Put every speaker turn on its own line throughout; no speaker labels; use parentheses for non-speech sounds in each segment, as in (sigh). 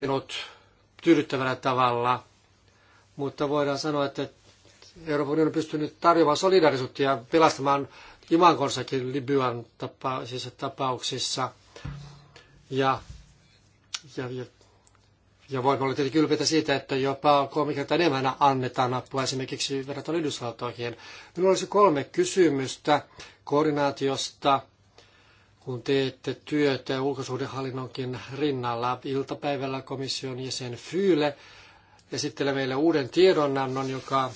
minut tyydyttävällä tavalla, mutta voidaan sanoa, että Euroopan unioni on pystynyt tarjoamaan solidaarisuutta ja pelastamaan imankonsakin Libyan tapaisissa siis tapauksissa. Ja, ja, ja, ja voimme olla tietenkin ylpeitä siitä, että jopa kolme kertaa enemmän annetaan apua esimerkiksi verrattuna Yhdysvaltoihin. Minulla olisi kolme kysymystä koordinaatiosta kun teette työtä ulkosuhdehallinnonkin rinnalla. Iltapäivällä komission jäsen Fyyle esittelee meille uuden tiedonannon, joka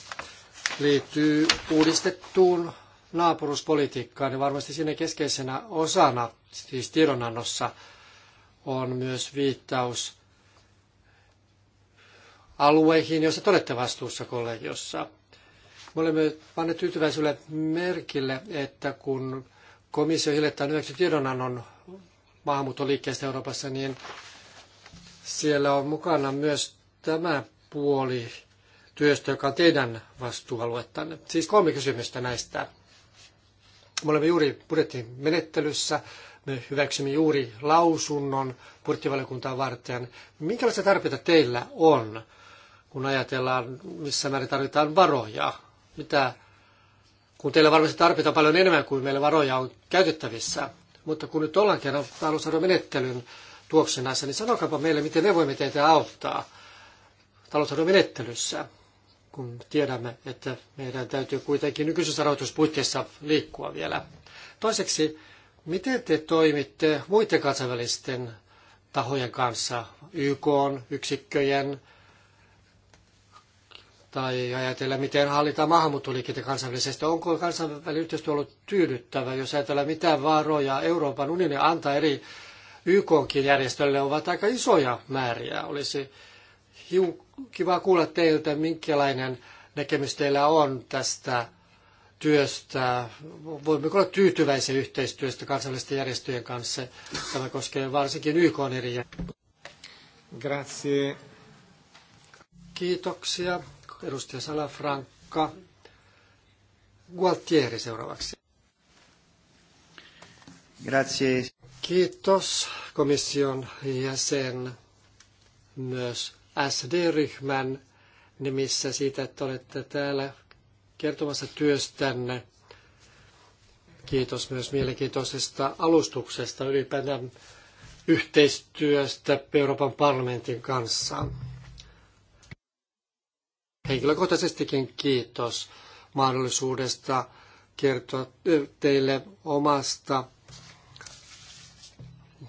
liittyy uudistettuun naapuruspolitiikkaan. Ja varmasti siinä keskeisenä osana, siis tiedonannossa, on myös viittaus alueihin, joissa te olette vastuussa kollegiossa. Me olemme panneet tyytyväisyydellä merkille, että kun komissio hiljattain hyväksyi tiedonannon maahanmuuttoliikkeestä Euroopassa, niin siellä on mukana myös tämä puoli työstä, joka on teidän vastuualuettanne. Siis kolme kysymystä näistä. Me olemme juuri budjettimenettelyssä, me hyväksymme juuri lausunnon budjettivaliokuntaa varten. Minkälaisia tarpeita teillä on, kun ajatellaan, missä määrin tarvitaan varoja? Mitä kun teillä varmasti tarvitaan paljon enemmän kuin meillä varoja on käytettävissä. Mutta kun nyt ollaan kerran menettelyn tuoksinassa, niin sanokaapa meille, miten me voimme teitä auttaa menettelyssä, kun tiedämme, että meidän täytyy kuitenkin nykyisessä rahoituspuitteissa liikkua vielä. Toiseksi, miten te toimitte muiden kansainvälisten tahojen kanssa, YK, yksikköjen, tai ajatella, miten hallitaan maahanmuuttoliikettä kansainvälisesti. Onko kansainvälinen yhteistyö ollut tyydyttävä, jos ajatellaan, mitä varoja Euroopan unioni antaa eri YKkin järjestölle, ovat aika isoja määriä. Olisi hiu, kiva kuulla teiltä, minkälainen näkemys teillä on tästä työstä. Voimmeko olla tyytyväisiä yhteistyöstä kansainvälisten järjestöjen kanssa? Tämä koskee varsinkin YK eri Grazie. Kiitoksia edustaja Salafranca. Gualtieri seuraavaksi. Grazie. Kiitos komission jäsen myös SD-ryhmän nimissä siitä, että olette täällä kertomassa työstänne. Kiitos myös mielenkiintoisesta alustuksesta ylipäätään yhteistyöstä Euroopan parlamentin kanssa henkilökohtaisestikin kiitos mahdollisuudesta kertoa teille omasta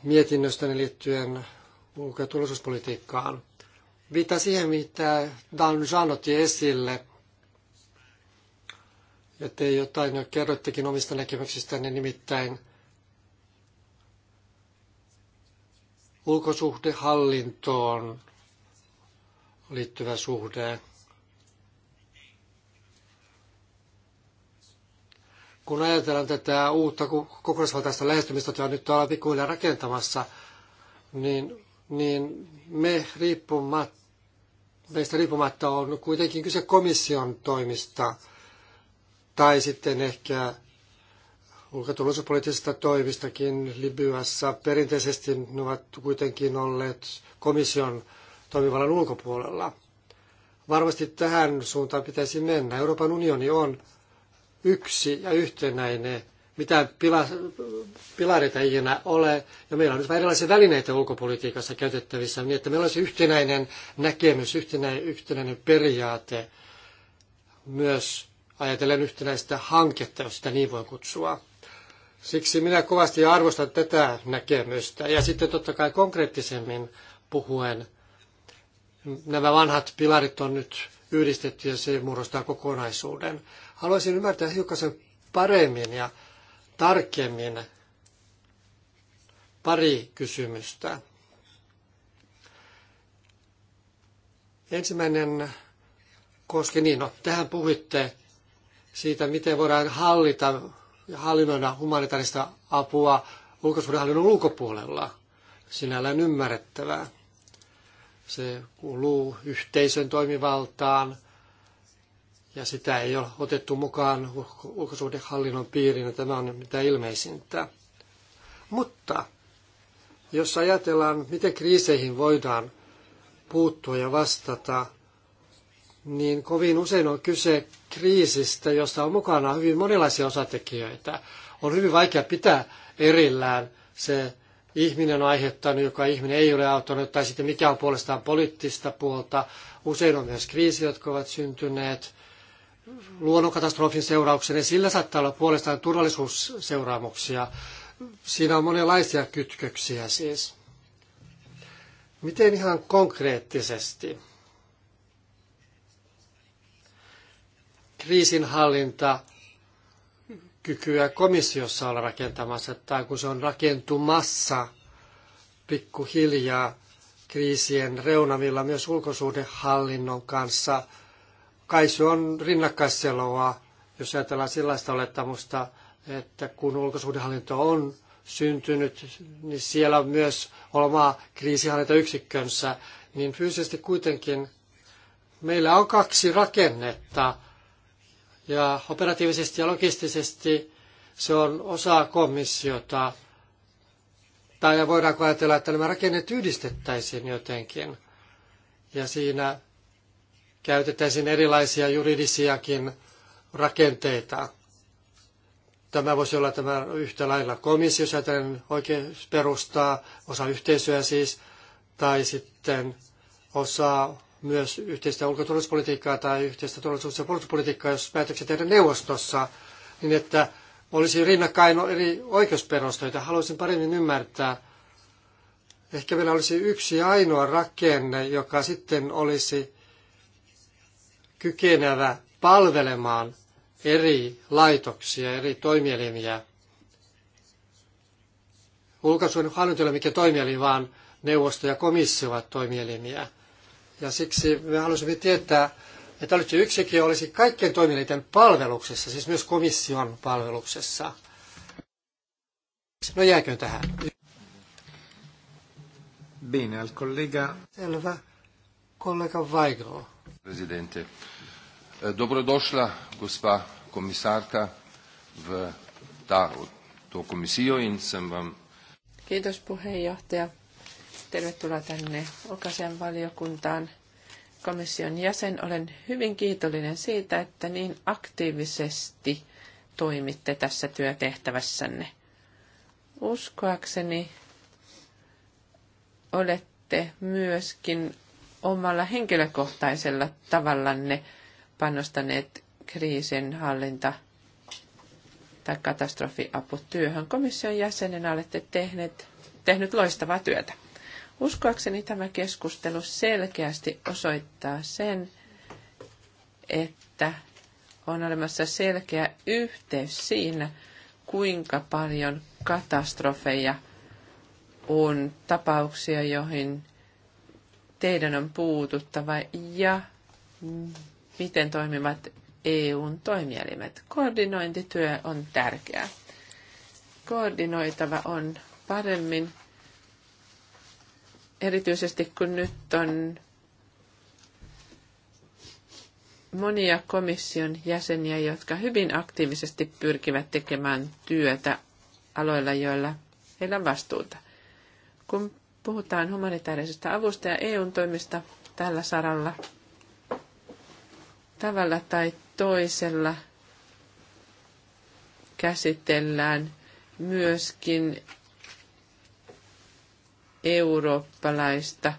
mietinnöstäni liittyen ulko- ja turvallisuuspolitiikkaan. Viittaa siihen, mitä Dan Jean otti esille, ja te jotain jo kerroittekin omista näkemyksistänne, nimittäin ulkosuhdehallintoon liittyvä suhde. kun ajatellaan tätä uutta kokonaisvaltaista lähestymistä, jota nyt ollaan pikkuhiljaa rakentamassa, niin, niin me riippumatta, meistä riippumatta on kuitenkin kyse komission toimista tai sitten ehkä ulkotulollisuuspoliittisista toimistakin Libyassa. Perinteisesti ne ovat kuitenkin olleet komission toimivallan ulkopuolella. Varmasti tähän suuntaan pitäisi mennä. Euroopan unioni on yksi ja yhtenäinen. mitä pila, pilareita ei enää ole. Ja meillä on nyt vähän erilaisia välineitä ulkopolitiikassa käytettävissä, niin että meillä olisi yhtenäinen näkemys, yhtenäinen, yhtenäinen periaate myös ajatellen yhtenäistä hanketta, jos sitä niin voi kutsua. Siksi minä kovasti arvostan tätä näkemystä. Ja sitten totta kai konkreettisemmin puhuen, nämä vanhat pilarit on nyt yhdistetty ja se muodostaa kokonaisuuden. Haluaisin ymmärtää hiukkasen paremmin ja tarkemmin pari kysymystä. Ensimmäinen koski, niin no, tähän puhuitte siitä, miten voidaan hallita ja hallinnoida humanitaarista apua ulkosuudenhallinnon ulkopuolella. Sinällään ymmärrettävää. Se kuuluu yhteisön toimivaltaan – ja sitä ei ole otettu mukaan ulkosuhdehallinnon piiriin, tämä on mitä ilmeisintä. Mutta jos ajatellaan, miten kriiseihin voidaan puuttua ja vastata, niin kovin usein on kyse kriisistä, josta on mukana hyvin monenlaisia osatekijöitä. On hyvin vaikea pitää erillään se ihminen on aiheuttanut, joka ihminen ei ole auttanut, tai sitten mikä on puolestaan poliittista puolta. Usein on myös kriisi, jotka ovat syntyneet luonnonkatastrofin seurauksena, niin sillä saattaa olla puolestaan turvallisuusseuraamuksia. Siinä on monenlaisia kytköksiä siis. Miten ihan konkreettisesti? Kriisinhallinta kykyä komissiossa olla rakentamassa, tai kun se on rakentumassa pikkuhiljaa kriisien reunavilla myös ulkosuhdehallinnon kanssa – kai se on rinnakkaiseloa, jos ajatellaan sellaista olettamusta, että kun ulkosuhdehallinto on syntynyt, niin siellä on myös oma kriisihallintayksikkönsä, niin fyysisesti kuitenkin meillä on kaksi rakennetta, ja operatiivisesti ja logistisesti se on osa komissiota. Tai voidaanko ajatella, että nämä rakennet yhdistettäisiin jotenkin. Ja siinä käytettäisiin erilaisia juridisiakin rakenteita. Tämä voisi olla tämä yhtä lailla komissio, jos ajatellaan perustaa osa yhteisöä siis, tai sitten osa myös yhteistä ulkoturvallisuuspolitiikkaa tai yhteistä turvallisuus- ja puolustuspolitiikkaa, jos päätökset tehdään neuvostossa, niin että olisi rinnakkain eri oikeusperusteita. Haluaisin paremmin ymmärtää. Ehkä meillä olisi yksi ainoa rakenne, joka sitten olisi kykenevä palvelemaan eri laitoksia, eri toimielimiä. Ulkosuuden hallinto ei ole mikä toimielin, vaan neuvosto ja komissio ovat toimielimiä. Ja siksi me halusimme tietää, että olisi yksikin olisi kaikkien toimielinten palveluksessa, siis myös komission palveluksessa. No jääkö tähän? Bene, al collega... Selvä. Kollega Vaigro. Presidente. E, dobrodošla, gospa komisarka, v ta, to komisijo in
sem vam... Kiitos puheenjohtaja. Tervetuloa tänne ulkoisen valiokuntaan. Komission jäsen, olen hyvin kiitollinen siitä, että niin aktiivisesti toimitte tässä työtehtävässänne. Uskoakseni olette myöskin omalla henkilökohtaisella tavallanne panostaneet kriisin hallinta tai katastrofiaputyöhön. Komission jäsenen olette tehneet, tehnyt loistavaa työtä. Uskoakseni tämä keskustelu selkeästi osoittaa sen, että on olemassa selkeä yhteys siinä, kuinka paljon katastrofeja on tapauksia, joihin teidän on puututtava ja miten toimivat EUn toimielimet. Koordinointityö on tärkeää. Koordinoitava on paremmin, erityisesti kun nyt on monia komission jäseniä, jotka hyvin aktiivisesti pyrkivät tekemään työtä aloilla, joilla heillä on vastuuta. Kun puhutaan humanitaarisesta avusta ja EUn toimista tällä saralla, tavalla tai toisella käsitellään myöskin eurooppalaista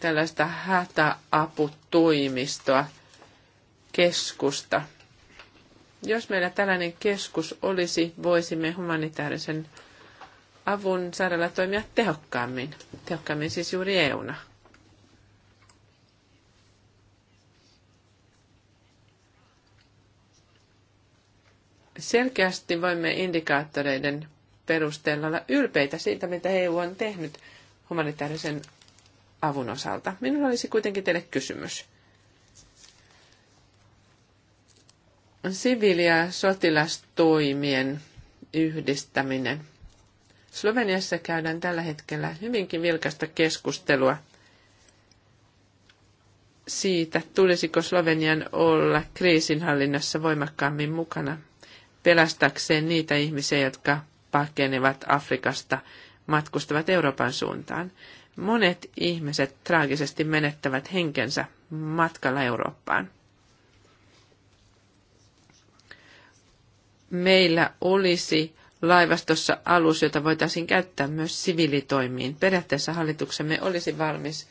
tällaista hätäaputoimistoa, keskusta. Jos meillä tällainen keskus olisi, voisimme humanitaarisen avun saralla toimia tehokkaammin, tehokkaammin siis juuri EUna. Selkeästi voimme indikaattoreiden perusteella olla ylpeitä siitä, mitä EU on tehnyt humanitaarisen avun osalta. Minulla olisi kuitenkin teille kysymys. Siviili- ja sotilastoimien yhdistäminen. Sloveniassa käydään tällä hetkellä hyvinkin vilkasta keskustelua siitä, tulisiko Slovenian olla kriisinhallinnassa voimakkaammin mukana pelastakseen niitä ihmisiä, jotka pakenevat Afrikasta, matkustavat Euroopan suuntaan. Monet ihmiset traagisesti menettävät henkensä matkalla Eurooppaan. Meillä olisi laivastossa alus, jota voitaisiin käyttää myös siviilitoimiin. Periaatteessa hallituksemme olisi valmis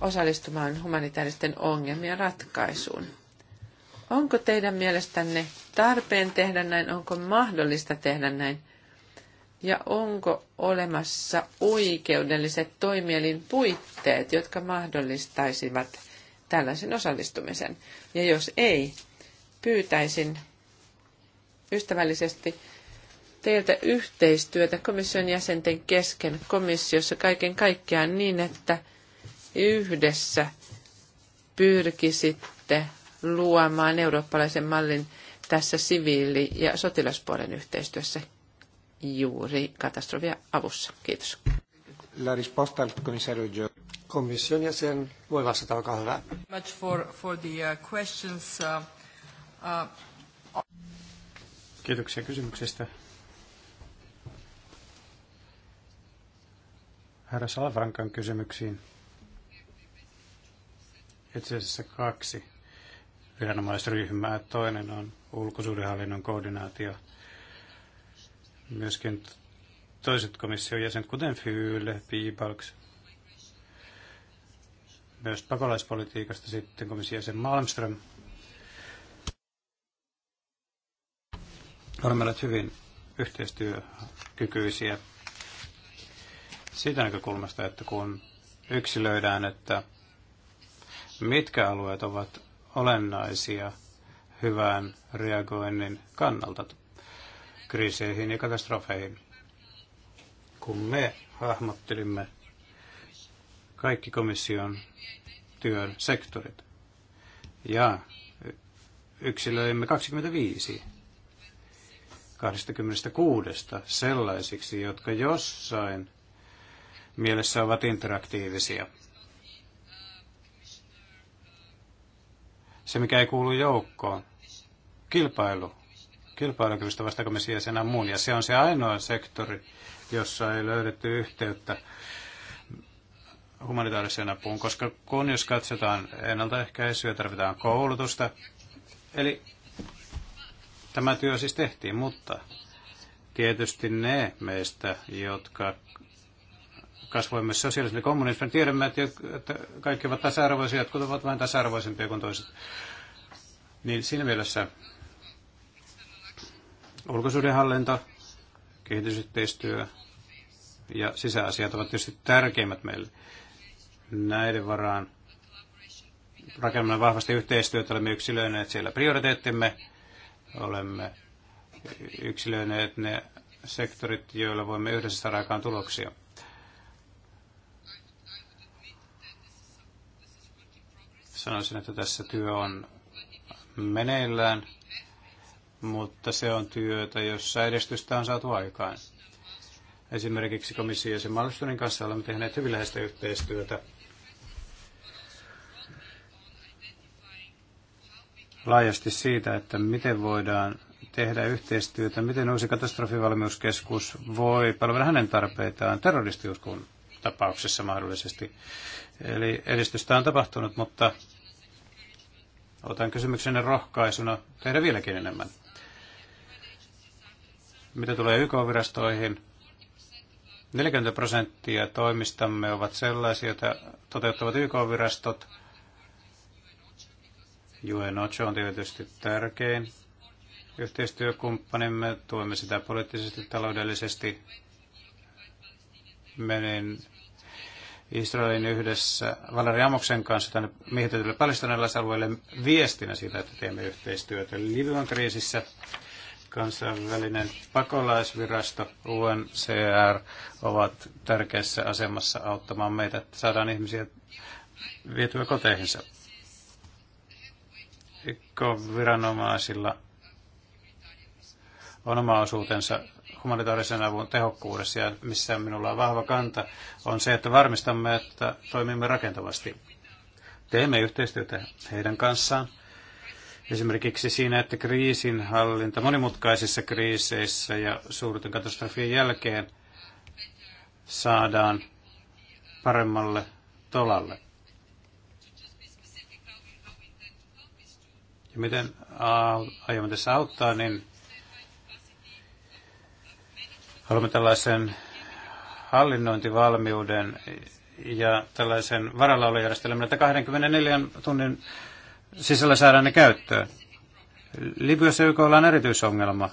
osallistumaan humanitaaristen ongelmien ratkaisuun. Onko teidän mielestänne tarpeen tehdä näin? Onko mahdollista tehdä näin? Ja onko olemassa oikeudelliset toimielin puitteet, jotka mahdollistaisivat tällaisen osallistumisen? Ja jos ei, pyytäisin ystävällisesti teiltä yhteistyötä komission jäsenten kesken komissiossa kaiken kaikkiaan niin, että yhdessä pyrkisitte luomaan eurooppalaisen mallin tässä siviili- ja sotilaspuolen yhteistyössä juuri katastrofia avussa. Kiitos. La risposta al commissario Gio. Komission jäsen voi vastata, olkaa hyvä. Much for, for the uh, questions. Uh, uh,
Kiitoksia kysymyksestä. Herra Salafrankan kysymyksiin. Itse asiassa kaksi viranomaisryhmää. Toinen on ulkosuudenhallinnon koordinaatio. Myöskin toiset komission jäsenet, kuten Fyyle, Piipalks. myös pakolaispolitiikasta sitten komission jäsen Malmström. Olemme olleet hyvin yhteistyökykyisiä siitä näkökulmasta, että kun yksilöidään, että mitkä alueet ovat olennaisia hyvän reagoinnin kannalta kriiseihin ja katastrofeihin. Kun me hahmottelimme kaikki komission työn sektorit ja yksilöimme 25 26 sellaisiksi, jotka jossain mielessä ovat interaktiivisia – se, mikä ei kuulu joukkoon. Kilpailu. Kilpailukyvystä vastaako me muun. Ja se on se ainoa sektori, jossa ei löydetty yhteyttä humanitaariseen apuun, koska kun jos katsotaan ennaltaehkäisyä, tarvitaan koulutusta. Eli tämä työ siis tehtiin, mutta tietysti ne meistä, jotka kasvoi myös sosialismi ja kommunismi. Tiedämme, että kaikki ovat tasa-arvoisia, jotkut ovat vain tasa-arvoisempia kuin toiset. Niin siinä mielessä ulkosuudenhallinto, kehitysyhteistyö ja sisäasiat ovat tietysti tärkeimmät meille. Näiden varaan rakennamme vahvasti yhteistyötä, olemme yksilöineet siellä prioriteettimme, olemme yksilöineet ne sektorit, joilla voimme yhdessä saada aikaan tuloksia. Sanoisin, että tässä työ on meneillään, mutta se on työtä, jossa edistystä on saatu aikaan. Esimerkiksi komissio ja Malmströmin kanssa olemme tehneet hyvin läheistä yhteistyötä laajasti siitä, että miten voidaan tehdä yhteistyötä, miten uusi katastrofivalmiuskeskus voi palvella hänen tarpeitaan terroristiuskun tapauksessa mahdollisesti. Eli edistystä on tapahtunut, mutta Otan kysymyksenne rohkaisuna tehdä vieläkin enemmän. Mitä tulee YK-virastoihin, 40 prosenttia toimistamme ovat sellaisia, joita toteuttavat YK-virastot. UN Ocho on tietysti tärkein yhteistyökumppanimme. Tuemme sitä poliittisesti, taloudellisesti. Menin Israelin yhdessä Valeri Amoksen kanssa tänne miehitetylle palestinalaisalueelle viestinä siitä, että teemme yhteistyötä Libyan kriisissä. Kansainvälinen pakolaisvirasto UNCR ovat tärkeässä asemassa auttamaan meitä, että saadaan ihmisiä vietyä koteihinsa. Ikko viranomaisilla on oma osuutensa humanitaarisen avun tehokkuudessa ja missä minulla on vahva kanta, on se, että varmistamme, että toimimme rakentavasti. Teemme yhteistyötä heidän kanssaan. Esimerkiksi siinä, että kriisin hallinta monimutkaisissa kriiseissä ja suurten katastrofien jälkeen saadaan paremmalle tolalle. Ja miten aiomme tässä auttaa, niin Haluamme tällaisen hallinnointivalmiuden ja tällaisen varallaolojärjestelmän, että 24 tunnin sisällä saadaan ne käyttöön. Libyassa YK on erityisongelma.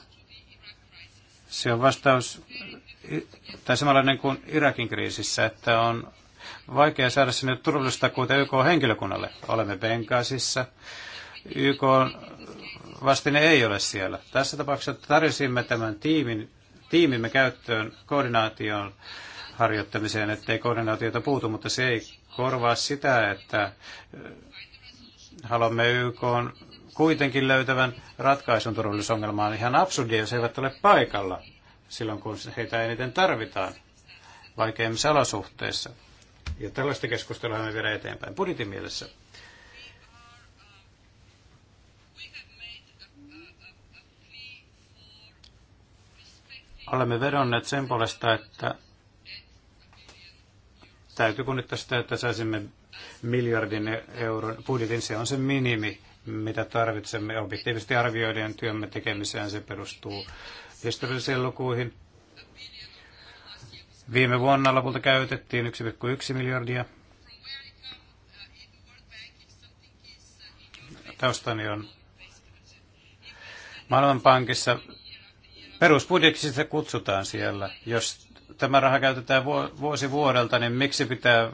Se on vastaus, tai samanlainen kuin Irakin kriisissä, että on vaikea saada sinne turvallisuustakuuta YK-henkilökunnalle. Olemme Benghazissa. YK vastine ei ole siellä. Tässä tapauksessa tarjosimme tämän tiimin tiimimme käyttöön koordinaation harjoittamiseen, ettei koordinaatiota puutu, mutta se ei korvaa sitä, että äh, haluamme YK kuitenkin löytävän ratkaisun turvallisuusongelmaan. Ihan absurdia, jos he eivät ole paikalla silloin, kun heitä eniten tarvitaan vaikeimmissa olosuhteissa. Ja tällaista keskustelua me viedään eteenpäin budjetin mielessä. Olemme vedonneet sen puolesta, että täytyy kunnittaa sitä, että saisimme miljardin euron budjetin. Se on se minimi, mitä tarvitsemme objektiivisesti arvioiden työmme tekemiseen. Se perustuu historiallisiin lukuihin. Viime vuonna lopulta käytettiin 1,1 miljardia. Taustani on Maailmanpankissa Perusbudjetiksi kutsutaan siellä. Jos tämä raha käytetään vuosi vuodelta, niin miksi pitää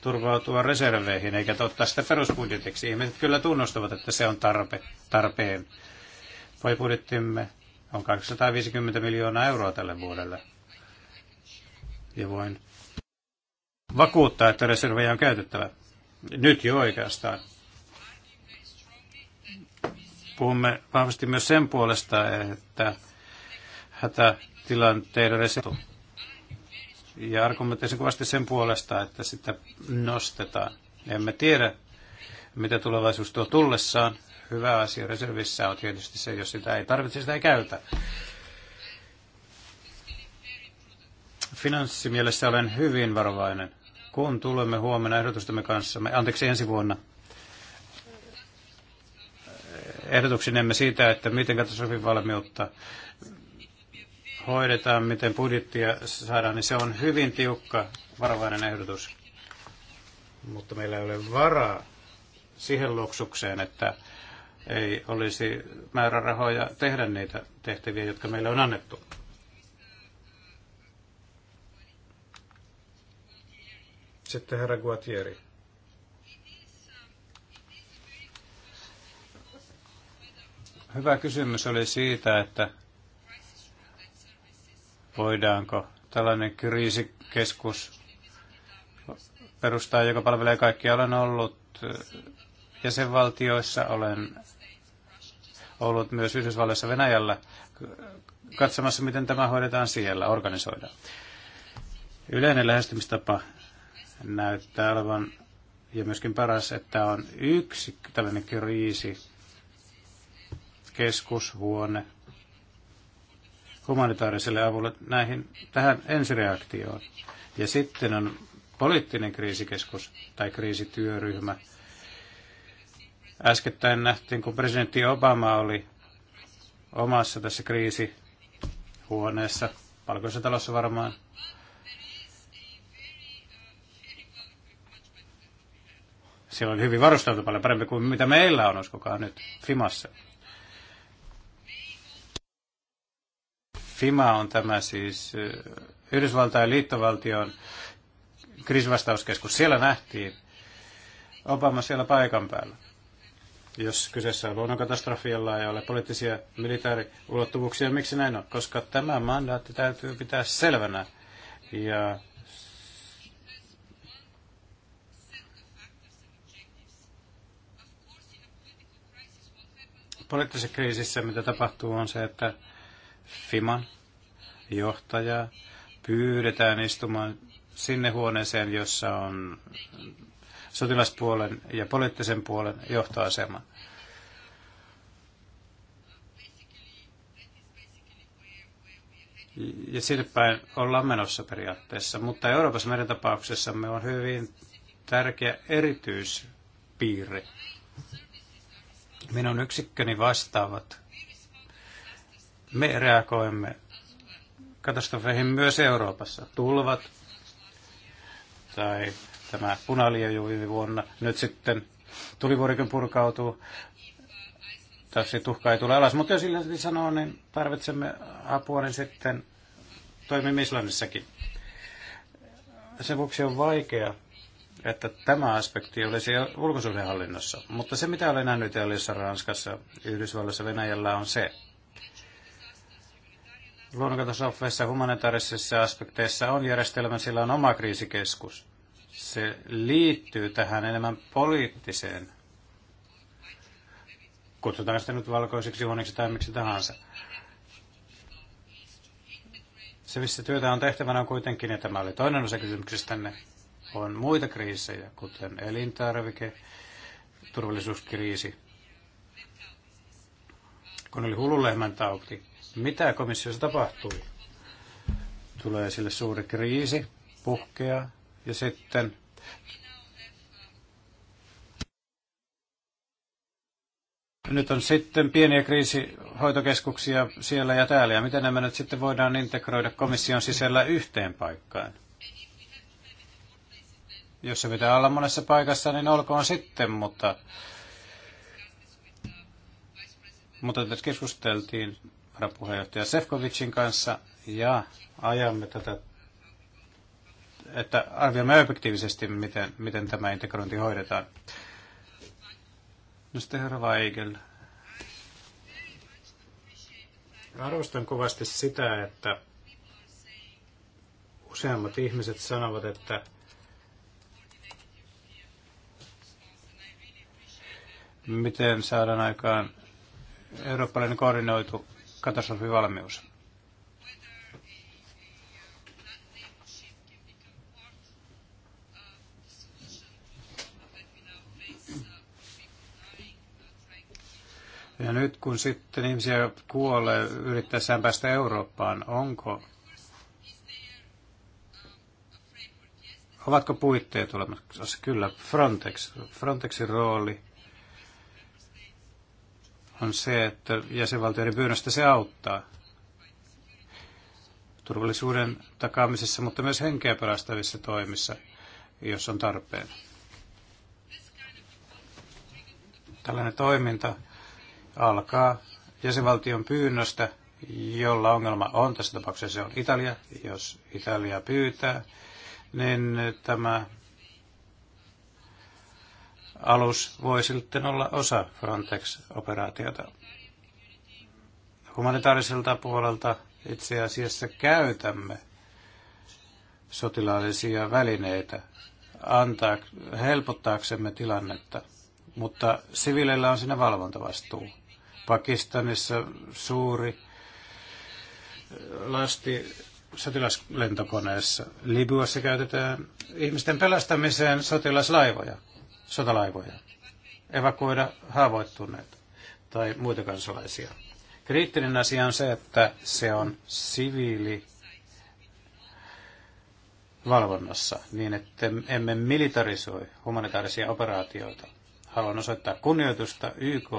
turvautua reserveihin eikä ottaa sitä perusbudjetiksi? Ihmiset kyllä tunnustavat, että se on tarpe, tarpeen. Voi budjettimme on 250 miljoonaa euroa tälle vuodelle. Ja voin vakuuttaa, että reservejä on käytettävä. Nyt jo oikeastaan. Puhumme vahvasti myös sen puolesta, että hätätilanteiden reseptu. Ja argumentoisin kovasti sen puolesta, että sitä nostetaan. Emme tiedä, mitä tulevaisuus tuo tullessaan. Hyvä asia reservissä on tietysti se, jos sitä ei tarvitse, sitä ei käytä. Finanssimielessä olen hyvin varovainen. Kun tulemme huomenna ehdotustemme kanssa, anteeksi ensi vuonna, ehdotuksinemme siitä, että miten katastrofin valmiutta hoidetaan, miten budjettia saadaan, niin se on hyvin tiukka varovainen ehdotus. Mutta meillä ei ole varaa siihen luksukseen, että ei olisi määrärahoja tehdä niitä tehtäviä, jotka meille on annettu. Sitten herra Guatieri. Hyvä kysymys oli siitä, että Voidaanko tällainen kriisikeskus perustaa, joka palvelee kaikkia. Olen ollut eh, jäsenvaltioissa, olen ollut myös Yhdysvalloissa Venäjällä katsomassa, miten tämä hoidetaan siellä, organisoidaan. Yleinen lähestymistapa näyttää olevan, ja myöskin paras, että on yksi tällainen kriisi, keskushuone, humanitaariselle avulle näihin, tähän ensireaktioon. Ja sitten on poliittinen kriisikeskus tai kriisityöryhmä. Äskettäin nähtiin, kun presidentti Obama oli omassa tässä kriisihuoneessa, Palkoisessa talossa varmaan, siellä on hyvin varustautu paljon parempi kuin mitä meillä on, uskokaa nyt, Fimassa. FIMA on tämä siis eh, Yhdysvaltain liittovaltion kriisivastauskeskus. Siellä nähtiin Obama siellä paikan päällä. Jos kyseessä on luonnonkatastrofi, jolla ei ole poliittisia militaariulottuvuuksia, miksi näin on? Koska tämä mandaatti täytyy pitää selvänä. Ja poliittisessa kriisissä, mitä tapahtuu, on se, että FIMAN johtajaa pyydetään istumaan sinne huoneeseen, jossa on sotilaspuolen ja poliittisen puolen johtoasema. Ja sinne päin ollaan menossa periaatteessa, mutta Euroopassa meidän tapauksessamme on hyvin tärkeä erityispiirre. Minun yksikköni vastaavat me reagoimme katastrofeihin myös Euroopassa. Tulvat tai tämä punalieju viime vuonna. Nyt sitten tulivuorikin purkautuu. Tässä tuhka ei tule alas. Mutta jos Islanti sanoo, niin tarvitsemme apua, niin sitten toimimme Islannissakin. Sen vuoksi on vaikea, että tämä aspekti olisi ulkosuhdehallinnossa. Mutta se, mitä olen nähnyt Italiassa, Ranskassa, Yhdysvalloissa, Venäjällä on se, luonnonkatastrofeissa humanitaarisissa aspekteissa on järjestelmä, sillä on oma kriisikeskus. Se liittyy tähän enemmän poliittiseen, kutsutaan sitä nyt valkoiseksi huoneeksi tai miksi tahansa. Se, missä työtä on tehtävänä on kuitenkin, ja tämä oli toinen osa kysymyksestänne, on muita kriisejä, kuten elintarvike, turvallisuuskriisi, kun oli hullulehmän tauti, mitä komissiossa tapahtui? Tulee sille suuri kriisi, puhkea ja sitten Nyt on sitten pieniä kriisihoitokeskuksia siellä ja täällä, ja miten nämä nyt sitten voidaan integroida komission sisällä yhteen paikkaan? Jos se pitää olla monessa paikassa, niin olkoon sitten, mutta, mutta tässä keskusteltiin varapuheenjohtaja Sefkovicin kanssa ja ajamme tätä, että arvioimme objektiivisesti, miten, miten tämä integrointi hoidetaan. No sitten herra Weigel. Arvostan kovasti sitä, että useammat ihmiset sanovat, että miten saadaan aikaan eurooppalainen koordinoitu katastrofivalmius. Ja nyt kun sitten ihmisiä kuolee yrittäessään päästä Eurooppaan, onko, ovatko puitteet olemassa? Kyllä, Frontex, Frontexin rooli – on se, että jäsenvaltioiden pyynnöstä se auttaa turvallisuuden takaamisessa, mutta myös henkeä pelastavissa toimissa, jos on tarpeen. Tällainen toiminta alkaa jäsenvaltion pyynnöstä, jolla ongelma on. Tässä tapauksessa se on Italia. Jos Italia pyytää, niin tämä alus voi sitten olla osa Frontex-operaatiota. Humanitaariselta puolelta itse asiassa käytämme sotilaallisia välineitä antaa, helpottaaksemme tilannetta, mutta siviileillä on siinä valvontavastuu. Pakistanissa suuri lasti sotilaslentokoneessa. Libyassa käytetään ihmisten pelastamiseen sotilaslaivoja sotalaivoja, evakuoida haavoittuneita tai muita kansalaisia. Kriittinen asia on se, että se on siviili valvonnassa niin, että emme militarisoi humanitaarisia operaatioita. Haluan osoittaa kunnioitusta YK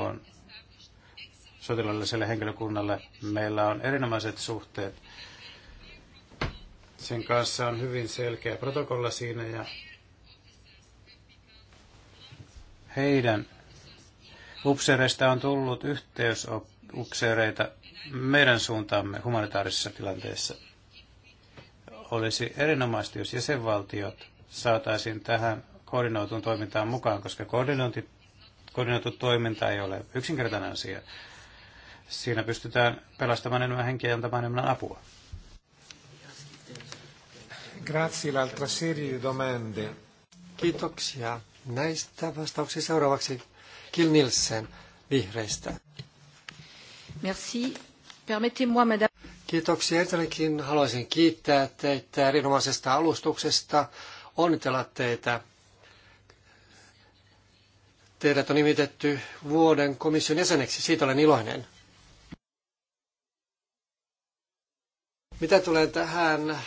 sotilaalliselle henkilökunnalle. Meillä on erinomaiset suhteet. Sen kanssa on hyvin selkeä protokolla siinä ja heidän upseereista on tullut yhteysupseereita meidän suuntaamme humanitaarisessa tilanteessa. Olisi erinomaista, jos jäsenvaltiot saataisiin tähän koordinoitun toimintaan mukaan, koska koordinointi, koordinoitu toiminta ei ole yksinkertainen asia. Siinä pystytään pelastamaan
enemmän henkiä ja antamaan enemmän apua. Grazie, l'altra serie di domande. Kiitoksia. Näistä vastauksia seuraavaksi Kil Nielsen vihreistä.
Merci. Permettez-moi, madame.
Kiitoksia. Ensinnäkin haluaisin kiittää teitä erinomaisesta alustuksesta. Onnitella teitä. Teidät on nimitetty vuoden komission jäseneksi. Siitä olen iloinen. Mitä tulee tähän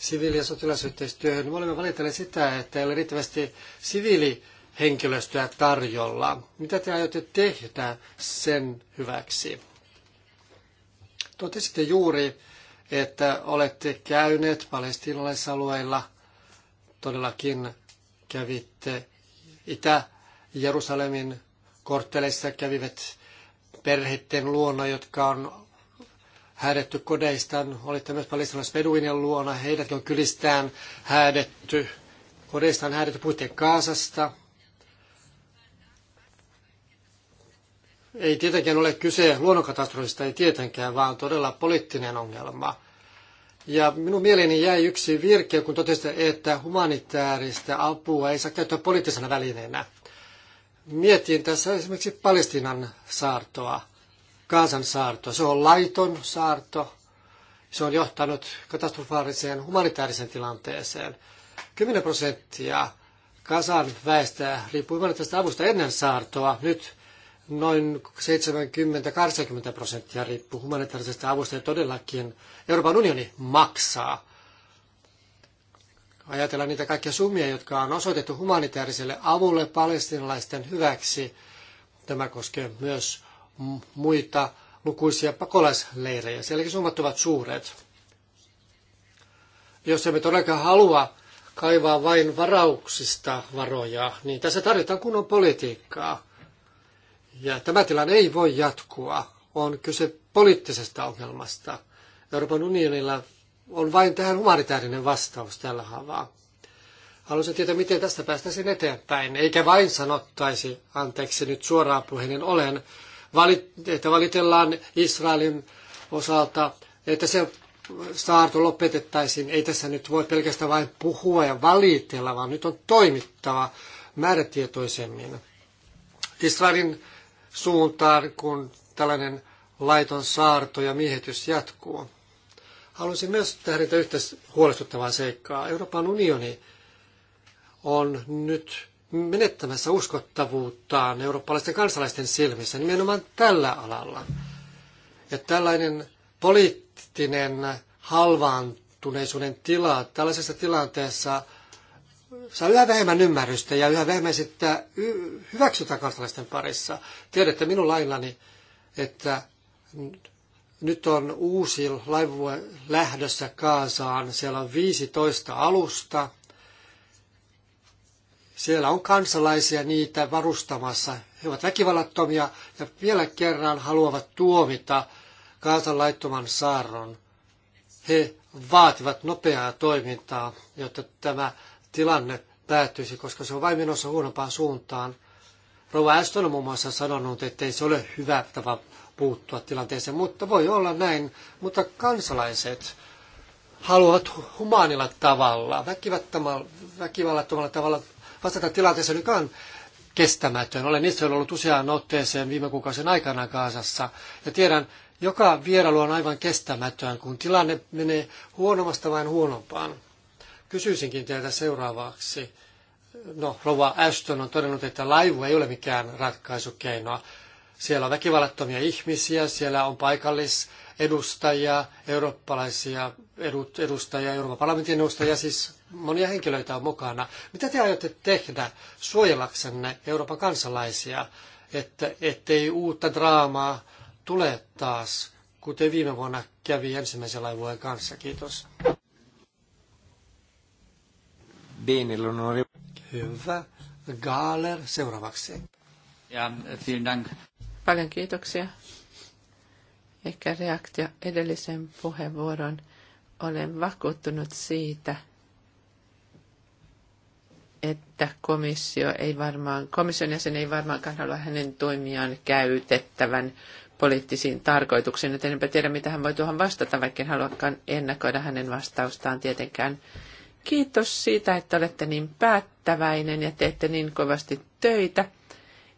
siviili- ja sotilasyhteistyöhön, me olemme valitelleet sitä, että ei ole riittävästi siviilihenkilöstöä tarjolla. Mitä te aiotte tehdä sen hyväksi? Totesitte juuri, että olette käyneet Palestiinalaisalueilla, todellakin kävitte Itä-Jerusalemin kortteleissa, kävivät perheiden luona, jotka on häädetty kodeistaan. Olitte myös palestinalaispeduinen luona. heidätkin on kylistään häädetty. Kodeistaan häädetty. Puhuitte Kaasasta. Ei tietenkään ole kyse luonnonkatastrofista, ei tietenkään, vaan todella poliittinen ongelma. Ja minun mieleeni jäi yksi virke, kun totesin, että humanitaarista apua ei saa käyttää poliittisena välineenä. Mietin tässä esimerkiksi Palestinan saartoa. Kaasan saarto. Se on laiton saarto. Se on johtanut katastrofaariseen humanitaariseen tilanteeseen. 10 prosenttia Kasan väestä riippuu humanitaarista avusta ennen saartoa. Nyt noin 70-80 prosenttia riippuu humanitaarisesta avusta ja todellakin Euroopan unioni maksaa. Ajatellaan niitä kaikkia summia, jotka on osoitettu humanitaariselle avulle palestinalaisten hyväksi. Tämä koskee myös muita lukuisia pakolaisleirejä. Sielläkin summat ovat suuret. Jos emme todellakaan halua kaivaa vain varauksista varoja, niin tässä tarvitaan kunnon politiikkaa. Ja tämä tilanne ei voi jatkua. On kyse poliittisesta ongelmasta. Euroopan unionilla on vain tähän humanitaarinen vastaus tällä havaa. Haluaisin tietää, miten tästä päästäisiin eteenpäin, eikä vain sanottaisi, anteeksi nyt suoraan puheinen olen, että valitellaan Israelin osalta, että se saarto lopetettaisiin. Ei tässä nyt voi pelkästään vain puhua ja valitella, vaan nyt on toimittava määrätietoisemmin. Israelin suuntaan, kun tällainen laiton saarto ja miehitys jatkuu. Haluaisin myös tähdentää yhtä huolestuttavaa seikkaa. Euroopan unioni on nyt menettämässä uskottavuuttaan eurooppalaisten kansalaisten silmissä nimenomaan tällä alalla. Ja tällainen poliittinen halvaantuneisuuden tila tällaisessa tilanteessa saa yhä vähemmän ymmärrystä ja yhä vähemmän sitä hyväksytään kansalaisten parissa. Tiedätte minun laillani, että nyt on uusi laivue lähdössä Kaasaan. Siellä on 15 alusta siellä on kansalaisia niitä varustamassa. He ovat väkivallattomia ja vielä kerran haluavat tuomita Gaasan laittoman saarron. He vaativat nopeaa toimintaa, jotta tämä tilanne päättyisi, koska se on vain menossa huonompaan suuntaan. Rova Aston on muun muassa sanonut, että ei se ole hyvä tapa puuttua tilanteeseen, mutta voi olla näin. Mutta kansalaiset haluavat humaanilla tavalla, väkivallattomalla tavalla vastata tilanteeseen, joka on kestämätön. Olen itse ollut useaan otteeseen viime kuukausien aikana Kaasassa ja tiedän, joka vierailu on aivan kestämätön, kun tilanne menee huonommasta vain huonompaan. Kysyisinkin teiltä seuraavaksi. No, Rova Ashton on todennut, että laivu ei ole mikään ratkaisukeinoa. Siellä on väkivallattomia ihmisiä, siellä on paikallis edustajia, eurooppalaisia edustajia, Euroopan parlamentin edustajia, siis monia henkilöitä on mukana. Mitä te aiotte tehdä suojelaksenne Euroopan kansalaisia, että ettei uutta draamaa tule taas, kuten viime vuonna kävi ensimmäisen laivueen kanssa? Kiitos.
Hyvä. Gaaler seuraavaksi.
Ja, vielen dank.
Paljon kiitoksia. Ehkä reaktio edellisen puheenvuoron. Olen vakuuttunut siitä – että komissio ei varmaan, komission jäsen ei varmaankaan halua hänen toimiaan käytettävän poliittisiin tarkoituksiin, Et enpä tiedä, mitä hän voi tuohon vastata, vaikka en haluakaan ennakoida hänen vastaustaan tietenkään. Kiitos siitä, että olette niin päättäväinen ja teette niin kovasti töitä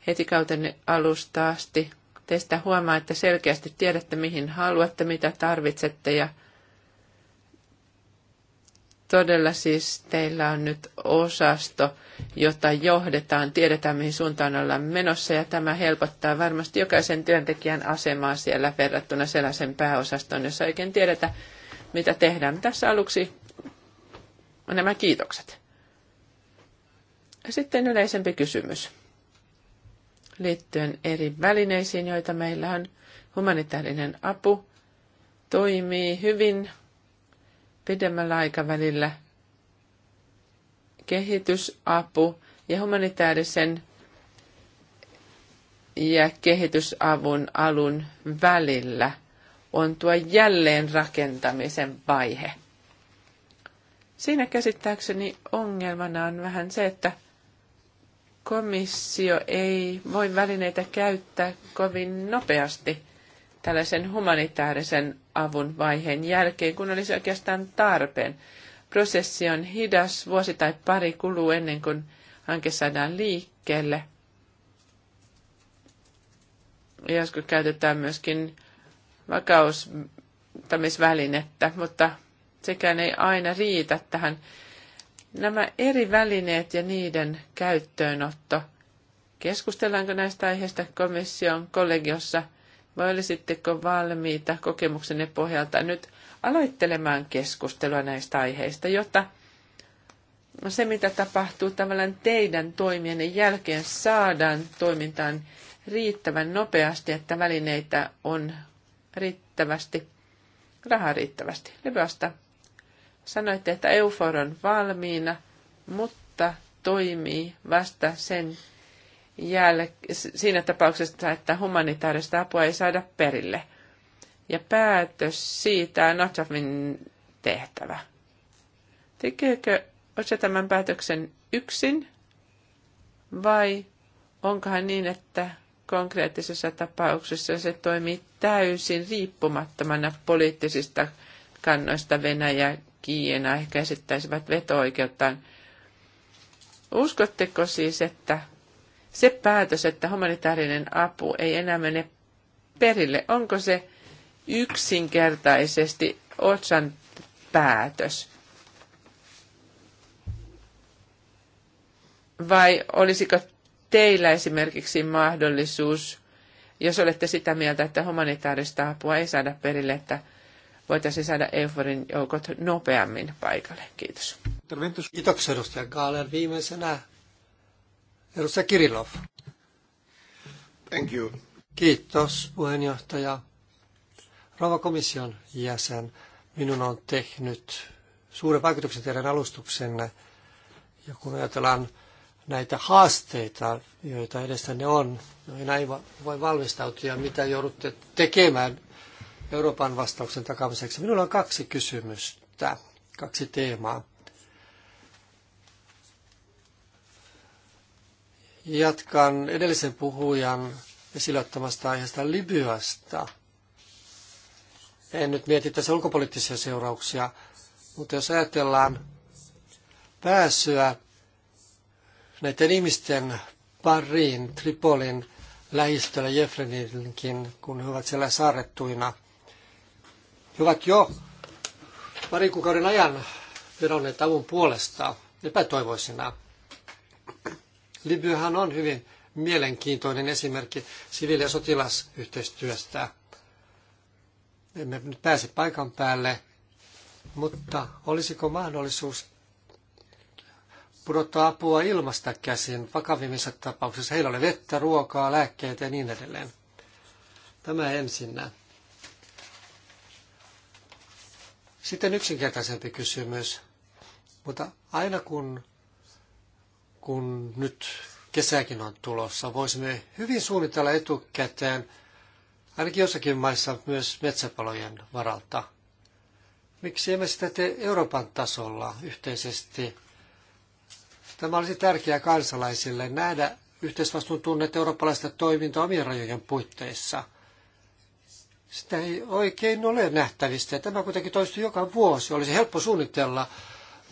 heti kautenne alusta asti. Teistä huomaa, että selkeästi tiedätte, mihin haluatte, mitä tarvitsette ja Todella siis teillä on nyt osasto, jota johdetaan, tiedetään mihin suuntaan ollaan menossa ja tämä helpottaa varmasti jokaisen työntekijän asemaa siellä verrattuna sellaisen pääosastoon, jossa oikein tiedetä, mitä tehdään. Tässä aluksi nämä kiitokset. Sitten yleisempi kysymys liittyen eri välineisiin, joita meillä on. Humanitaarinen apu toimii hyvin pidemmällä aikavälillä kehitysapu ja humanitaarisen ja kehitysavun alun välillä on tuo jälleenrakentamisen vaihe. Siinä käsittääkseni ongelmana on vähän se, että komissio ei voi välineitä käyttää kovin nopeasti – tällaisen humanitaarisen avun vaiheen jälkeen, kun olisi oikeastaan tarpeen. Prosessi on hidas, vuosi tai pari kuluu ennen kuin hanke saadaan liikkeelle. Joskus käytetään myöskin vakauttamisvälinettä, mutta sekään ei aina riitä tähän. Nämä eri välineet ja niiden käyttöönotto. Keskustellaanko näistä aiheista komission kollegiossa – vai olisitteko valmiita kokemuksenne pohjalta nyt aloittelemaan keskustelua näistä aiheista, jotta se, mitä tapahtuu tavallaan teidän toimienne jälkeen, saadaan toimintaan riittävän nopeasti, että välineitä on riittävästi, rahaa riittävästi. Libyasta sanoitte, että EUFOR on valmiina, mutta toimii vasta sen jälle siinä tapauksessa, että humanitaarista apua ei saada perille. Ja päätös siitä on Otsafin tehtävä. Tekeekö Otsa tämän päätöksen yksin vai onkohan niin, että konkreettisessa tapauksessa se toimii täysin riippumattomana poliittisista kannoista Venäjä, Kiina ehkä esittäisivät veto-oikeuttaan. Uskotteko siis, että se päätös, että humanitaarinen apu ei enää mene perille, onko se yksinkertaisesti Otsan päätös? Vai olisiko teillä esimerkiksi mahdollisuus, jos olette sitä mieltä, että humanitaarista apua ei saada perille, että voitaisiin saada EUFORin joukot nopeammin paikalle. Kiitos. Kiitoksia edustaja Gaaler. Viimeisenä Edustaja Kirilov.
Thank you. Kiitos puheenjohtaja. Rouva komission jäsen, minun on tehnyt suuren vaikutuksen teidän alustuksenne. Ja kun ajatellaan näitä haasteita, joita ne on, niin näin voi valmistautua ja mitä joudutte tekemään Euroopan vastauksen takaamiseksi. Minulla on kaksi kysymystä, kaksi teemaa. Jatkan edellisen puhujan esilöittämästä aiheesta Libyasta. En nyt mieti tässä ulkopoliittisia seurauksia, mutta jos ajatellaan pääsyä näiden ihmisten pariin Tripolin lähistöllä Jefreninkin, kun he ovat siellä saarettuina. He ovat jo parin kuukauden ajan vedonneet avun puolesta epätoivoisina. Libyhän on hyvin mielenkiintoinen esimerkki siviili- ja sotilasyhteistyöstä. Emme nyt pääse paikan päälle, mutta olisiko mahdollisuus pudottaa apua ilmasta käsin vakavimmissa tapauksissa? Heillä oli vettä, ruokaa, lääkkeitä ja niin edelleen. Tämä ensinnä. Sitten yksinkertaisempi kysymys. Mutta aina kun kun nyt kesäkin on tulossa, voisimme hyvin suunnitella etukäteen, ainakin jossakin maissa myös metsäpalojen varalta. Miksi emme sitä tee Euroopan tasolla yhteisesti? Tämä olisi tärkeää kansalaisille nähdä yhteisvastuun tunnet eurooppalaista toimintaa omien rajojen puitteissa. Sitä ei oikein ole nähtävistä. Tämä kuitenkin toistuu joka vuosi. Olisi helppo suunnitella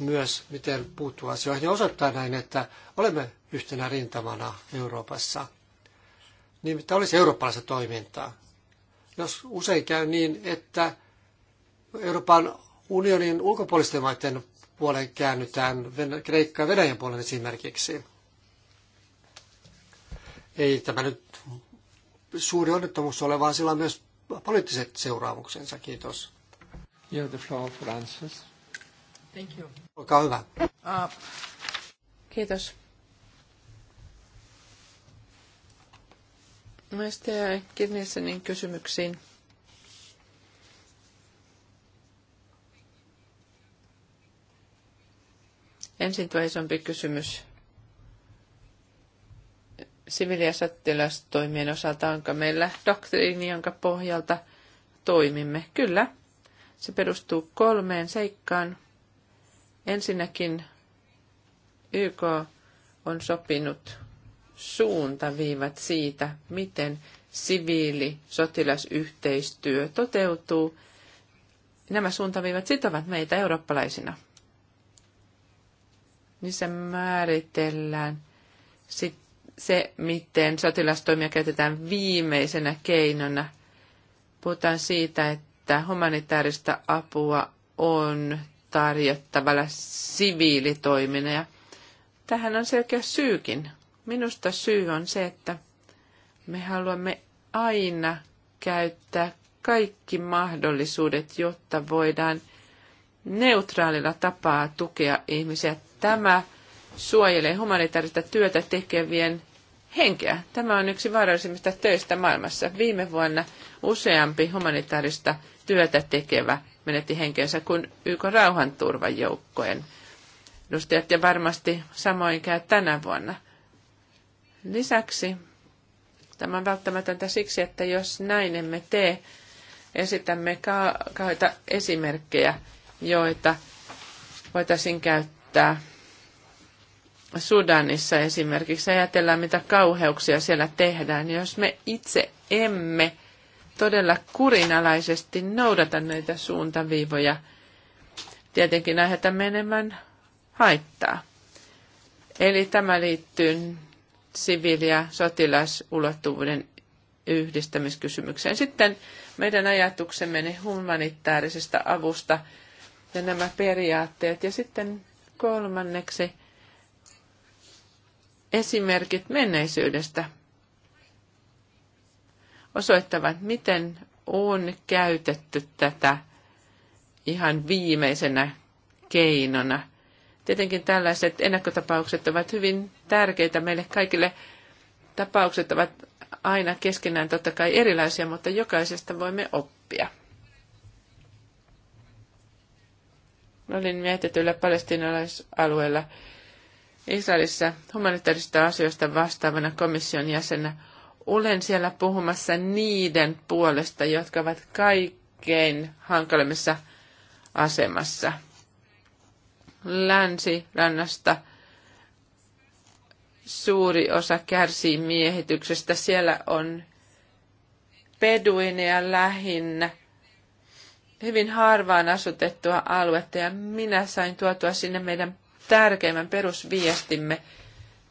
myös, miten puuttua asioihin ja osoittaa näin, että olemme yhtenä rintamana Euroopassa. Niin, että olisi eurooppalaista toimintaa. Jos usein käy niin, että Euroopan unionin ulkopuolisten maiden puoleen käännytään ja Venäjän puolen esimerkiksi. Ei tämä nyt suuri onnettomuus ole, vaan sillä on myös poliittiset seuraamuksensa. Kiitos. Yeah, the floor, Francis.
Thank you. Olkaa hyvä. Uh, kiitos. Näistä Kirnisenin kysymyksiin. Ensin tuo isompi kysymys. Siviili- ja sotilastoimien osalta onko meillä doktriini, jonka pohjalta toimimme? Kyllä. Se perustuu kolmeen seikkaan. Ensinnäkin YK on sopinut suuntaviivat siitä, miten siviili-sotilasyhteistyö toteutuu. Nämä suuntaviivat sitovat meitä eurooppalaisina. Niissä määritellään sit se, miten sotilastoimia käytetään viimeisenä keinona. Puhutaan siitä, että humanitaarista apua on tarjottavalla siviilitoimina. Ja tähän on selkeä syykin. Minusta syy on se, että me haluamme aina käyttää kaikki mahdollisuudet, jotta voidaan neutraalilla tapaa tukea ihmisiä. Tämä suojelee humanitaarista työtä tekevien henkeä. Tämä on yksi vaarallisimmista töistä maailmassa. Viime vuonna useampi humanitaarista työtä tekevä menetti henkensä kuin YK rauhanturvajoukkojen edustajat ja varmasti samoin käy tänä vuonna. Lisäksi tämä on välttämätöntä siksi, että jos näin emme tee, esitämme kaita esimerkkejä, joita voitaisiin käyttää Sudanissa esimerkiksi. Ajatellaan, mitä kauheuksia siellä tehdään. Jos me itse emme todella kurinalaisesti noudata näitä suuntaviivoja, tietenkin aiheuta menemään haittaa. Eli tämä liittyy siviili- ja sotilasulottuvuuden yhdistämiskysymykseen. Sitten meidän ajatuksemme niin humanitaarisesta avusta ja nämä periaatteet. Ja sitten kolmanneksi esimerkit menneisyydestä osoittavat, miten on käytetty tätä ihan viimeisenä keinona. Tietenkin tällaiset ennakkotapaukset ovat hyvin tärkeitä meille kaikille. Tapaukset ovat aina keskenään totta kai erilaisia, mutta jokaisesta voimme oppia. Olin mietityllä palestinalaisalueella Israelissa humanitaarista asioista vastaavana komission jäsenä olen siellä puhumassa niiden puolesta, jotka ovat kaikkein hankalimmassa asemassa. Länsirannasta suuri osa kärsii miehityksestä. Siellä on peduineja lähinnä, hyvin harvaan asutettua aluetta ja minä sain tuotua sinne meidän tärkeimmän perusviestimme –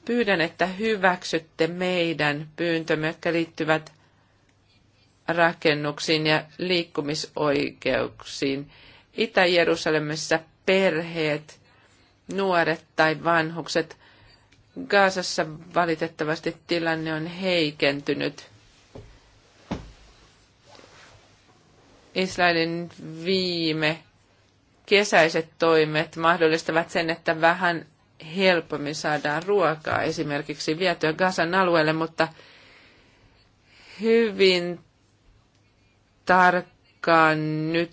Pyydän, että hyväksytte meidän pyyntömme, jotka liittyvät rakennuksiin ja liikkumisoikeuksiin. Itä-Jerusalemissa perheet, nuoret tai vanhukset. Gaasassa valitettavasti tilanne on heikentynyt. Israelin viime kesäiset toimet mahdollistavat sen, että vähän helpommin saadaan ruokaa esimerkiksi vietyä Gazan alueelle, mutta hyvin tarkkaan nyt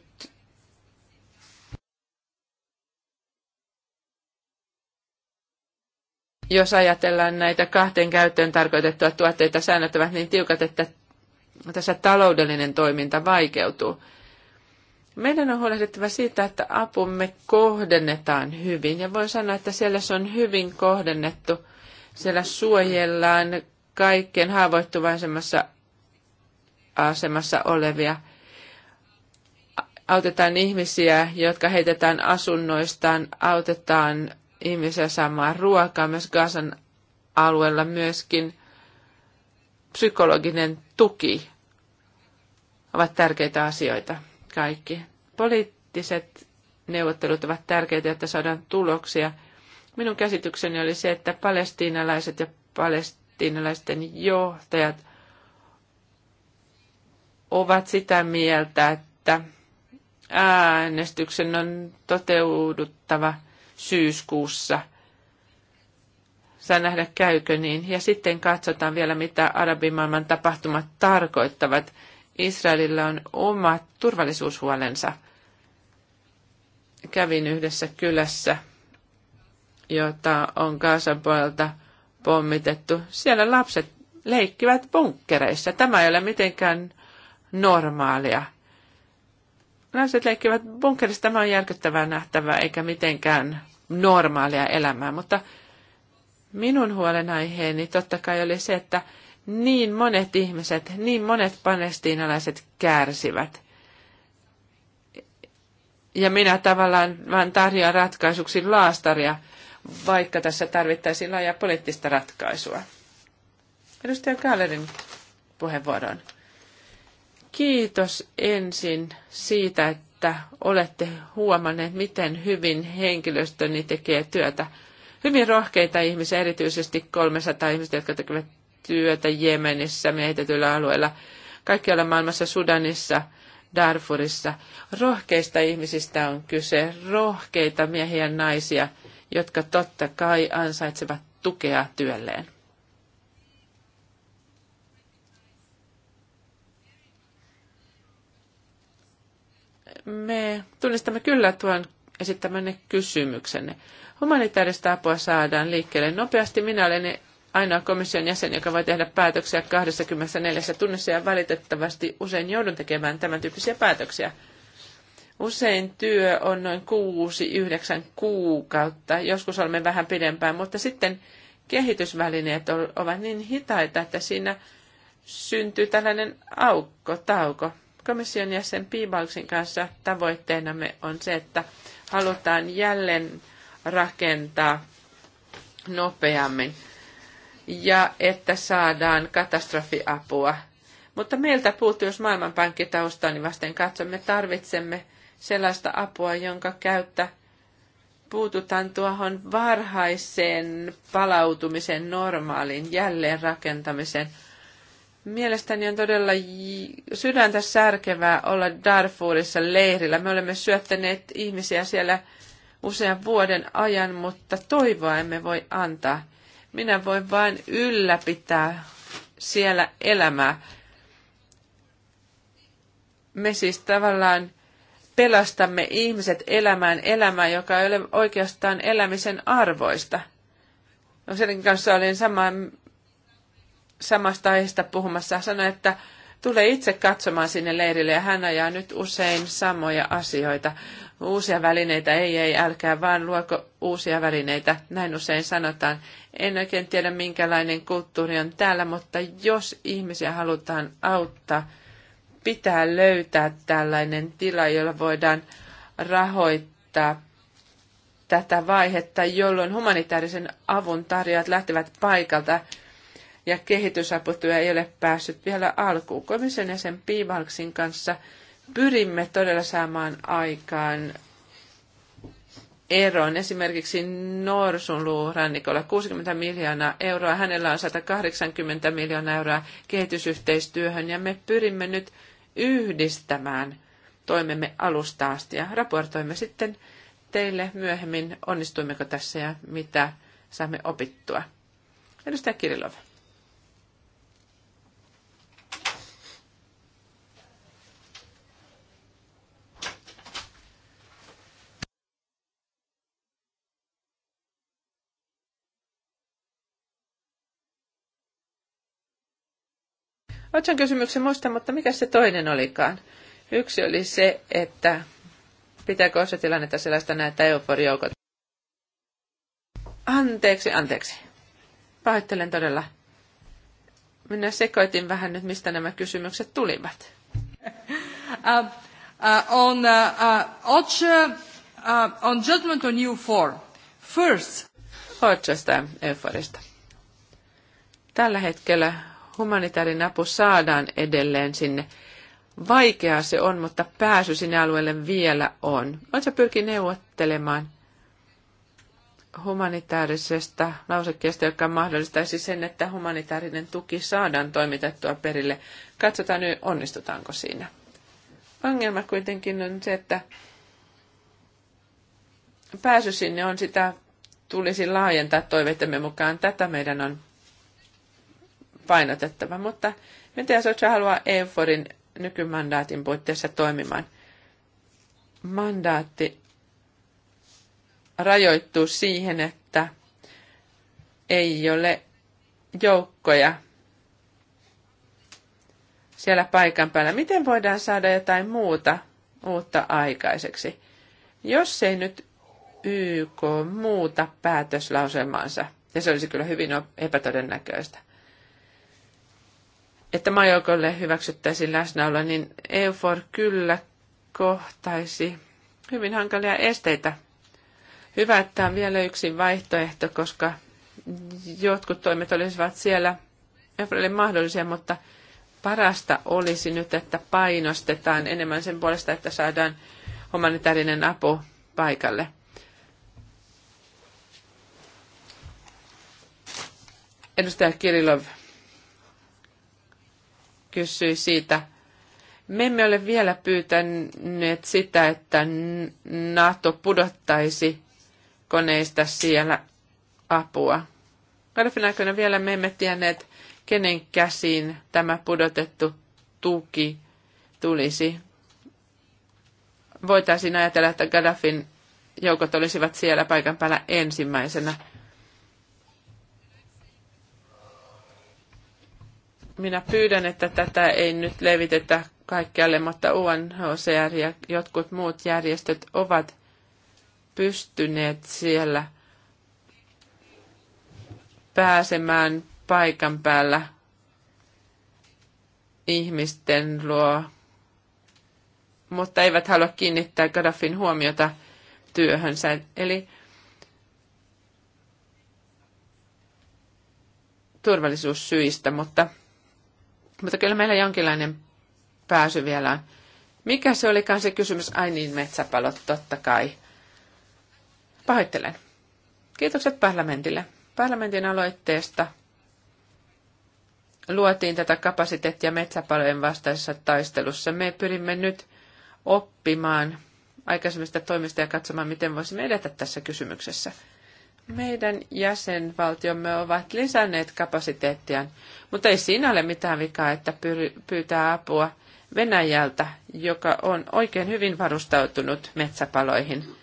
jos ajatellaan näitä kahteen käyttöön tarkoitettua tuotteita, säännöt ovat niin tiukat, että tässä taloudellinen toiminta vaikeutuu. Meidän on huolehdittava siitä, että apumme kohdennetaan hyvin. Ja voin sanoa, että siellä se on hyvin kohdennettu. Siellä suojellaan kaikkien haavoittuvaisemmassa asemassa olevia. Autetaan ihmisiä, jotka heitetään asunnoistaan, autetaan ihmisiä saamaan ruokaa myös Gazan alueella myöskin psykologinen tuki ovat tärkeitä asioita kaikki. Poliittiset neuvottelut ovat tärkeitä, että saadaan tuloksia. Minun käsitykseni oli se, että palestiinalaiset ja palestiinalaisten johtajat ovat sitä mieltä, että äänestyksen on toteuduttava syyskuussa. Saa nähdä käykö niin. Ja sitten katsotaan vielä, mitä arabimaailman tapahtumat tarkoittavat. Israelilla on omat turvallisuushuolensa. Kävin yhdessä kylässä, jota on Gazan puolelta pommitettu. Siellä lapset leikkivät bunkkereissa. Tämä ei ole mitenkään normaalia. Lapset leikkivät bunkkereissa. Tämä on järkyttävää nähtävää eikä mitenkään normaalia elämää, mutta minun huolenaiheeni totta kai oli se, että niin monet ihmiset, niin monet palestiinalaiset kärsivät. Ja minä tavallaan vain tarjoan ratkaisuksi laastaria, vaikka tässä tarvittaisiin laajaa poliittista ratkaisua. Edustaja Kallerin puheenvuoroon. Kiitos ensin siitä, että olette huomanneet, miten hyvin henkilöstöni tekee työtä. Hyvin rohkeita ihmisiä, erityisesti 300 ihmistä, jotka tekevät työtä Jemenissä miehitetyillä alueilla, kaikkialla maailmassa, Sudanissa, Darfurissa. Rohkeista ihmisistä on kyse, rohkeita miehiä ja naisia, jotka totta kai ansaitsevat tukea työlleen. Me tunnistamme kyllä tuon esittämänne kysymyksenne. Humanitaarista apua saadaan liikkeelle nopeasti. Minä olen ainoa komission jäsen, joka voi tehdä päätöksiä 24 tunnissa ja valitettavasti usein joudun tekemään tämän tyyppisiä päätöksiä. Usein työ on noin kuusi, yhdeksän kuukautta, joskus olemme vähän pidempään, mutta sitten kehitysvälineet ovat niin hitaita, että siinä syntyy tällainen aukko, tauko. Komission jäsen Piibauksin kanssa tavoitteenamme on se, että halutaan jälleen rakentaa nopeammin ja että saadaan katastrofiapua. Mutta meiltä puuttuu, jos maailmanpankkitaustaa, niin vasten katsomme, tarvitsemme sellaista apua, jonka käyttä puututaan tuohon varhaiseen palautumisen normaaliin jälleenrakentamiseen. Mielestäni on todella sydäntä särkevää olla Darfurissa leirillä. Me olemme syöttäneet ihmisiä siellä usean vuoden ajan, mutta toivoa emme voi antaa. Minä voin vain ylläpitää siellä elämää. Me siis tavallaan pelastamme ihmiset elämään elämää, joka ei ole oikeastaan elämisen arvoista. No sen kanssa olin samaa, samasta aiheesta puhumassa. Sanoin, että tule itse katsomaan sinne leirille ja hän ajaa nyt usein samoja asioita uusia välineitä, ei, ei, älkää vaan luoko uusia välineitä. Näin usein sanotaan. En oikein tiedä, minkälainen kulttuuri on täällä, mutta jos ihmisiä halutaan auttaa, pitää löytää tällainen tila, jolla voidaan rahoittaa tätä vaihetta, jolloin humanitaarisen avun tarjoajat lähtevät paikalta ja kehitysaputyö ei ole päässyt vielä alkuun. Komission ja sen Piivalksin kanssa – pyrimme todella saamaan aikaan eron. Esimerkiksi Norsunluurannikolla 60 miljoonaa euroa, hänellä on 180 miljoonaa euroa kehitysyhteistyöhön ja me pyrimme nyt yhdistämään toimemme alusta asti ja raportoimme sitten teille myöhemmin, onnistuimmeko tässä ja mitä saamme opittua. Edustaja Kirilov. Otsan kysymyksen muista, mutta mikä se toinen olikaan? Yksi oli se, että pitääkö osa tilannetta sellaista näitä euforjoukot. Anteeksi, anteeksi. Pahoittelen todella. Minä sekoitin vähän nyt, mistä nämä kysymykset tulivat. (laughs) Uh, uh, on uh, uh, uh on judgment on eu First. Otsasta euforista. Tällä hetkellä humanitaarinen apu saadaan edelleen sinne. Vaikeaa se on, mutta pääsy sinne alueelle vielä on. Oletko pyrki neuvottelemaan humanitaarisesta lausekkeesta, joka mahdollistaisi sen, että humanitaarinen tuki saadaan toimitettua perille. Katsotaan nyt, onnistutaanko siinä. Ongelma kuitenkin on se, että pääsy sinne on sitä tulisi laajentaa toiveittemme mukaan. Tätä meidän on painotettava. Mutta mitä jos Otsa haluaa EUFORin nykymandaatin puitteissa toimimaan? Mandaatti rajoittuu siihen, että ei ole joukkoja siellä paikan päällä. Miten voidaan saada jotain muuta uutta aikaiseksi, jos ei nyt YK muuta päätöslauselmaansa? Ja se olisi kyllä hyvin epätodennäköistä että maajoukkoille hyväksyttäisiin läsnäolo, niin EUFOR kyllä kohtaisi hyvin hankalia esteitä. Hyvä, että on vielä yksi vaihtoehto, koska jotkut toimet olisivat siellä EUFORille mahdollisia, mutta parasta olisi nyt, että painostetaan enemmän sen puolesta, että saadaan humanitaarinen apu paikalle. Edustaja Kirilov kysyi siitä, me emme ole vielä pyytäneet sitä, että NATO pudottaisi koneista siellä apua. Gaddafin aikana vielä me emme tienneet, kenen käsiin tämä pudotettu tuki tulisi. Voitaisiin ajatella, että Gaddafin joukot olisivat siellä paikan päällä ensimmäisenä. Minä pyydän, että tätä ei nyt levitetä kaikkialle, mutta UNHCR ja jotkut muut järjestöt ovat pystyneet siellä pääsemään paikan päällä ihmisten luo, mutta eivät halua kiinnittää Gaddafin huomiota työhönsä. Eli turvallisuussyistä, mutta mutta kyllä meillä jonkinlainen pääsy vielä on. Mikä se olikaan se kysymys? Ai niin, metsäpalot, totta kai. Pahoittelen. Kiitokset parlamentille. Parlamentin aloitteesta luotiin tätä kapasiteettia metsäpalojen vastaisessa taistelussa. Me pyrimme nyt oppimaan aikaisemmista toimista ja katsomaan, miten voisimme edetä tässä kysymyksessä. Meidän jäsenvaltiomme ovat lisänneet kapasiteettiaan, mutta ei siinä ole mitään vikaa, että pyytää apua Venäjältä, joka on oikein hyvin varustautunut metsäpaloihin.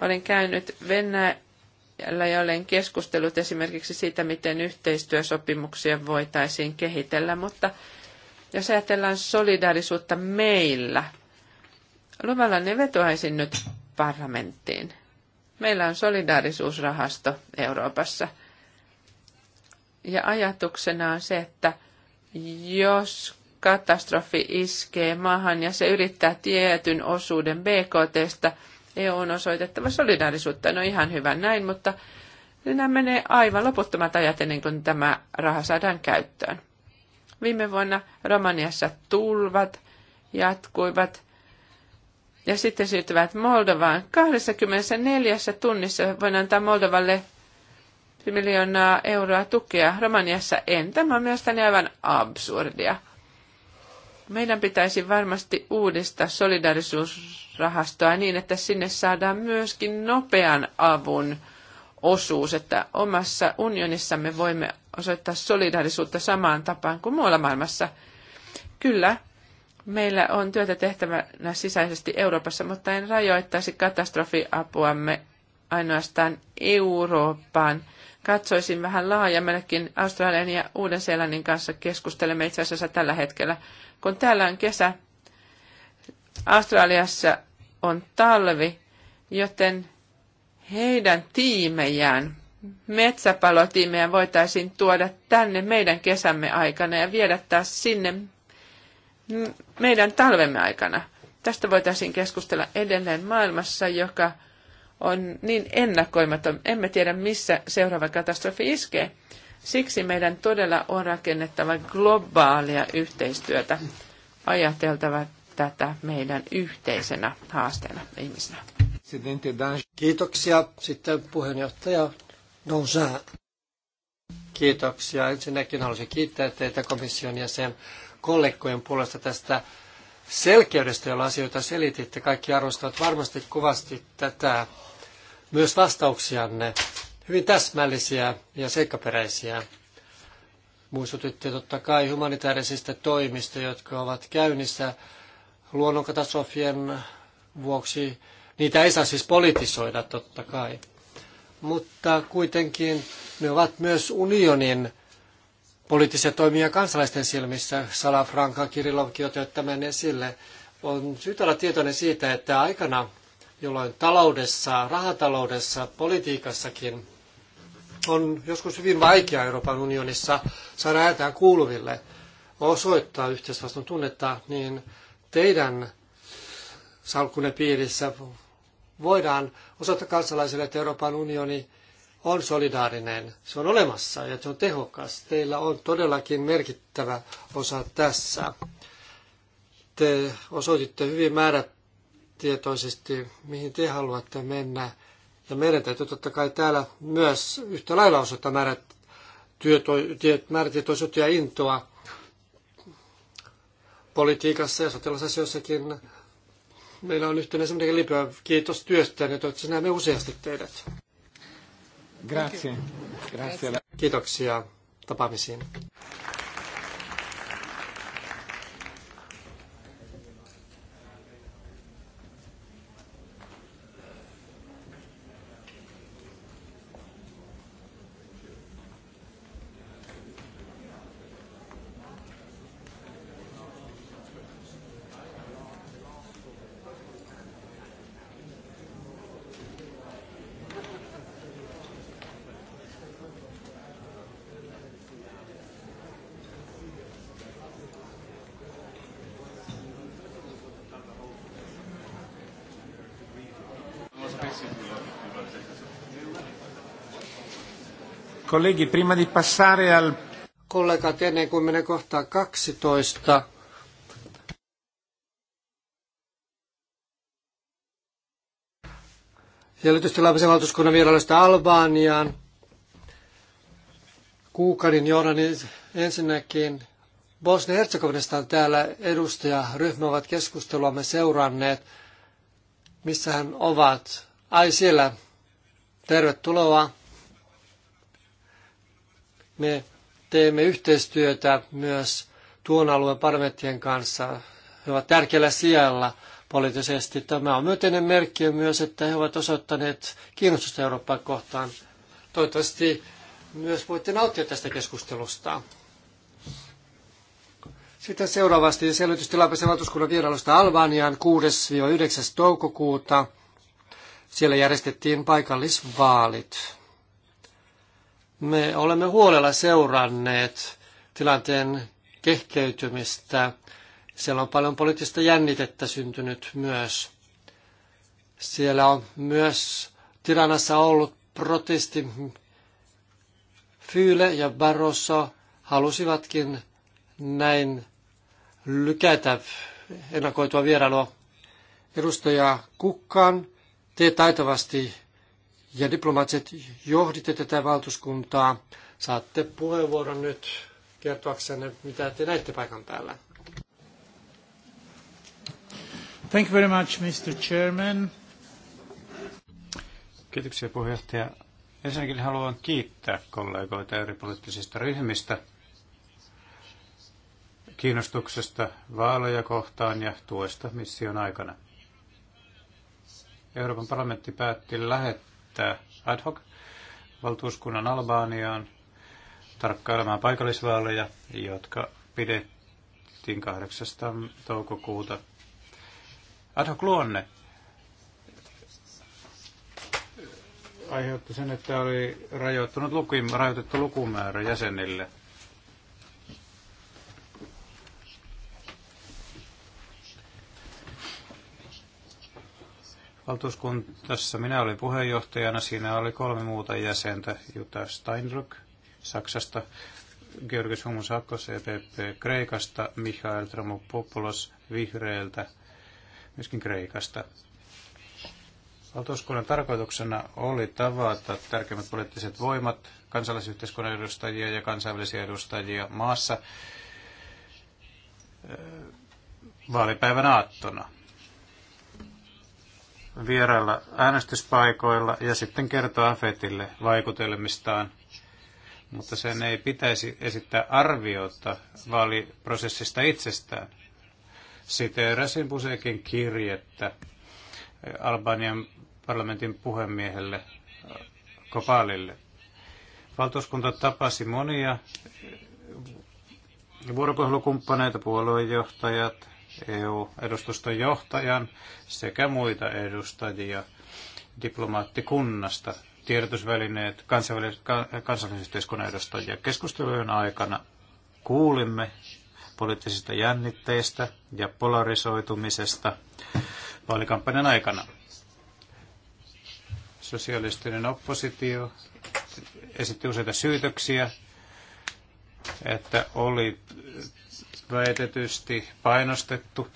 Olen käynyt Venäjällä ja olen keskustellut esimerkiksi siitä, miten yhteistyösopimuksia voitaisiin kehitellä, mutta jos ajatellaan solidaarisuutta meillä, luvalla ne vetoaisin nyt parlamenttiin. Meillä on solidaarisuusrahasto Euroopassa. Ja ajatuksena on se, että jos katastrofi iskee maahan ja se yrittää tietyn osuuden BKTstä, EU on osoitettava solidaarisuutta. No ihan hyvä näin, mutta nämä menee aivan loputtomat ajat ennen kuin tämä raha saadaan käyttöön. Viime vuonna Romaniassa tulvat jatkuivat ja sitten siirtyvät Moldovaan. 24 tunnissa voin antaa Moldovalle miljoonaa euroa tukea. Romaniassa en. Tämä on mielestäni aivan absurdia. Meidän pitäisi varmasti uudistaa solidarisuusrahastoa niin, että sinne saadaan myöskin nopean avun osuus, että omassa unionissamme voimme osoittaa solidarisuutta samaan tapaan kuin muualla maailmassa. Kyllä, Meillä on työtä tehtävänä sisäisesti Euroopassa, mutta en rajoittaisi katastrofiapuamme ainoastaan Eurooppaan. Katsoisin vähän laajemmallekin Australian ja Uuden-Seelannin kanssa keskustelemme itse asiassa tällä hetkellä. Kun täällä on kesä, Australiassa on talvi, joten heidän tiimejään, metsäpalotiimejä voitaisiin tuoda tänne meidän kesämme aikana ja viedä taas sinne meidän talvemme aikana. Tästä voitaisiin keskustella edelleen maailmassa, joka on niin ennakoimaton. Emme tiedä, missä seuraava katastrofi iskee. Siksi meidän todella on rakennettava globaalia yhteistyötä, ajateltava tätä meidän yhteisenä haasteena ihmisenä.
Kiitoksia. Sitten puheenjohtaja Nousa. Kiitoksia. Ensinnäkin haluaisin kiittää teitä komission jäsen kollegojen puolesta tästä selkeydestä, jolla asioita selititte. Kaikki arvostavat varmasti kovasti tätä myös vastauksianne. Hyvin täsmällisiä ja seikkaperäisiä. Muistutitte totta kai humanitaarisista toimista, jotka ovat käynnissä luonnonkatastrofien vuoksi. Niitä ei saa siis politisoida totta kai. Mutta kuitenkin ne ovat myös unionin poliittisia toimia kansalaisten silmissä. Salafranka Kirilovkin otti tämän esille. On syytä olla tietoinen siitä, että aikana, jolloin taloudessa, rahataloudessa, politiikassakin on joskus hyvin vaikea Euroopan unionissa saada ääntään kuuluville osoittaa yhteisvastuun tunnetta, niin teidän salkkunne piirissä voidaan osoittaa kansalaisille, että Euroopan unioni on solidaarinen, se on olemassa ja se on tehokas. Teillä on todellakin merkittävä osa tässä. Te osoititte hyvin määrätietoisesti, mihin te haluatte mennä. Ja meidän täytyy totta kai täällä myös yhtä lailla osoittaa määrät, määrätietoisuutta ja intoa politiikassa ja sotilasasioissakin. Meillä on yhtenä semmoinen lipö. Kiitos työstä ja toivottavasti näemme useasti teidät. Grazie. Grazie. Kiitoksia. Tapaamisiin. Kollegi, prima di passare al... Kollegat, ennen kuin menee kohtaan 12, Jäljitysten Laapisen valtuuskunnan vierailusta Albaniaan. Kuukanin Jorani ensinnäkin Bosnia-Herzegovinasta on täällä edustajaryhmä ovat keskusteluamme seuranneet. Missä hän ovat? Ai siellä. Tervetuloa. Me teemme yhteistyötä myös tuon alueen parlamenttien kanssa. He ovat tärkeällä sijalla poliittisesti. Tämä on myönteinen merkki myös, että he ovat osoittaneet kiinnostusta Eurooppaa kohtaan. Toivottavasti myös voitte nauttia tästä keskustelusta. Sitten seuraavasti selvitystilapäisen valtuuskunnan vierailusta Albaniaan 6-9. toukokuuta. Siellä järjestettiin paikallisvaalit. Me olemme huolella seuranneet tilanteen kehkeytymistä. Siellä on paljon poliittista jännitettä syntynyt myös. Siellä on myös Tiranassa ollut protesti. Fyle ja Barroso halusivatkin näin lykätä ennakoitua vierailua edustaja Kukkaan. Te taitavasti ja diplomaatset johditte tätä valtuuskuntaa. Saatte puheenvuoron nyt kertoaksenne, mitä te näitte paikan päällä.
Thank you very much, Mr. Chairman. Kiitoksia puheenjohtaja. Ensinnäkin haluan kiittää kollegoita eri poliittisista ryhmistä kiinnostuksesta vaaleja kohtaan ja tuesta mission aikana. Euroopan parlamentti päätti lähettää lähettää ad hoc valtuuskunnan Albaaniaan tarkkailemaan paikallisvaaleja, jotka pidettiin 8. toukokuuta. Ad hoc luonne aiheutti sen, että oli rajoittunut lukim, rajoitettu lukumäärä jäsenille – Valtuuskuntassa minä olin puheenjohtajana, siinä oli kolme muuta jäsentä, Jutta Steinruck Saksasta, Georgis Humusakos EPP Kreikasta, Mihail Tramopoulos Vihreiltä, myöskin Kreikasta. Valtuuskunnan tarkoituksena oli tavata tärkeimmät poliittiset voimat, kansalaisyhteiskunnan edustajia ja kansainvälisiä edustajia maassa vaalipäivän aattona vierailla äänestyspaikoilla ja sitten kertoa fetille vaikutelmistaan. Mutta sen ei pitäisi esittää arviota vaaliprosessista itsestään. Siteerasin Busekin kirjettä Albanian parlamentin puhemiehelle Kopalille. Valtuuskunta tapasi monia vuoropuhelukumppaneita, puoluejohtajat, EU-edustuston johtajan sekä muita edustajia diplomaattikunnasta, tiedotusvälineet, kansainvälisen kansallisyhteiskunnan edustajia. Keskustelujen aikana kuulimme poliittisista jännitteistä ja polarisoitumisesta vaalikampanjan aikana. Sosialistinen oppositio esitti useita syytöksiä että oli väitetysti painostettu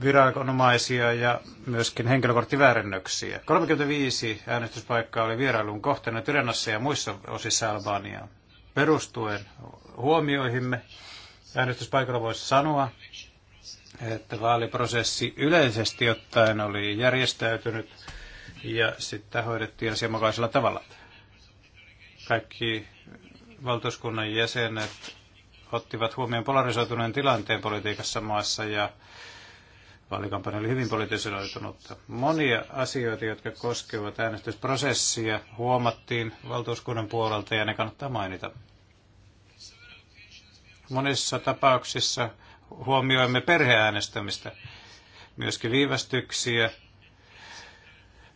viranomaisia ja myöskin henkilökorttiväärennöksiä. 35 äänestyspaikkaa oli vierailun kohteena Tyrenassa ja muissa osissa Albaniaa. Perustuen huomioihimme äänestyspaikalla voisi sanoa, että vaaliprosessi yleisesti ottaen oli järjestäytynyt ja sitä hoidettiin asianmukaisella tavalla. Kaikki valtuuskunnan jäsenet ottivat huomioon polarisoituneen tilanteen politiikassa maassa ja vaalikampanja oli hyvin politisoitunutta. Monia asioita, jotka koskevat äänestysprosessia, huomattiin valtuuskunnan puolelta ja ne kannattaa mainita. Monissa tapauksissa huomioimme perheäänestämistä, myöskin viivästyksiä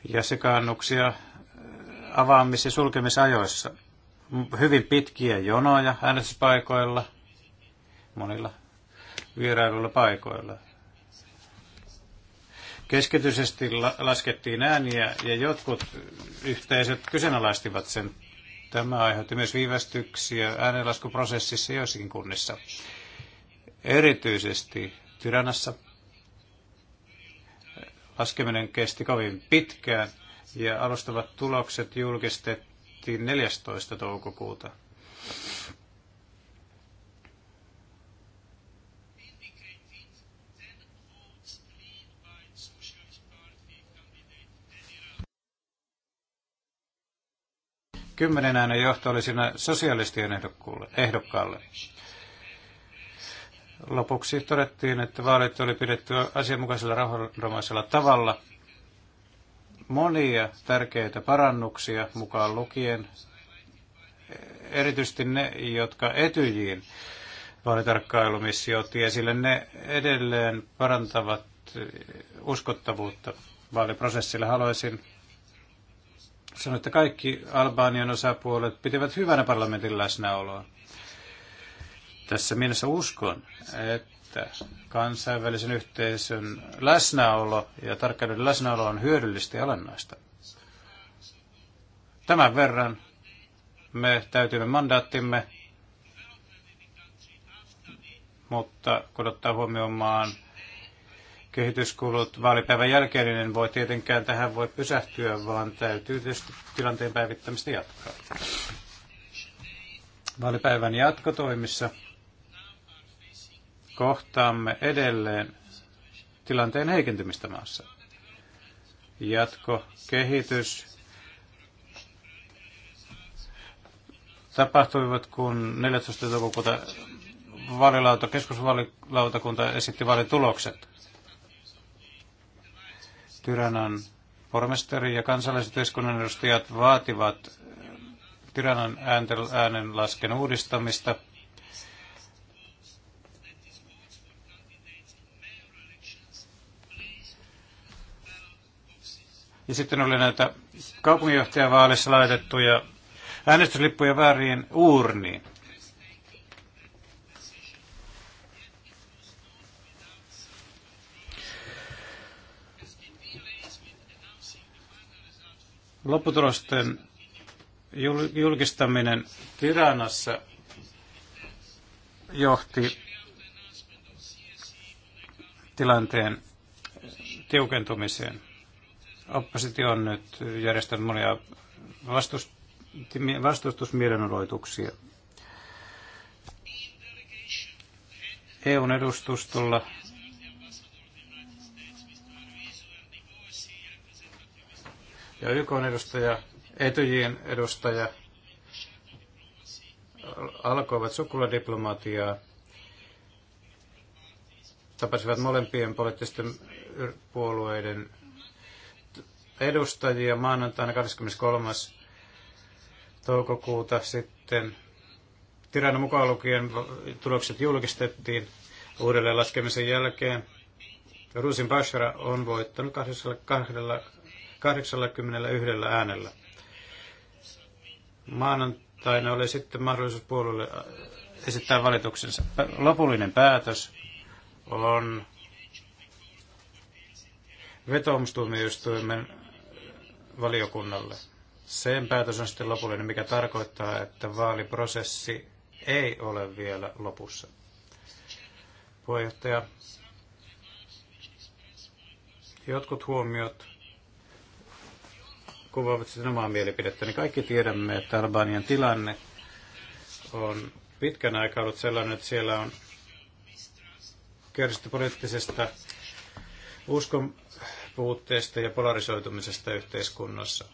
ja sekaannuksia avaamis- ja sulkemisajoissa hyvin pitkiä jonoja äänestyspaikoilla, monilla vierailuilla paikoilla. Keskityisesti laskettiin ääniä ja jotkut yhteisöt kyseenalaistivat sen. Tämä aiheutti myös viivästyksiä äänenlaskuprosessissa joissakin kunnissa. Erityisesti Tyranassa laskeminen kesti kovin pitkään ja alustavat tulokset julkistettiin päätettiin 14. toukokuuta. Kymmenen äänen johto oli siinä sosialistien ehdokkaalle. Lopuksi todettiin, että vaalit oli pidetty asianmukaisella rauhanomaisella tavalla – monia tärkeitä parannuksia mukaan lukien, erityisesti ne, jotka etyjiin vaalitarkkailumissio otti esille, ne edelleen parantavat uskottavuutta vaaliprosessille. Haluaisin sanoa, että kaikki Albanian osapuolet pitivät hyvänä parlamentin läsnäoloa. Tässä mielessä uskon, että että kansainvälisen yhteisön läsnäolo ja tarkkaiden läsnäolo on hyödyllistä ja olennaista. Tämän verran me täytimme mandaattimme, mutta kun ottaa huomioon maan kehityskulut vaalipäivän jälkeen, niin en voi tietenkään tähän voi pysähtyä, vaan täytyy tietysti tilanteen päivittämistä jatkaa. Vaalipäivän jatkotoimissa kohtaamme edelleen tilanteen heikentymistä maassa. Jatko, kehitys tapahtuivat, kun 14. toukokuuta vaalilauta, keskusvaalilautakunta esitti vaalitulokset. Tyrannan pormesteri ja kansalaisyhteiskunnan edustajat vaativat Tyrannan äänen lasken uudistamista – Ja sitten oli näitä kaupunginjohtajavaaleissa laitettuja äänestyslippuja väärin uurniin. Lopputulosten julkistaminen Tiranassa johti tilanteen tiukentumiseen. Oppositio on nyt järjestänyt monia vastust, vastustusmielenodoituksia. EUn edustustolla ja YK edustaja, Etyjin edustaja alkoivat sukuladiplomatiaa, tapasivat molempien poliittisten puolueiden edustajia maanantaina 23. toukokuuta sitten Tirana mukaan lukien tulokset julkistettiin uudelleen laskemisen jälkeen. Rusin Bashara on voittanut 81 äänellä. Maanantaina oli sitten mahdollisuus puolueelle äh, esittää valituksensa. Lopullinen päätös on vetoomustuomioistuimen valiokunnalle. Sen päätös on sitten lopullinen, mikä tarkoittaa, että vaaliprosessi ei ole vielä lopussa. Puheenjohtaja, jotkut huomiot kuvaavat sitten omaa mielipidettäni. Niin kaikki tiedämme, että Albanian tilanne on pitkän aikaa ollut sellainen, että siellä on kärsitty poliittisesta uskon puutteesta ja polarisoitumisesta yhteiskunnassa.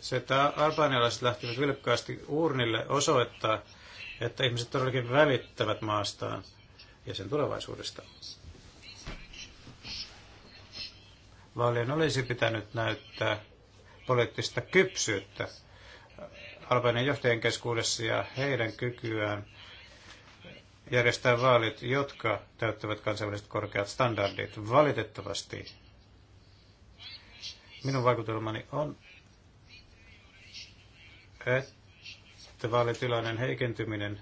Se, että albanialaiset lähtivät vilkkaasti uurnille osoittaa, että ihmiset todellakin välittävät maastaan ja sen tulevaisuudesta. Vaalien olisi pitänyt näyttää poliittista kypsyyttä Albanian johtajien keskuudessa ja heidän kykyään järjestää vaalit, jotka täyttävät kansainväliset korkeat standardit. Valitettavasti Minun vaikutelmani on, että vaalitilainen heikentyminen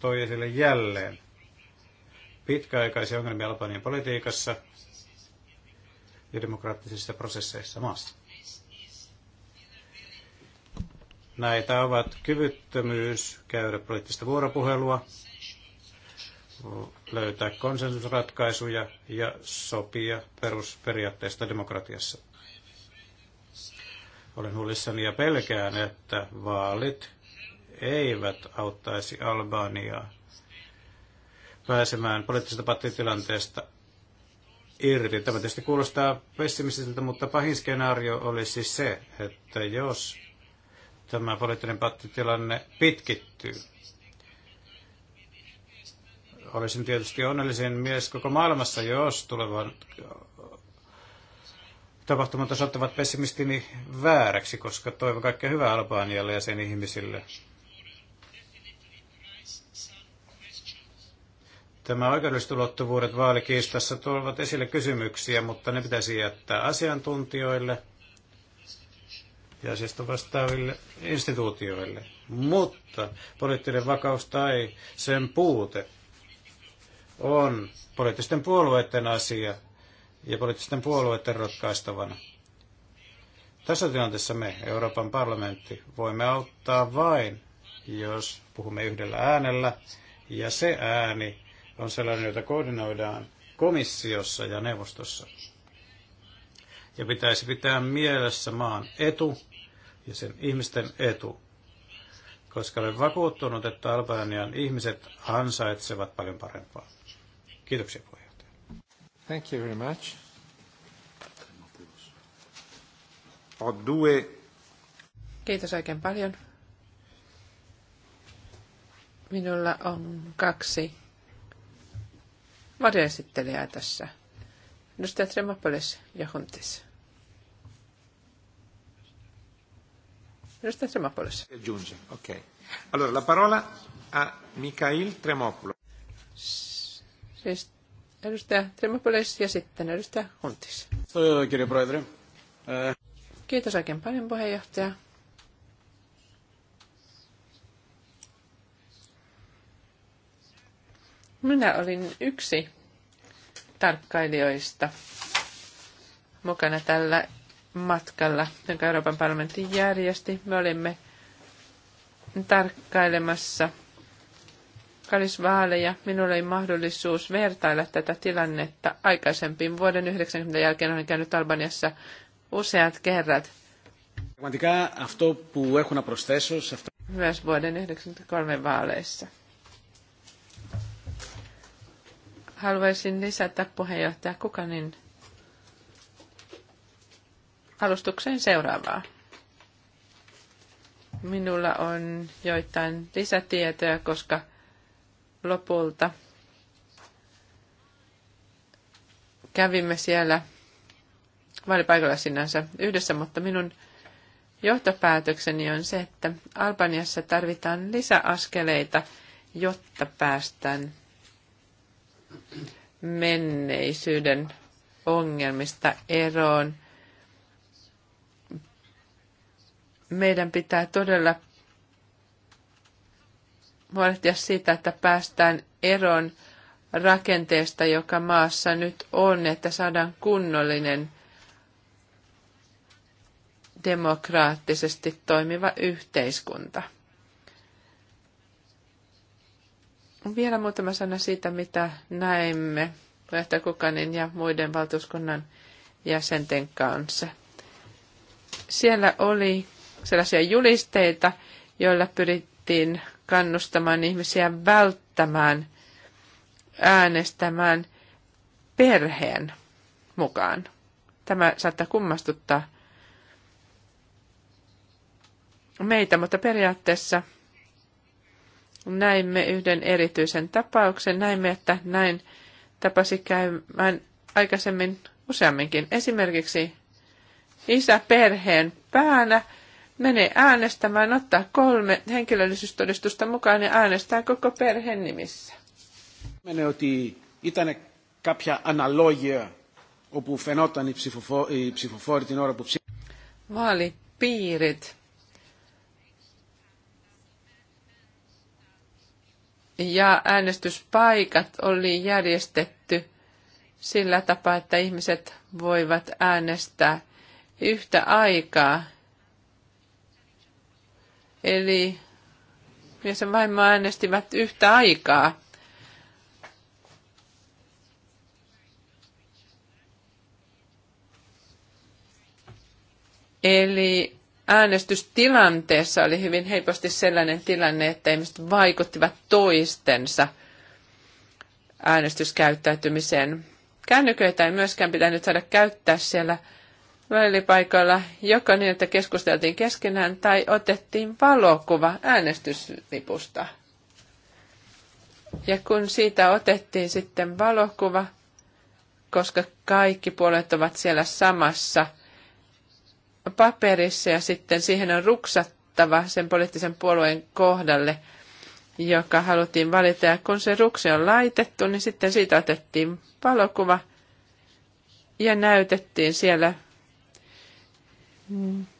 toi esille jälleen pitkäaikaisia ongelmia Albanian politiikassa ja demokraattisissa prosesseissa maassa. Näitä ovat kyvyttömyys käydä poliittista vuoropuhelua, löytää konsensusratkaisuja ja sopia perusperiaatteista demokratiassa. Olen huolissani ja pelkään, että vaalit eivät auttaisi Albaniaa pääsemään poliittisesta pattitilanteesta irti. Tämä tietysti kuulostaa pessimistiseltä, mutta pahin skenaario olisi se, että jos tämä poliittinen pattitilanne pitkittyy, olisin tietysti onnellisin mies koko maailmassa, jos tulevan tapahtumat osoittavat pessimistini vääräksi, koska toivon kaikkea hyvää Albanialle ja sen ihmisille. Tämä oikeudelliset ulottuvuudet vaalikiistassa tulevat esille kysymyksiä, mutta ne pitäisi jättää asiantuntijoille ja asiasta vastaaville instituutioille. Mutta poliittinen vakaus tai sen puute on poliittisten puolueiden asia ja poliittisten puolueiden ratkaistavana. Tässä tilanteessa me, Euroopan parlamentti, voimme auttaa vain, jos puhumme yhdellä äänellä, ja se ääni on sellainen, jota koordinoidaan komissiossa ja neuvostossa. Ja pitäisi pitää mielessä maan etu ja sen ihmisten etu, koska olen vakuuttunut, että Albanian ihmiset ansaitsevat paljon parempaa. Kiitoksia puheenjohtaja. Thank you very much.
Kiitos oikein paljon. Minulla on kaksi varjoesittelijää tässä. Edustaja Tremapolis ja Huntis. Edustaja
Tremapolis. Giunge, okei. Okay. Allora, la parola a Mikhail Tremopoulos.
Siis edustaja Trimopolis ja sitten edustaja Huntis. Kiitos oikein paljon puheenjohtaja. Minä olin yksi tarkkailijoista mukana tällä matkalla, jonka Euroopan parlamentti järjesti. Me olimme tarkkailemassa – kunnallisvaaleja. Minulla oli mahdollisuus vertailla tätä tilannetta aikaisempiin. Vuoden 90 jälkeen olen käynyt Albaniassa useat kerrat. Myös vuoden 93 vaaleissa. Haluaisin lisätä puheenjohtaja Kukanin alustukseen seuraavaa. Minulla on joitain lisätietoja, koska lopulta kävimme siellä vaalipaikalla sinänsä yhdessä, mutta minun johtopäätökseni on se, että Albaniassa tarvitaan lisäaskeleita, jotta päästään menneisyyden ongelmista eroon. Meidän pitää todella huolehtia siitä, että päästään eroon rakenteesta, joka maassa nyt on, että saadaan kunnollinen demokraattisesti toimiva yhteiskunta. Vielä muutama sana siitä, mitä näemme Lehtä Kukanin ja muiden valtuuskunnan jäsenten kanssa. Siellä oli sellaisia julisteita, joilla pyrittiin kannustamaan ihmisiä välttämään äänestämään perheen mukaan. Tämä saattaa kummastuttaa meitä, mutta periaatteessa näimme yhden erityisen tapauksen. Näimme, että näin tapasi käymään aikaisemmin useamminkin. Esimerkiksi isä perheen päänä menee äänestämään, ottaa kolme henkilöllisyystodistusta mukaan ja äänestää koko perheen nimissä. Mene ότι ήταν κάποια αναλόγια όπου φαινόταν
οι, ψηφοφο...
Vaalipiirit ja äänestyspaikat oli järjestetty sillä tapaa, että ihmiset voivat äänestää yhtä aikaa – Eli mies ja vaimo äänestivät yhtä aikaa. Eli äänestystilanteessa oli hyvin heiposti sellainen tilanne, että ihmiset vaikuttivat toistensa äänestyskäyttäytymiseen. Kännyköitä ei myöskään pitänyt saada käyttää siellä välipaikalla joko niin, että keskusteltiin keskenään tai otettiin valokuva äänestyslipusta. Ja kun siitä otettiin sitten valokuva, koska kaikki puolet ovat siellä samassa paperissa ja sitten siihen on ruksattava sen poliittisen puolueen kohdalle, joka haluttiin valita. Ja kun se ruksi on laitettu, niin sitten siitä otettiin valokuva ja näytettiin siellä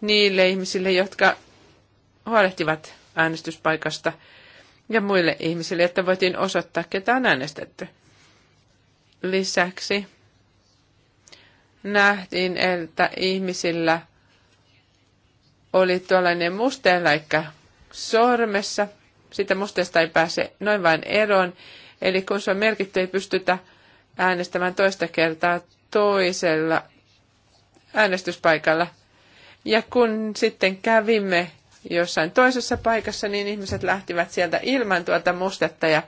niille ihmisille, jotka huolehtivat äänestyspaikasta ja muille ihmisille, että voitiin osoittaa, ketä on äänestetty. Lisäksi nähtiin, että ihmisillä oli tuollainen musteläikkä sormessa. Sitä musteesta ei pääse noin vain eroon. Eli kun se on merkitty, ei pystytä äänestämään toista kertaa toisella äänestyspaikalla – ja kun sitten kävimme jossain toisessa paikassa, niin ihmiset lähtivät sieltä ilman tuota mustetta ja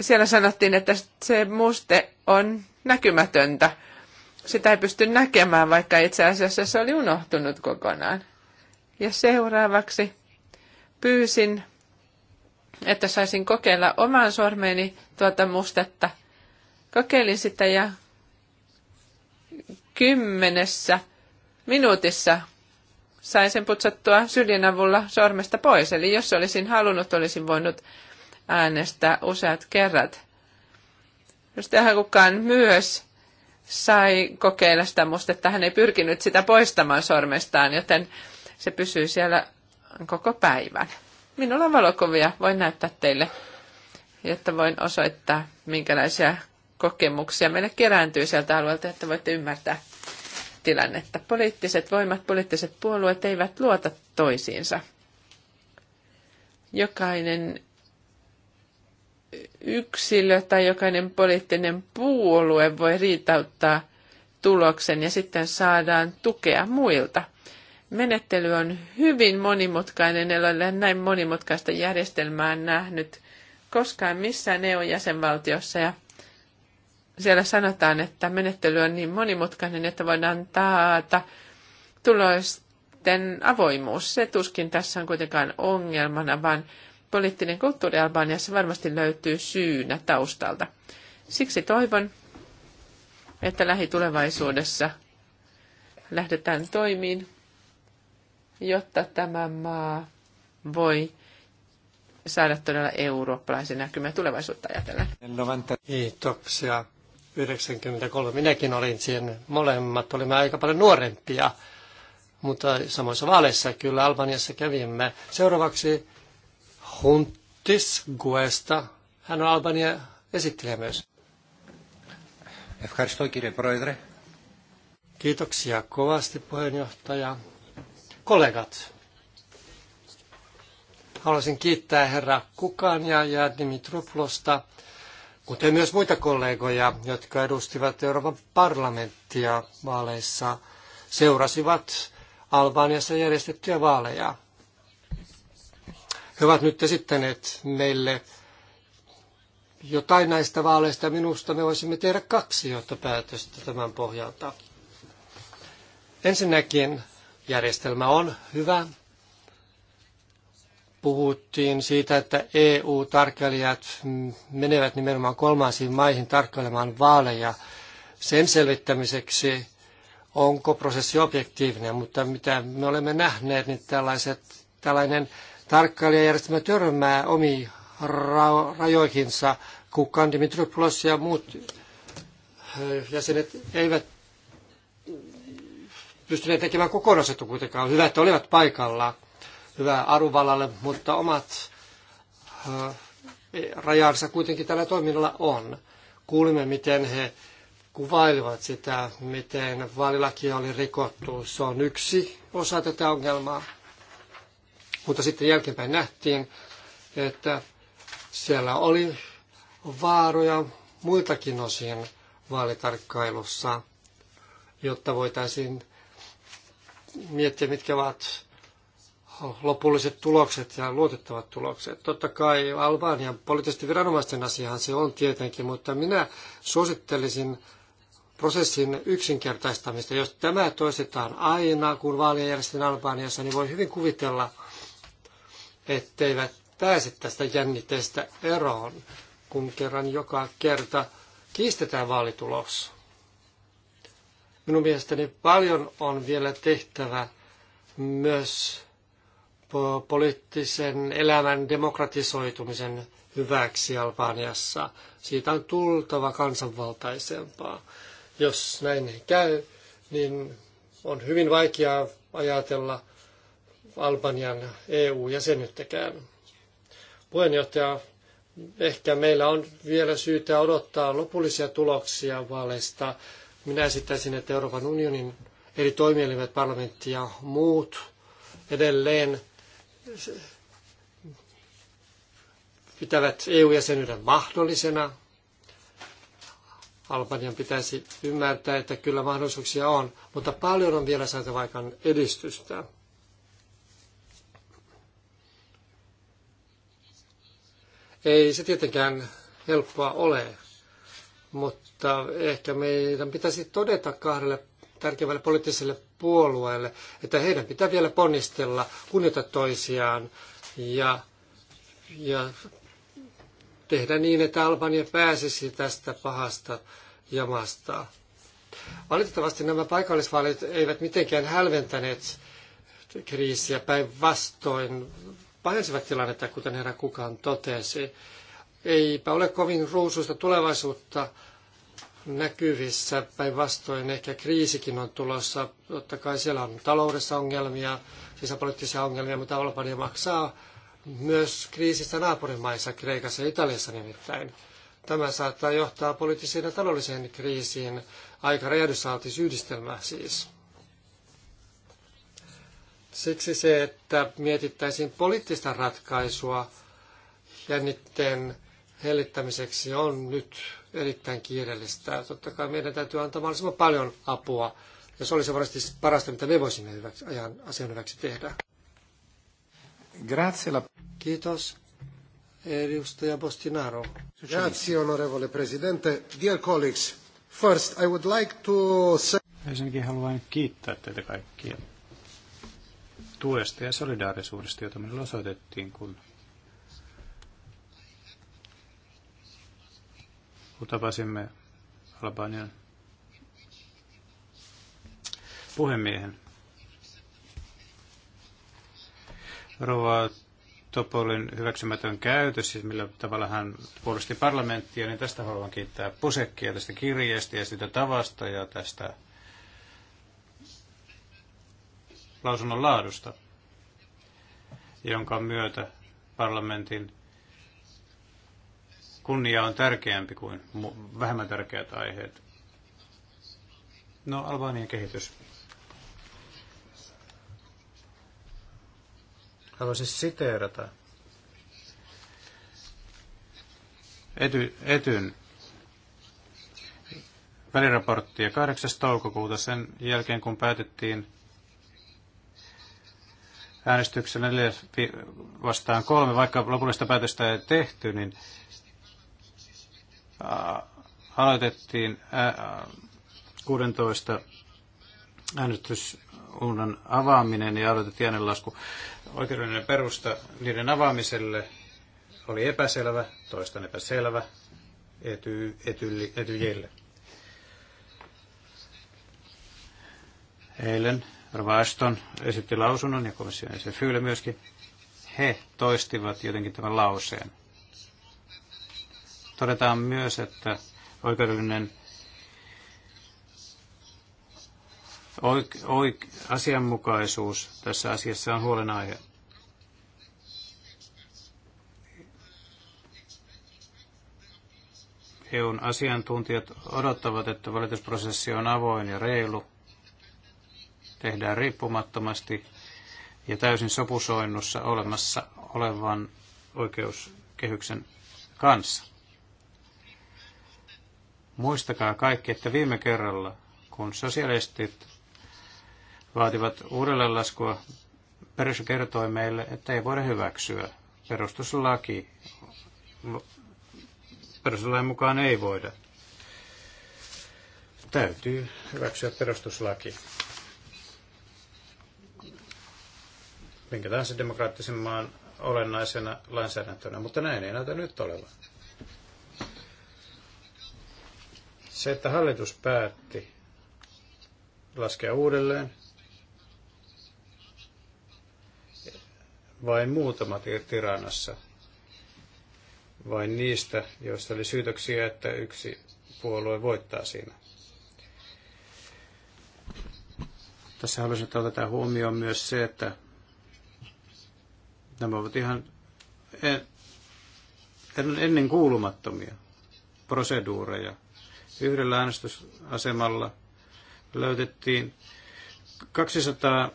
siellä sanottiin, että se muste on näkymätöntä. Sitä ei pysty näkemään, vaikka itse asiassa se oli unohtunut kokonaan. Ja seuraavaksi pyysin, että saisin kokeilla oman sormeeni tuota mustetta. Kokeilin sitä ja kymmenessä – minuutissa sain sen putsattua sydin avulla sormesta pois. Eli jos olisin halunnut, olisin voinut äänestää useat kerrat. Jos tähän kukaan myös sai kokeilla sitä mustetta, hän ei pyrkinyt sitä poistamaan sormestaan, joten se pysyy siellä koko päivän. Minulla on valokuvia, voin näyttää teille, jotta voin osoittaa, minkälaisia kokemuksia meille kerääntyy sieltä alueelta, että voitte ymmärtää, tilannetta. Poliittiset voimat, poliittiset puolueet eivät luota toisiinsa. Jokainen yksilö tai jokainen poliittinen puolue voi riitauttaa tuloksen ja sitten saadaan tukea muilta. Menettely on hyvin monimutkainen, en ole näin monimutkaista järjestelmää nähnyt koskaan missään EU-jäsenvaltiossa ja siellä sanotaan, että menettely on niin monimutkainen, että voidaan taata tulosten avoimuus. Se tuskin tässä on kuitenkaan ongelmana, vaan poliittinen kulttuuri Albaniassa varmasti löytyy syynä taustalta. Siksi toivon, että lähitulevaisuudessa lähdetään toimiin, jotta tämä maa voi saada todella eurooppalaisen näkymän tulevaisuutta ajatellen.
Kiitoksia. 1993. Minäkin olin siinä. Molemmat olimme aika paljon nuorempia, mutta samoissa vaaleissa kyllä Albaniassa kävimme. Seuraavaksi Huntis Guesta. Hän on Albania esittelijä myös. Kiitoksia kovasti puheenjohtaja. Kollegat, haluaisin kiittää herra Kukania ja Dimitroplosta kuten myös muita kollegoja, jotka edustivat Euroopan parlamenttia vaaleissa, seurasivat Albaniassa järjestettyjä vaaleja. He ovat nyt esittäneet meille jotain näistä vaaleista. Minusta me voisimme tehdä kaksi johtopäätöstä tämän pohjalta. Ensinnäkin järjestelmä on hyvä, puhuttiin siitä, että EU-tarkkailijat menevät nimenomaan kolmansiin maihin tarkkailemaan vaaleja sen selvittämiseksi, onko prosessi objektiivinen, mutta mitä me olemme nähneet, niin tällaiset, tällainen tarkkailijajärjestelmä törmää omiin ra- rajoihinsa. Kukan Dimitropoulos ja muut äh, jäsenet eivät pystyneet tekemään kokonaisuutta kuitenkaan. Hyvä, että olivat paikalla hyvää arvovallalle, mutta omat rajansa kuitenkin tällä toiminnalla on. Kuulimme, miten he kuvailivat sitä, miten vaalilakia oli rikottu. Se on yksi osa tätä ongelmaa. Mutta sitten jälkeenpäin nähtiin, että siellä oli vaaroja muiltakin osin vaalitarkkailussa, jotta voitaisiin miettiä, mitkä ovat lopulliset tulokset ja luotettavat tulokset. Totta kai Albanian poliittisten viranomaisten asiahan se on tietenkin, mutta minä suosittelisin prosessin yksinkertaistamista. Jos tämä toistetaan aina, kun vaalien järjestetään Albaniassa, niin voi hyvin kuvitella, etteivät pääse tästä jännitteestä eroon, kun kerran joka kerta kiistetään vaalitulos. Minun mielestäni paljon on vielä tehtävä myös poliittisen elämän demokratisoitumisen hyväksi Albaniassa. Siitä on tultava kansanvaltaisempaa. Jos näin ei käy, niin on hyvin vaikeaa ajatella Albanian EU-jäsenyyttäkään. Puheenjohtaja, ehkä meillä on vielä syytä odottaa lopullisia tuloksia vaaleista. Minä esittäisin, että Euroopan unionin eri toimielimet, parlamentti ja muut edelleen pitävät EU-jäsenyyden mahdollisena. Albanian pitäisi ymmärtää, että kyllä mahdollisuuksia on, mutta paljon on vielä saatava aikaan edistystä. Ei se tietenkään helppoa ole, mutta ehkä meidän pitäisi todeta kahdelle tärkeimmälle poliittiselle puolueelle, että heidän pitää vielä ponnistella, kunnioittaa toisiaan ja, ja tehdä niin, että Albania pääsisi tästä pahasta jamasta. Valitettavasti nämä paikallisvaalit eivät mitenkään hälventäneet kriisiä päinvastoin pahensivat tilannetta, kuten herra Kukan totesi. Eipä ole kovin ruusuista tulevaisuutta näkyvissä. Päinvastoin ehkä kriisikin on tulossa. Totta kai siellä on taloudessa ongelmia, sisäpoliittisia ongelmia, mutta Albania maksaa myös kriisistä naapurimaissa, Kreikassa ja Italiassa nimittäin. Tämä saattaa johtaa poliittiseen ja taloudelliseen kriisiin. Aika räjähdysaltis yhdistelmä siis. Siksi se, että mietittäisiin poliittista ratkaisua jännitteen hellittämiseksi on nyt erittäin kiireellistä. Totta kai meidän täytyy antaa mahdollisimman paljon apua, ja se olisi varmasti parasta, mitä me voisimme hyväksi, ajan asian hyväksi tehdä. Grazie. Kiitos. Edustaja Bostinaro. Grazie, onorevole presidente. Dear colleagues, first I would like
to say... Ensinnäkin haluan kiittää teitä kaikkia tuesta ja solidaarisuudesta, jota meille osoitettiin, kun kun tapasimme Albanian puhemiehen. Rova Topolin hyväksymätön käytös, siis millä tavalla hän puolusti parlamenttia, niin tästä haluan kiittää Pusekkia tästä kirjeestä ja sitä tavasta ja tästä lausunnon laadusta, jonka myötä parlamentin kunnia on tärkeämpi kuin vähemmän tärkeät aiheet. No, Albanian kehitys. Haluaisin siteerata Ety, Etyn väliraporttia 8. toukokuuta sen jälkeen, kun päätettiin äänestyksen 4 vastaan kolme, vaikka lopullista päätöstä ei tehty, niin Äh, aloitettiin 16 äh, äänestysuunnan avaaminen ja aloitettiin äänenlasku. Oikeudellinen perusta niiden avaamiselle oli epäselvä, toistan epäselvä, ety, etyli, etyjille. Eilen Ravaston esitti lausunnon ja komission jäsen Fyyle myöskin. He toistivat jotenkin tämän lauseen – Todetaan myös, että oikeudellinen oik, oik, asianmukaisuus tässä asiassa on huolenaihe. EUn asiantuntijat odottavat, että valitusprosessi on avoin ja reilu, tehdään riippumattomasti ja täysin sopusoinnussa olemassa olevan oikeuskehyksen kanssa. Muistakaa kaikki, että viime kerralla, kun sosialistit vaativat uudelleenlaskua, Perus kertoi meille, että ei voida hyväksyä. Perustuslaki, perustuslain mukaan ei voida. Täytyy hyväksyä perustuslaki. Minkä tahansa demokraattisen maan olennaisena lainsäädäntönä, mutta näin ei näytä nyt olevan. Se, että hallitus päätti laskea uudelleen vain muutama Tiranassa, vain niistä, joista oli syytöksiä, että yksi puolue voittaa siinä. Tässä haluaisin, että otetaan huomioon myös se, että nämä ovat ihan ennen kuulumattomia proseduureja Yhdellä äänestysasemalla löytettiin 200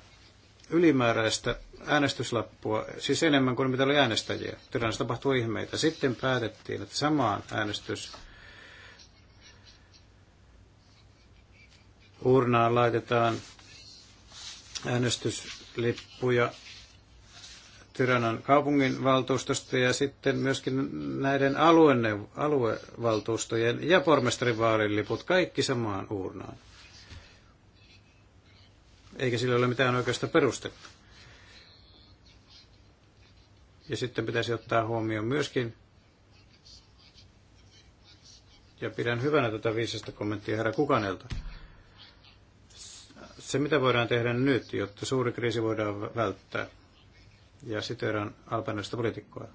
ylimääräistä äänestyslappua, siis enemmän kuin mitä oli äänestäjiä. Tyrannassa tapahtui ihmeitä. Sitten päätettiin, että samaan äänestys urnaan laitetaan äänestyslippuja tyrannan kaupungin valtuustosta ja sitten myöskin näiden aluene, aluevaltuustojen ja pormestarin liput kaikki samaan uurnaan. Eikä sillä ole mitään oikeasta perustetta. Ja sitten pitäisi ottaa huomioon myöskin, ja pidän hyvänä tätä viisasta kommenttia herra Kukanelta, se mitä voidaan tehdä nyt, jotta suuri kriisi voidaan välttää – ja siteeraan albanilaista poliitikkoa.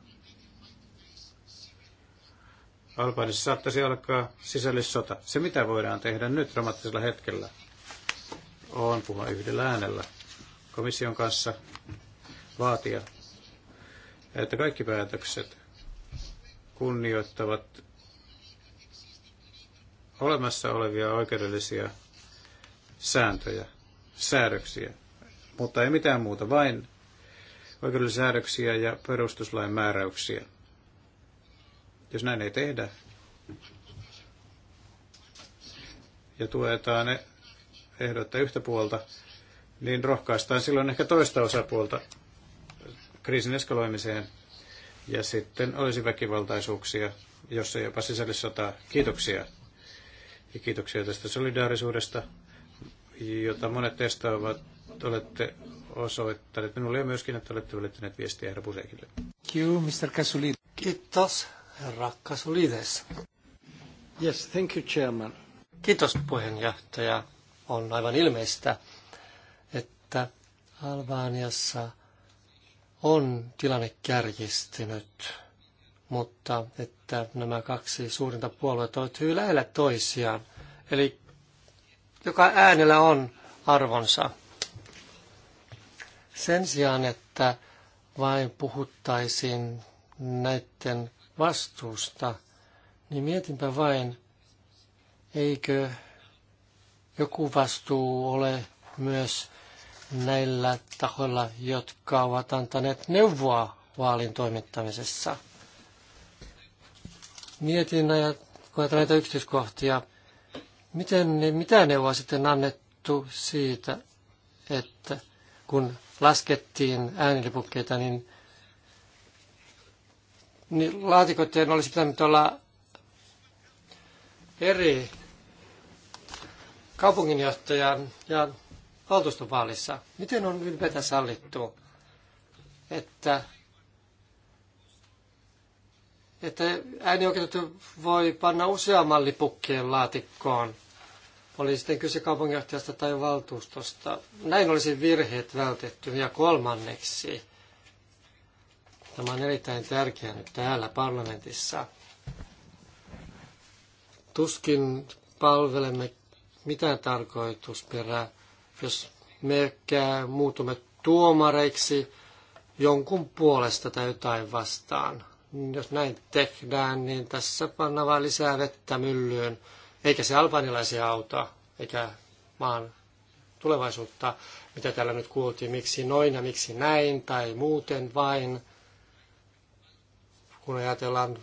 Albanissa saattaisi alkaa sisällissota. Se, mitä voidaan tehdä nyt dramaattisella hetkellä, on puhua yhdellä äänellä komission kanssa, vaatia, että kaikki päätökset kunnioittavat olemassa olevia oikeudellisia sääntöjä, säädöksiä, mutta ei mitään muuta, vain oikeudellisia säädöksiä ja perustuslain määräyksiä. Jos näin ei tehdä, ja tuetaan ehdottaa yhtä puolta, niin rohkaistaan silloin ehkä toista osapuolta kriisin eskaloimiseen. Ja sitten olisi väkivaltaisuuksia, jos ei jopa sisällissotaa. Kiitoksia. Ja kiitoksia tästä solidaarisuudesta, jota monet teistä ovat, olette osoittaneet minulle ja myöskin, että olette välittäneet viestiä herra Pusekille.
Kiitos, herra Kasulides. Yes, thank you, chairman. Kiitos, puheenjohtaja. On aivan ilmeistä, että Albaniassa on tilanne kärjistynyt, mutta että nämä kaksi suurinta puoluetta ovat hyvin lähellä toisiaan. Eli joka äänellä on arvonsa. Sen sijaan, että vain puhuttaisiin näiden vastuusta, niin mietinpä vain, eikö joku vastuu ole myös näillä tahoilla, jotka ovat antaneet neuvoa vaalin toimittamisessa. Mietin ajat, kun näitä yksityiskohtia, miten, mitä neuvoa sitten annettu siitä, että kun laskettiin äänilipukkeita, niin, niin laatikoiden olisi pitänyt olla eri kaupunginjohtajan ja valtuustovaalissa. Miten on ylipäätään sallittu, että, että äänioikeutettu voi panna useamman lipukkeen laatikkoon? oli sitten kyse kaupunginjohtajasta tai valtuustosta. Näin olisi virheet vältetty. Ja kolmanneksi, tämä on erittäin tärkeää nyt täällä parlamentissa, tuskin palvelemme mitään tarkoitusperää, jos me muutumme tuomareiksi jonkun puolesta tai jotain vastaan. Jos näin tehdään, niin tässä pannaan vain lisää vettä myllyyn eikä se albanilaisia auta, eikä maan tulevaisuutta, mitä täällä nyt kuultiin, miksi noin ja miksi näin tai muuten vain. Kun ajatellaan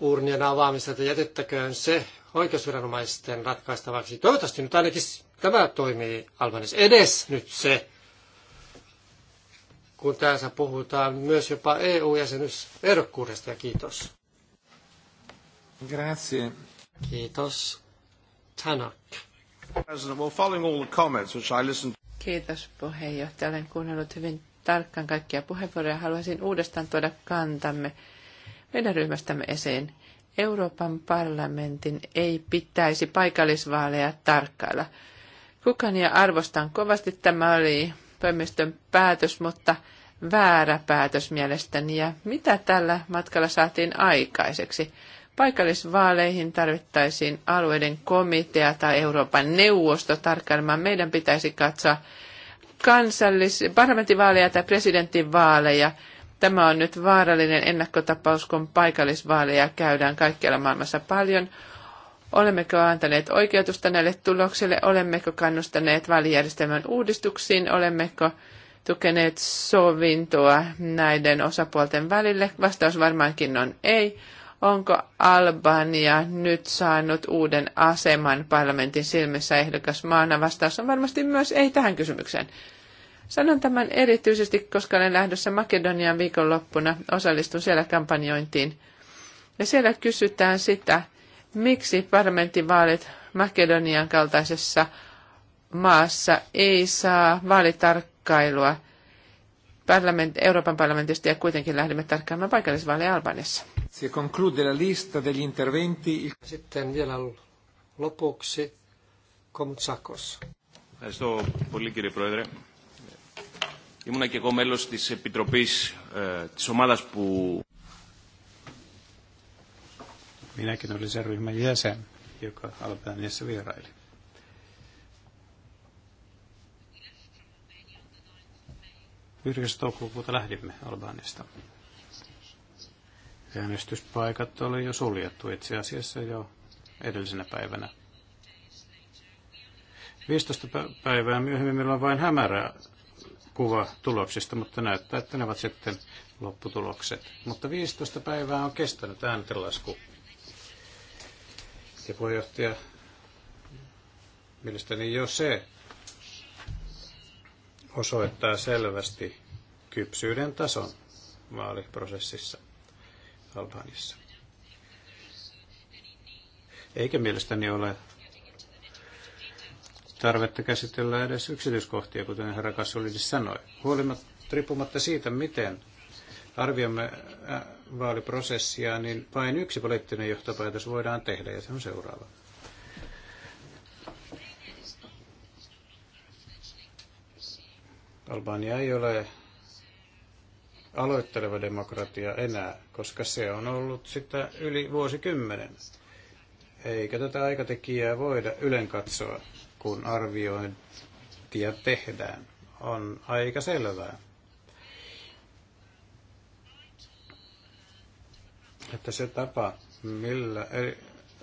urnien avaamista, että jätettäköön se oikeusviranomaisten ratkaistavaksi. Toivottavasti nyt ainakin tämä toimii Albanissa. Edes nyt se, kun tässä puhutaan myös jopa EU-jäsenyysehdokkuudesta. Ja kiitos. Grazie. Kiitos. Tanak.
Kiitos puheenjohtaja. Olen kuunnellut hyvin tarkkaan kaikkia puheenvuoroja. Haluaisin uudestaan tuoda kantamme meidän ryhmästämme esiin. Euroopan parlamentin ei pitäisi paikallisvaaleja tarkkailla. Kukan ja arvostan kovasti tämä oli pöymistön päätös, mutta väärä päätös mielestäni. Ja mitä tällä matkalla saatiin aikaiseksi? Paikallisvaaleihin tarvittaisiin alueiden komitea tai Euroopan neuvosto tarkkailemaan. Meidän pitäisi katsoa kansallis- parlamenttivaaleja tai presidentinvaaleja. Tämä on nyt vaarallinen ennakkotapaus, kun paikallisvaaleja käydään kaikkialla maailmassa paljon. Olemmeko antaneet oikeutusta näille tuloksille? Olemmeko kannustaneet vaalijärjestelmän uudistuksiin? Olemmeko tukeneet sovintoa näiden osapuolten välille? Vastaus varmaankin on ei. Onko Albania nyt saanut uuden aseman parlamentin silmissä ehdokas maana? Vastaus on varmasti myös ei tähän kysymykseen. Sanon tämän erityisesti, koska olen lähdössä Makedonian viikonloppuna, osallistun siellä kampanjointiin. Ja siellä kysytään sitä, miksi parlamenttivaalit Makedonian kaltaisessa maassa ei saa vaalitarkkailua parlament, Euroopan parlamentista ja kuitenkin lähdemme tarkkaamaan paikallisvaaleja Albaniassa. Si
conclude la lista degli interventi. Sitten vielä lopuksi Komtsakos.
Ευχαριστώ πολύ κύριε Πρόεδρε. Ήμουνα και εγώ μέλος της Επιτροπής, ε, της ομάδας που... Minäkin olin sen ryhmän jäsen, joka Albaniassa vieraili. Yhdeksän toukokuuta lähdimme Albaniasta. Äänestyspaikat oli jo suljettu itse asiassa jo edellisenä päivänä. 15 päivää myöhemmin meillä on vain hämärä kuva tuloksista, mutta näyttää, että ne ovat sitten lopputulokset. Mutta 15 päivää on kestänyt ääntelasku. Ja puheenjohtaja, mielestäni jo se osoittaa selvästi kypsyyden tason vaaliprosessissa. Albaniassa. Eikä mielestäni ole tarvetta käsitellä edes yksityiskohtia, kuten herra Kassolidis sanoi. Huolimatta, riippumatta siitä, miten arvioimme äh, vaaliprosessia, niin vain yksi poliittinen johtopäätös voidaan tehdä, ja se on seuraava. Albania ei ole aloitteleva demokratia enää, koska se on ollut sitä yli vuosikymmenen. Eikä tätä aikatekijää voida ylen katsoa, kun arviointia tehdään. On aika selvää. Että se tapa, millä eri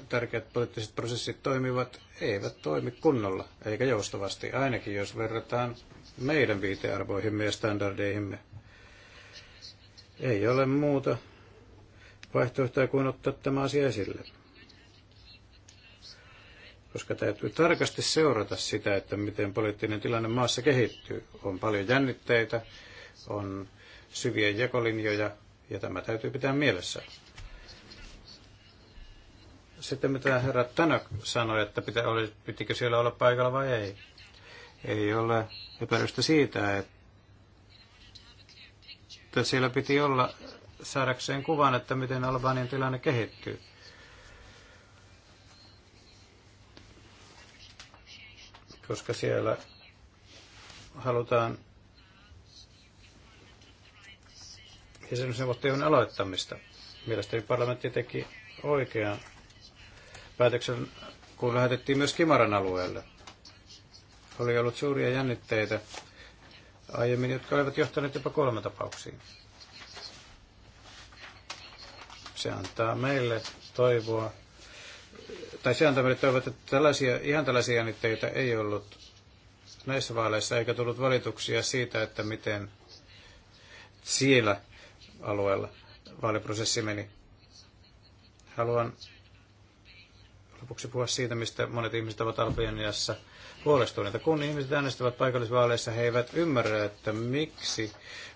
tärkeät poliittiset prosessit toimivat, eivät toimi kunnolla, eikä joustavasti, ainakin jos verrataan meidän viitearvoihimme ja standardeihimme – ei ole muuta vaihtoehtoja kuin ottaa tämä asia esille. Koska täytyy tarkasti seurata sitä, että miten poliittinen tilanne maassa kehittyy. On paljon jännitteitä, on syviä jakolinjoja, ja tämä täytyy pitää mielessä. Sitten mitä herra Tanak sanoi, että pitä, oli, pitikö siellä olla paikalla vai ei. Ei ole epäilystä siitä, että että siellä piti olla saadakseen kuvan, että miten Albanian tilanne kehittyy. Koska siellä halutaan jäsenyysneuvottelujen aloittamista. Mielestäni parlamentti teki oikean päätöksen, kun lähetettiin myös Kimaran alueelle. Oli ollut suuria jännitteitä aiemmin, jotka olivat johtaneet jopa kolme tapauksiin. Se antaa meille toivoa, tai se antaa meille toivoa, että tällaisia, ihan tällaisia jännitteitä ei ollut näissä vaaleissa, eikä tullut valituksia siitä, että miten siellä alueella vaaliprosessi meni. Haluan lopuksi puhua siitä, mistä monet ihmiset ovat Albaniassa – huolestuneita. Kun ihmiset äänestävät paikallisvaaleissa, he eivät ymmärrä, että miksi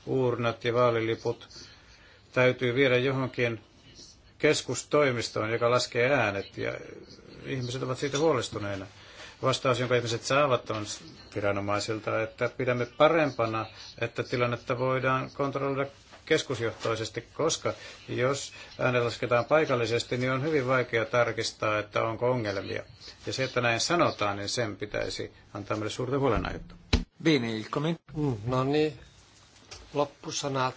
uurnat ja vaaliliput täytyy viedä johonkin keskustoimistoon, joka laskee äänet, ja ihmiset ovat siitä huolestuneina. Vastaus, jonka ihmiset saavat, on viranomaisilta, että pidämme parempana, että tilannetta voidaan kontrolloida keskusjohtoisesti, koska jos äänet lasketaan paikallisesti, niin on hyvin vaikea tarkistaa, että onko ongelmia. Ja se, että näin sanotaan, niin
sen pitäisi antaa meille suurta huolenaihetta. Bene, il niin? mm, No niin, loppusanat.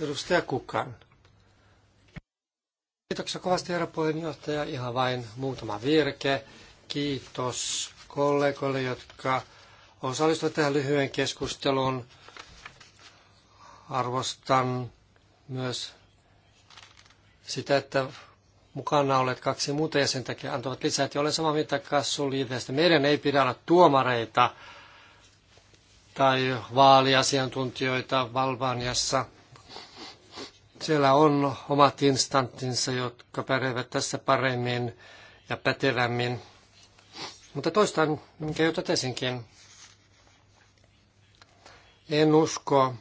Edustaja Kukan. Kiitoksia kovasti herra puheenjohtaja. Ihan vain muutama virke. Kiitos kollegoille, jotka osallistuivat tähän lyhyen keskusteluun. Arvostan myös sitä, että mukana olleet kaksi muuta takia antavat lisää, että olen samaa mieltä liiteestä. Meidän ei pidä olla tuomareita tai vaaliasiantuntijoita Valvaniassa. Siellä on omat instanttinsa, jotka pärjäävät tässä paremmin ja pätevämmin. Mutta toistan, minkä jo totesinkin. En usko,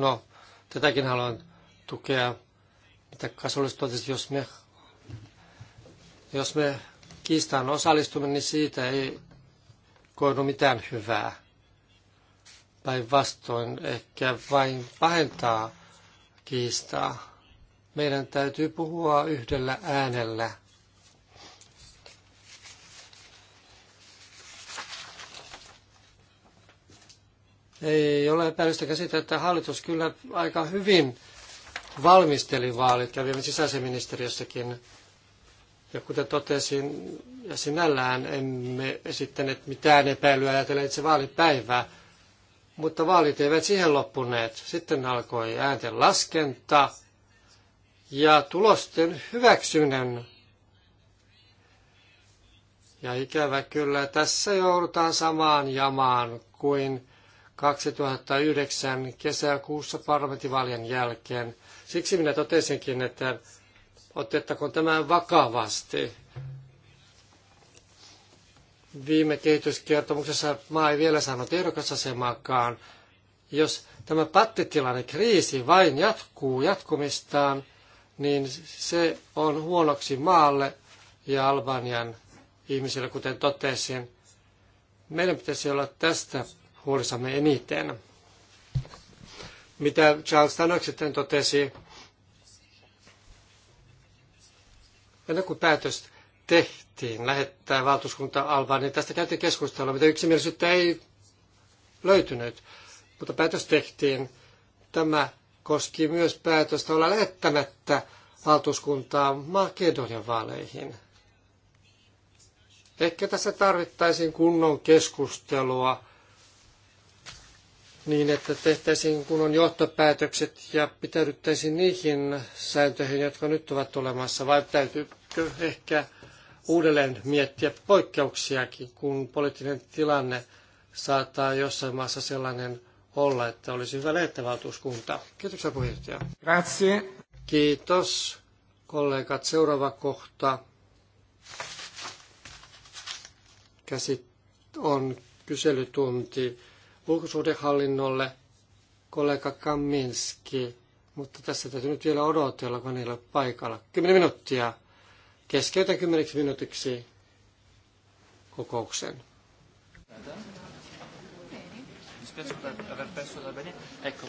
No, tätäkin haluan tukea, mitä Kasulis totesi, jos me, jos me kiistaan osallistumme, niin siitä ei koidu mitään hyvää. Päinvastoin ehkä vain pahentaa kiistaa. Meidän täytyy puhua yhdellä äänellä Ei ole epäilystä käsitä, että hallitus kyllä aika hyvin valmisteli vaalit, kävimme sisäiseministeriössäkin. Ja kuten totesin, ja sinällään emme esittäneet mitään epäilyä ajatella itse vaalipäivää, mutta vaalit eivät siihen loppuneet. Sitten alkoi äänten laskenta ja tulosten hyväksynnän. Ja ikävä kyllä tässä joudutaan samaan jamaan kuin 2009 kesäkuussa parlamenttivaalien jälkeen. Siksi minä totesinkin, että otettakoon tämä vakavasti. Viime kehityskertomuksessa maa ei vielä saanut ehdokasasemaakaan. Jos tämä pattitilanne, kriisi vain jatkuu jatkumistaan, niin se on huonoksi maalle ja Albanian ihmisille, kuten totesin. Meidän pitäisi olla tästä huolissamme eniten. Mitä Charles Tannock sitten totesi, ennen kuin päätös tehtiin lähettää valtuuskunta Albaan, niin tästä käytiin keskustelua, mitä yksimielisyyttä ei löytynyt, mutta päätös tehtiin. Tämä koski myös päätöstä olla lähettämättä valtuuskuntaa Makedonian vaaleihin. Ehkä tässä tarvittaisiin kunnon keskustelua niin, että tehtäisiin kunnon johtopäätökset ja pitäydyttäisiin niihin sääntöihin, jotka nyt ovat olemassa, vai täytyykö ehkä uudelleen miettiä poikkeuksiakin, kun poliittinen tilanne saattaa jossain maassa sellainen olla, että olisi hyvä lähettää Kiitoksia puheenjohtaja. Grazie. Kiitos kollegat. Seuraava kohta käsit on kyselytunti ulkosuhdehallinnolle kollega Kaminski, mutta tässä täytyy nyt vielä odotella, kun niillä paikalla. Kymmenen minuuttia. Keskeytän kymmeneksi minuutiksi kokouksen. Ecco,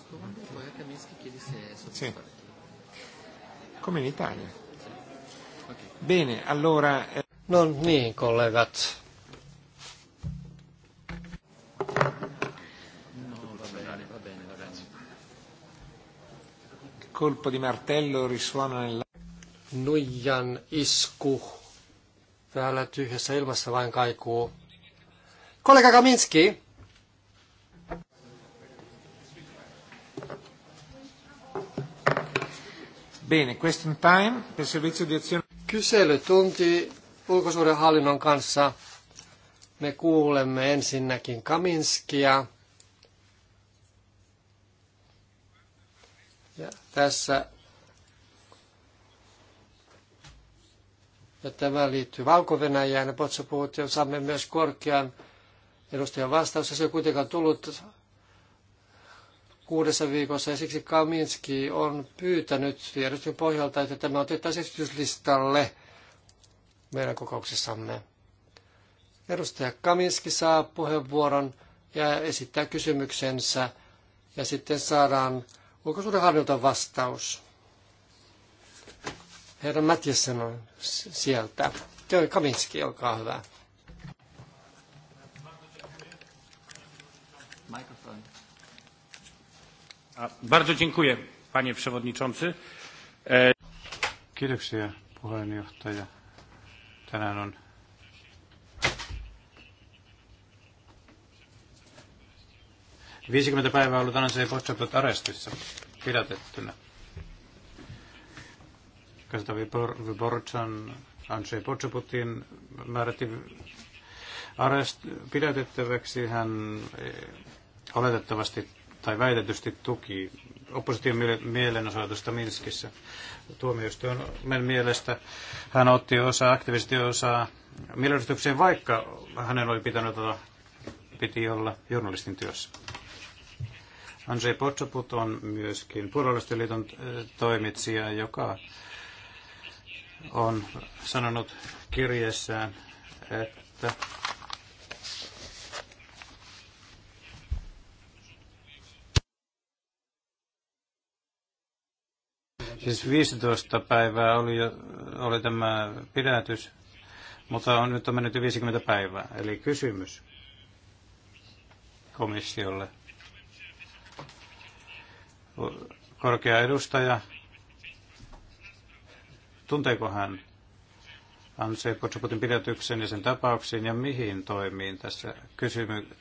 risponde, poi a Kaminsky se è Sì. Come in Italia. Okay. Bene, allora... Non mi collegat. Colpo di martello risuona nella... Nuijan isku täällä tyhjässä ilmassa vain kaikuu. Kollega Kaminski! Bene, question time per servizio di azione. Kyselytunti ulkosuudenhallinnon kanssa. Me kuulemme ensinnäkin Kaminskia. Ja tässä ja tämä liittyy Valko-Venäjään. Potsa puhuttiin, saamme myös korkean edustajan vastaus. Se ei kuitenkaan tullut kuudessa viikossa ja siksi Kaminski on pyytänyt järjestön pohjalta, että tämä otettaisiin esityslistalle meidän kokouksessamme. Edustaja Kaminski saa puheenvuoron ja esittää kysymyksensä ja sitten saadaan ulkosuudenhallinnolta vastaus. Herra Mätjäs sanoi sieltä. Kaminski, olkaa hyvä.
Bardzo dziękuję, panie przewodniczący. E, Kiitoksia, puheenjohtaja. Tänään on Viisikymmentä päivää ollut Anasei Potsatot arestissa pidätettynä. Kasta Viborchan Ansei Potsaputin määrättiin arest, pidätettäväksi. Hän e, oletettavasti tai väitetysti tuki opposition mielenosoitusta Minskissä. Tuomioistuimen mielestä hän otti osaa, aktiivisesti osaa mielenosoitukseen, vaikka hänen oli pitänyt olla, piti olla journalistin työssä. Andrzej Potsoput on myöskin Puolueellisten äh, toimitsija, joka on sanonut kirjeessään, että Siis 15 päivää oli, oli tämä pidätys, mutta on, nyt on mennyt 50 päivää. Eli kysymys komissiolle. Korkea edustaja, tunteeko hän Ansei Kotsuputin pidätyksen ja sen tapauksiin ja mihin toimiin tässä kysymy-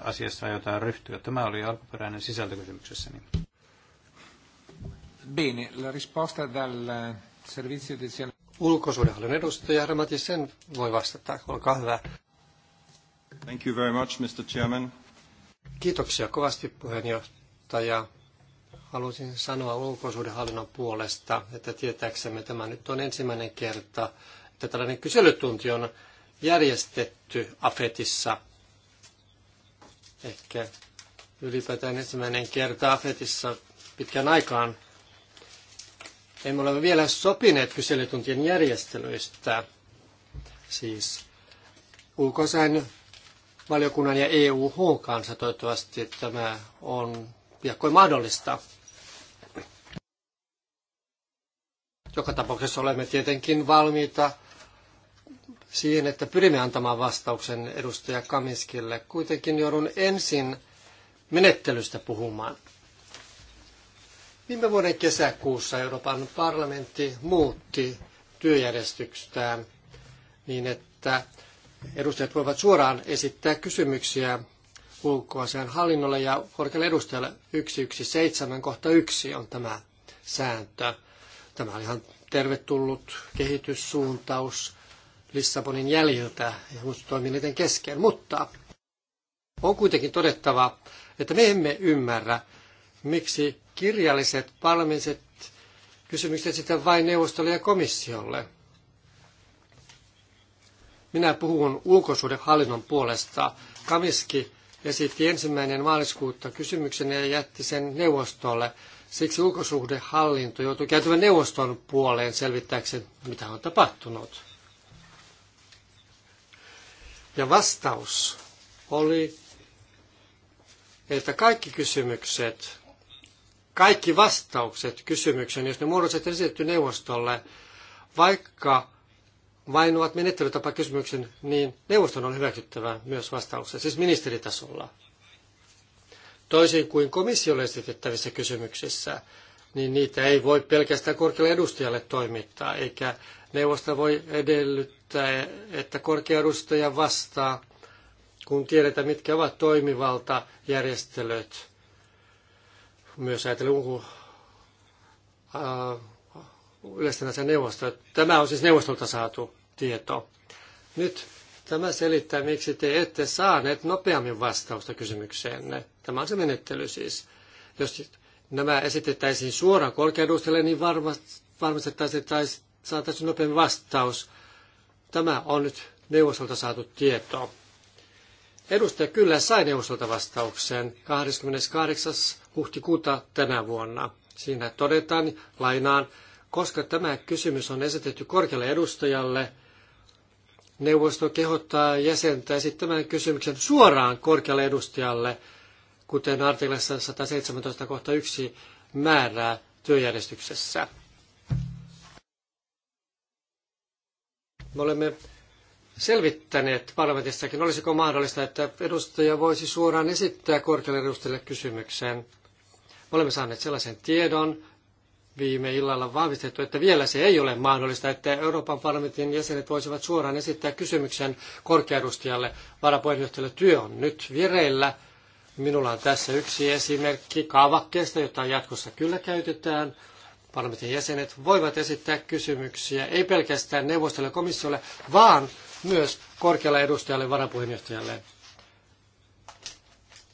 asiassa aiotaan ryhtyä?
Tämä oli alkuperäinen
sisältökysymyksessäni. Niin.
Bene, la risposta dal servizio di... edustaja Ramati sen voi vastata. Olkaa hyvä. Thank you very much, Mr. Chairman. Kiitoksia kovasti puheenjohtaja. Haluaisin sanoa ulkosuudenhallinnon puolesta, että tietääksemme tämä nyt on ensimmäinen kerta, että tällainen kyselytunti on järjestetty AFETissa. Ehkä ylipäätään ensimmäinen kerta AFETissa pitkän aikaan emme ole vielä sopineet kyselytuntien järjestelyistä, siis ulkoisen valiokunnan ja EUH kanssa toivottavasti tämä on piakkoin mahdollista. Joka tapauksessa olemme tietenkin valmiita siihen, että pyrimme antamaan vastauksen edustaja Kaminskille. Kuitenkin joudun ensin menettelystä puhumaan. Viime vuoden kesäkuussa Euroopan parlamentti muutti työjärjestykstään niin, että edustajat voivat suoraan esittää kysymyksiä ulkoasian hallinnolle ja korkealle edustajalle 117 kohta 1 on tämä sääntö. Tämä on ihan tervetullut kehityssuuntaus Lissabonin jäljiltä ja toimielinten kesken, mutta on kuitenkin todettava, että me emme ymmärrä, miksi kirjalliset valmiiset kysymykset sitten vain neuvostolle ja komissiolle. Minä puhun ulkosuhdehallinnon puolesta. Kamiski esitti ensimmäinen maaliskuuta kysymyksen ja jätti sen neuvostolle. Siksi ulkosuhdehallinto joutui käytämään neuvoston puoleen selvittääkseen, mitä on tapahtunut. Ja vastaus oli, että kaikki kysymykset, kaikki vastaukset kysymykseen, jos ne muodolliset esitetty neuvostolle, vaikka vain ovat menettelytapa kysymyksen, niin neuvoston on hyväksyttävä myös vastaukset, siis ministeritasolla. Toisin kuin komissiolle esitettävissä kysymyksissä, niin niitä ei voi pelkästään korkealle edustajalle toimittaa, eikä neuvosta voi edellyttää, että korkea edustaja vastaa, kun tiedetään, mitkä ovat toimivaltajärjestelyt myös ajatellen ulko, yleisten asian neuvosto. Tämä on siis neuvostolta saatu tieto. Nyt tämä selittää, miksi te ette saaneet nopeammin vastausta kysymykseenne. Tämä on se menettely siis. Jos nämä esitettäisiin suoraan korkeudustelle, niin varmistettaisiin, että saataisiin nopeammin vastaus. Tämä on nyt neuvostolta saatu tieto edustaja kyllä sai neuvostolta vastauksen 28. huhtikuuta tänä vuonna. Siinä todetaan lainaan, koska tämä kysymys on esitetty korkealle edustajalle, neuvosto kehottaa jäsentä esittämään kysymyksen suoraan korkealle edustajalle, kuten artiklassa 117 kohta 1 määrää työjärjestyksessä. Me olemme selvittäneet parlamentissakin, olisiko mahdollista, että edustaja voisi suoraan esittää korkealle edustajalle kysymyksen. Me olemme saaneet sellaisen tiedon viime illalla vahvistettu, että vielä se ei ole mahdollista, että Euroopan parlamentin jäsenet voisivat suoraan esittää kysymyksen korkeaedustajalle. Varapuheenjohtajalle työ on nyt vireillä. Minulla on tässä yksi esimerkki kaavakkeesta, jota jatkossa kyllä käytetään parlamentin jäsenet voivat esittää kysymyksiä ei pelkästään neuvostolle ja komissiolle, vaan myös korkealle edustajalle varapuheenjohtajalle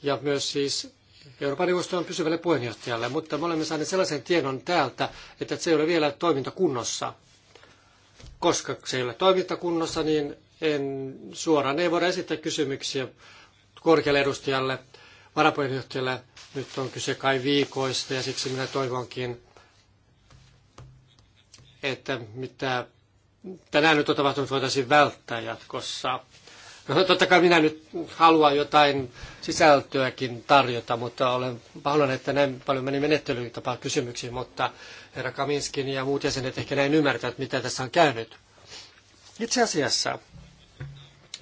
ja myös siis Euroopan neuvoston pysyvälle puheenjohtajalle, mutta me olemme saaneet sellaisen tiedon täältä, että se ei ole vielä toimintakunnossa. Koska se ei ole toimintakunnossa, niin en suoraan ei voida esittää kysymyksiä korkealle edustajalle, varapuheenjohtajalle. Nyt on kyse kai viikoista ja siksi minä toivonkin, että mitä tänään nyt on tapahtunut, voitaisiin välttää jatkossa. No, totta kai minä nyt haluan jotain sisältöäkin tarjota, mutta olen pahoillani, että näin paljon meni menettelytapaa kysymyksiin, mutta herra Kaminskin ja muut jäsenet ehkä näin ymmärtävät, mitä tässä on käynyt. Itse asiassa,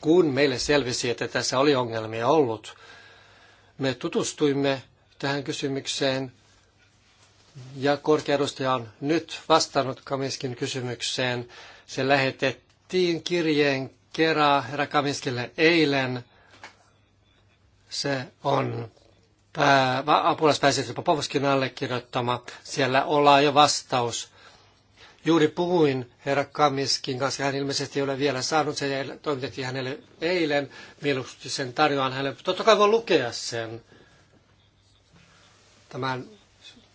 kun meille selvisi, että tässä oli ongelmia ollut, me tutustuimme tähän kysymykseen ja korkea on nyt vastannut Kaminskin kysymykseen se lähetettiin kirjeen kerran herra Kaminskille eilen. Se on apulaispäisessä apulaispääsihteeri Popovskin allekirjoittama. Siellä ollaan jo vastaus. Juuri puhuin herra Kamiskin kanssa, hän ilmeisesti ei ole vielä saanut, sen toimitettiin hänelle eilen, mieluusti sen tarjoan hänelle. Totta kai voi lukea sen, tämän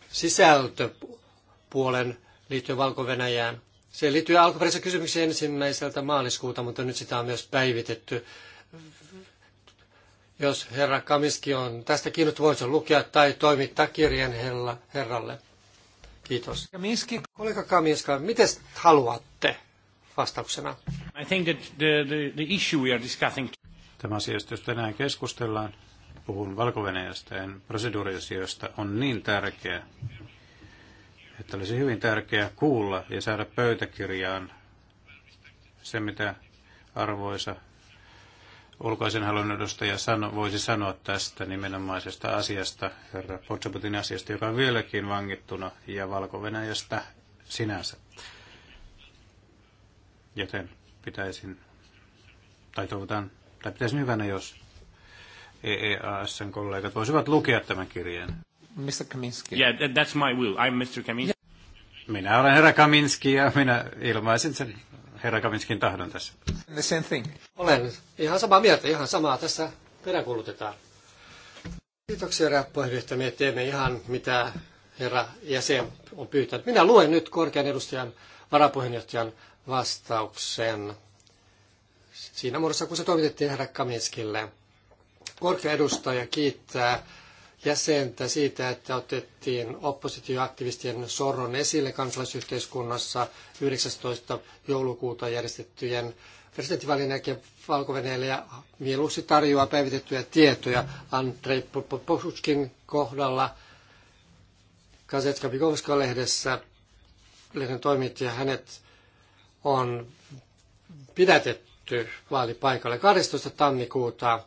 sisältöpuolen liittyen valko -Venäjään. Se liittyy alkuperäiseen kysymykseen ensimmäiseltä maaliskuuta, mutta nyt sitä on myös päivitetty. Jos herra Kamiski on tästä kiinnostunut, voisi lukea tai toimittaa kirjan herralle. Kiitos. Kaminski. Kollega Kaminska, miten haluatte vastauksena?
I think that the, the, the issue we are discussing... Tämä asia, jos tänään keskustellaan, puhun valko en proseduuriasioista, on niin tärkeä, että olisi hyvin tärkeää kuulla ja saada pöytäkirjaan se, mitä arvoisa ulkoisen hallinnon edustaja sano, voisi sanoa tästä nimenomaisesta asiasta, herra Potsaputin asiasta, joka on vieläkin vangittuna ja valko sinänsä. Joten pitäisin, tai toivotan, tai pitäisin hyvänä, jos EEASn kollegat voisivat lukea tämän kirjeen. Mr. Kaminski. Yeah, that's my will. I'm Mr. Kaminski. Minä olen herra Kaminski ja minä ilmaisin sen herra Kaminskin tahdon tässä. The same thing.
Olen ihan samaa mieltä, ihan samaa tässä peräkuulutetaan. Kiitoksia herra puheenjohtaja. Me teemme ihan mitä herra jäsen on pyytänyt. Minä luen nyt korkean edustajan varapuheenjohtajan vastauksen siinä muodossa, kun se toimitettiin herra Kaminskille. Korkea edustaja kiittää jäsentä siitä, että otettiin oppositioaktivistien sorron esille kansalaisyhteiskunnassa 19. joulukuuta järjestettyjen presidentinvaalien jälkeen valko ja mieluusti tarjoaa päivitettyjä tietoja Andrei Poposutskin kohdalla Kazetska Bikovska-lehdessä. Lehden toimittaja hänet on pidätetty vaalipaikalle 12. tammikuuta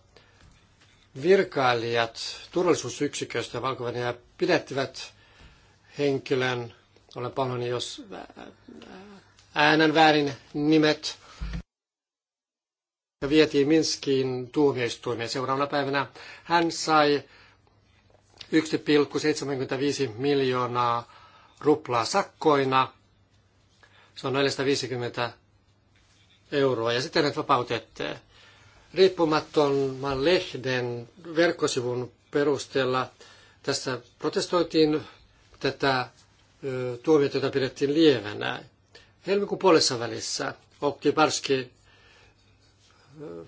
virkailijat turvallisuusyksiköstä valko pidettivät henkilön, olen pahoillani jos äh, äh, äänen väärin nimet, ja vietiin Minskiin tuomioistuimeen. Seuraavana päivänä hän sai 1,75 miljoonaa ruplaa sakkoina. Se on 450 euroa. Ja sitten hänet vapautettiin riippumattoman lehden verkkosivun perusteella tässä protestoitiin tätä tuomiota, jota pidettiin lievänä. Helmikuun puolessa välissä Okki Barski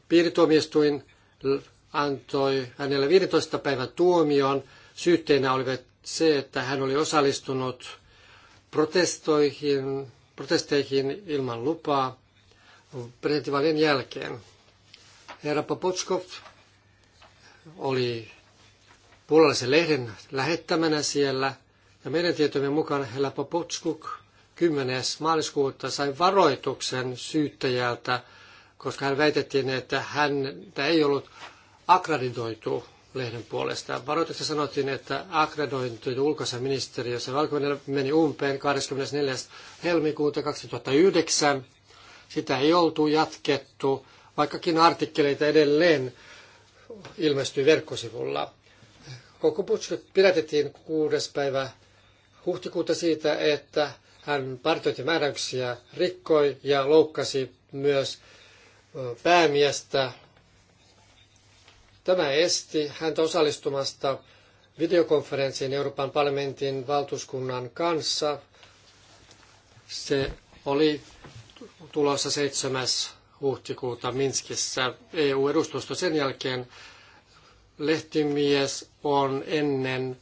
piirituomioistuin antoi hänelle 15 päivän tuomion. Syytteinä oli se, että hän oli osallistunut protestoihin, protesteihin ilman lupaa presidentinvaalien jälkeen. Herra Popotskov oli puolalaisen lehden lähettämänä siellä, ja meidän tietomme mukaan Herra Popotskuk 10. maaliskuuta sai varoituksen syyttäjältä, koska hän väitettiin, että hän ei ollut akkreditoitu lehden puolesta. Varoituksessa sanottiin, että akkreditoitu ulkoasiaministeriössä valko meni umpeen 24. helmikuuta 2009. Sitä ei oltu jatkettu vaikkakin artikkeleita edelleen ilmestyi verkkosivulla. Koko Butchkot pidätettiin 6. päivä huhtikuuta siitä, että hän määräyksiä, rikkoi ja loukkasi myös päämiestä. Tämä esti häntä osallistumasta videokonferenssiin Euroopan parlamentin valtuuskunnan kanssa. Se oli tulossa 7 huhtikuuta Minskissä EU-edustusto. Sen jälkeen lehtimies on ennen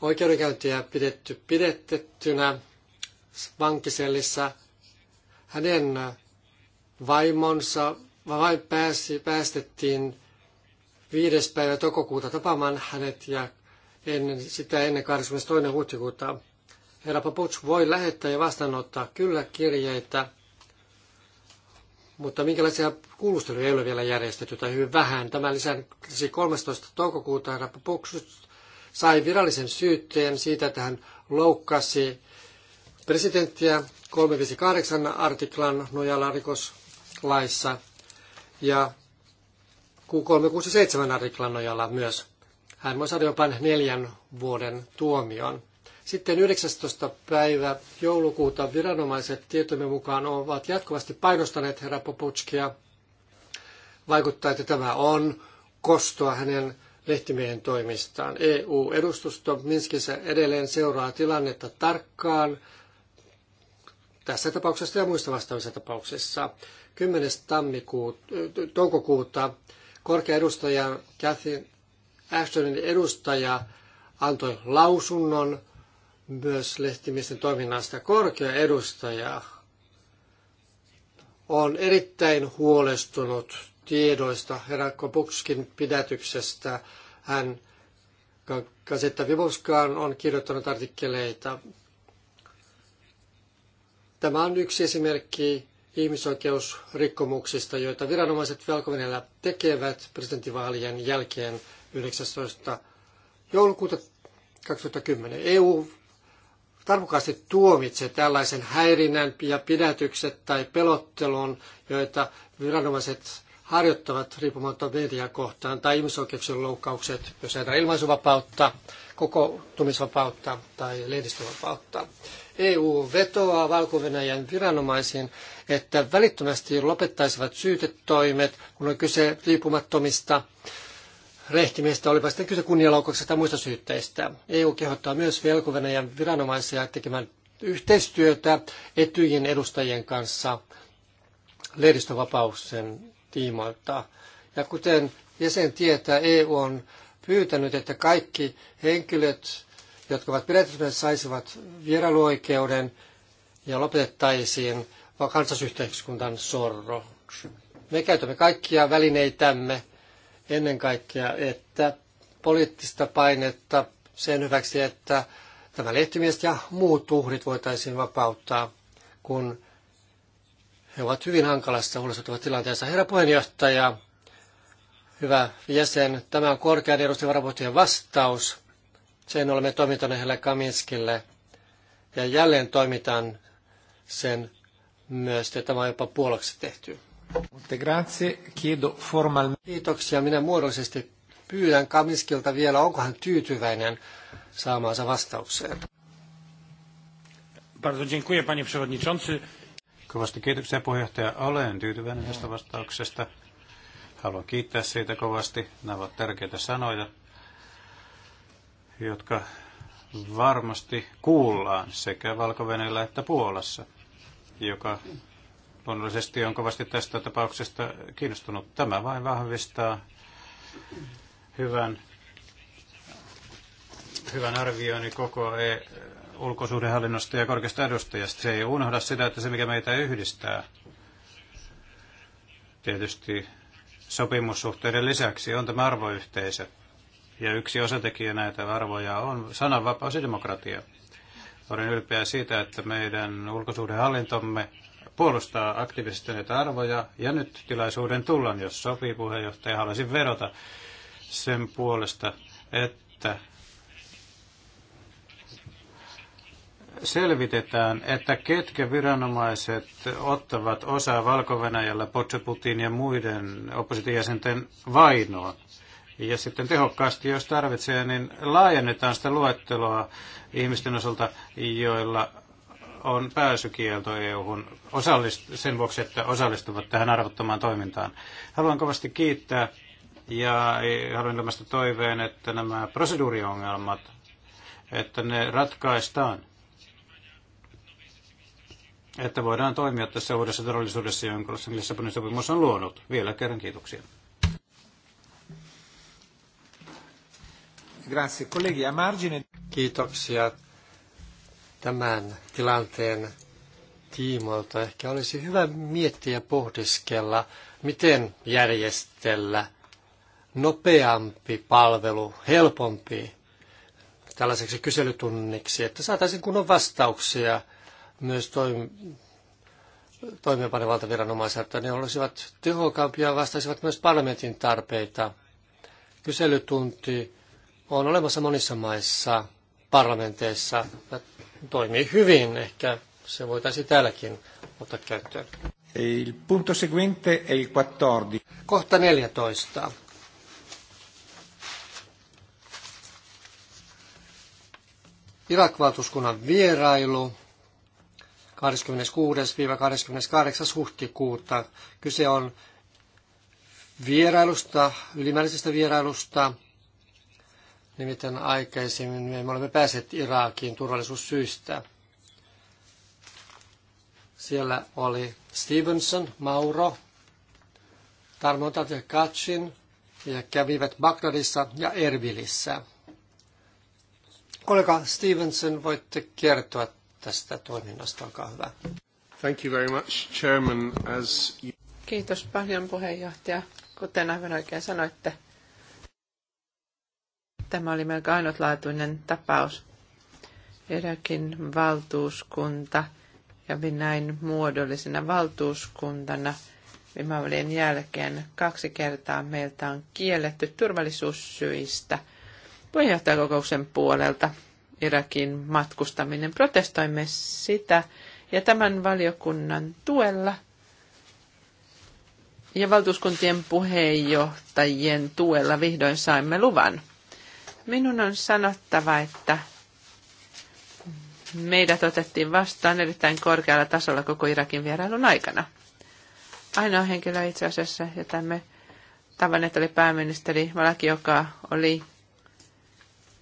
oikeudenkäyntiä pidetty pidettettynä vankisellissa. Hänen vaimonsa vain pääsi, päästettiin 5. päivä toukokuuta tapaamaan hänet ja ennen, sitä ennen 22. huhtikuuta. Herra Papuch voi lähettää ja vastaanottaa kyllä kirjeitä mutta minkälaisia kuulusteluja ei ole vielä järjestetty tai hyvin vähän. Tämän lisäksi 13. toukokuuta Rappa Puksut sai virallisen syytteen siitä, että hän loukkasi presidenttiä 358 artiklan nojalla rikoslaissa ja 367 artiklan nojalla myös. Hän voi saada jopa neljän vuoden tuomion. Sitten 19. päivä joulukuuta viranomaiset tietomme mukaan ovat jatkuvasti painostaneet herra Poputskia. Vaikuttaa, että tämä on kostoa hänen lehtimiehen toimistaan. EU-edustusto Minskissä edelleen seuraa tilannetta tarkkaan tässä tapauksessa ja muissa vastaavissa tapauksissa. 10. Tammikuuta, toukokuuta korkea edustaja Cathy Ashtonin edustaja antoi lausunnon myös lehtimisten toiminnasta korkea edustaja on erittäin huolestunut tiedoista herra Kopukskin pidätyksestä. Hän Kasetta Vivoskaan on kirjoittanut artikkeleita. Tämä on yksi esimerkki ihmisoikeusrikkomuksista, joita viranomaiset valko tekevät presidentinvaalien jälkeen 19. joulukuuta 2010. EU tarmokkaasti tuomitse tällaisen häirinnän ja pidätykset tai pelottelun, joita viranomaiset harjoittavat riippumatta mediaa kohtaan tai ihmisoikeuksien loukkaukset, jos ajatellaan ilmaisuvapautta, kokoontumisvapautta tai lehdistövapautta. EU vetoaa valko viranomaisiin, että välittömästi lopettaisivat syytetoimet, kun on kyse riippumattomista rehtimiestä, olipa sitten kyse kunnianloukkauksesta tai muista syytteistä. EU kehottaa myös velko viranomaisia tekemään yhteistyötä etyjin edustajien kanssa lehdistönvapauksen tiimoilta. Ja kuten jäsen tietää, EU on pyytänyt, että kaikki henkilöt, jotka ovat pidätetyneet, saisivat vierailuoikeuden ja lopetettaisiin kansallisyhteiskunnan sorro. Me käytämme kaikkia välineitämme ennen kaikkea, että poliittista painetta sen hyväksi, että tämä lehtimies ja muut uhrit voitaisiin vapauttaa, kun he ovat hyvin hankalassa huolestuttavassa tilanteessa. Herra puheenjohtaja, hyvä jäsen, tämä on korkean edustajan vastaus. Sen olemme toimittaneet heille Kaminskille ja jälleen toimitan sen myös, että tämä on jopa puoloksi tehty. Grazie, chiedo Kiitoksia. Minä muodollisesti pyydän Kamiskilta vielä, onko hän tyytyväinen saamaansa vastaukseen. Bardzo dziękuję,
panie przewodniczący. Kovasti kiitoksia puheenjohtaja. Olen tyytyväinen tästä vastauksesta. Haluan kiittää siitä kovasti. Nämä ovat tärkeitä sanoja, jotka varmasti kuullaan sekä valko että Puolassa, joka luonnollisesti on kovasti tästä tapauksesta kiinnostunut. Tämä vain vahvistaa hyvän, hyvän arvioinnin koko e- ulkosuhdehallinnosta ja korkeasta edustajasta. Se ei unohda sitä, että se mikä meitä yhdistää, tietysti sopimussuhteiden lisäksi, on tämä arvoyhteisö. Ja yksi osatekijä näitä arvoja on sananvapaus ja demokratia. Olen ylpeä siitä, että meidän ulkosuhdehallintomme puolustaa aktiivisesti näitä arvoja. Ja nyt tilaisuuden tullan, jos sopii puheenjohtaja, haluaisin verota sen puolesta, että selvitetään, että ketkä viranomaiset ottavat osaa Valko-Venäjällä Potseputin ja muiden oppositiojäsenten vainoon. Ja sitten tehokkaasti, jos tarvitsee, niin laajennetaan sitä luetteloa ihmisten osalta, joilla on pääsykielto EU-hun osallist- sen vuoksi, että osallistuvat tähän arvottomaan toimintaan. Haluan kovasti kiittää ja haluan ilmaista toiveen, että nämä proseduuriongelmat, että ne ratkaistaan että voidaan toimia tässä uudessa todellisuudessa, jonka Lissabonin sopimus on luonut. Vielä kerran
kiitoksia. Grazie, colleghi. A margine... Kiitoksia. Tämän tilanteen tiimoilta ehkä olisi hyvä miettiä ja pohdiskella, miten järjestellä nopeampi palvelu, helpompi tällaiseksi kyselytunniksi, että saataisiin kunnon vastauksia myös toim- toimeenpanevalta viranomaiselta. Ne olisivat tehokkaampia ja vastaisivat myös parlamentin tarpeita. Kyselytunti on olemassa monissa maissa, parlamenteissa toimii hyvin. Ehkä se voitaisiin täälläkin ottaa käyttöön.
E il punto seguente è il 14.
Kohta 14. Irak-valtuuskunnan vierailu 26-28. huhtikuuta. Kyse on vierailusta, ylimääräisestä vierailusta Nimittäin aikaisemmin me olemme päässeet Irakiin turvallisuussyistä. Siellä oli Stevenson, Mauro, Tarmontat ja Katsin ja kävivät Bagdadissa ja Erbilissä. Kollega Stevenson, voitte kertoa tästä toiminnasta, olkaa hyvä. Thank you very much, Chairman. As you...
Kiitos paljon puheenjohtaja. Kuten aivan oikein sanoitte, Tämä oli melko ainutlaatuinen tapaus. Irakin valtuuskunta ja näin muodollisena valtuuskuntana vimavalien jälkeen kaksi kertaa meiltä on kielletty turvallisuussyistä puheenjohtajakokouksen puolelta Irakin matkustaminen. Protestoimme sitä ja tämän valiokunnan tuella ja valtuuskuntien puheenjohtajien tuella vihdoin saimme luvan – Minun on sanottava, että meidät otettiin vastaan erittäin korkealla tasolla koko Irakin vierailun aikana. Ainoa henkilö itse asiassa, jota me tavanneet, oli pääministeri Valaki, joka oli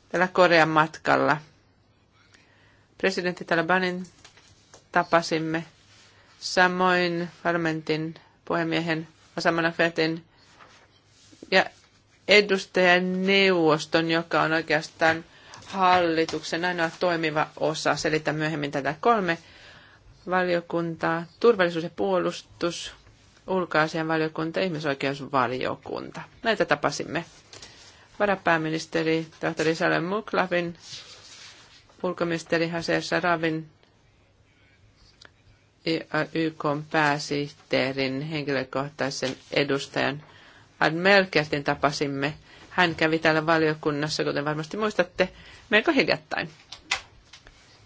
tällä Korean matkalla. Presidentti Talibanin tapasimme, samoin parlamentin puhemiehen Osama Fetin ja edustajan neuvoston, joka on oikeastaan hallituksen ainoa toimiva osa. Selitän myöhemmin tätä kolme valiokuntaa. Turvallisuus ja puolustus, ulkoasian valiokunta ja ihmisoikeusvaliokunta. Näitä tapasimme. Varapääministeri tohtori Salem Muklavin, ulkoministeri Haseer Saravin, YK pääsihteerin henkilökohtaisen edustajan hän Merkelin tapasimme. Hän kävi täällä valiokunnassa, kuten varmasti muistatte, melko hiljattain.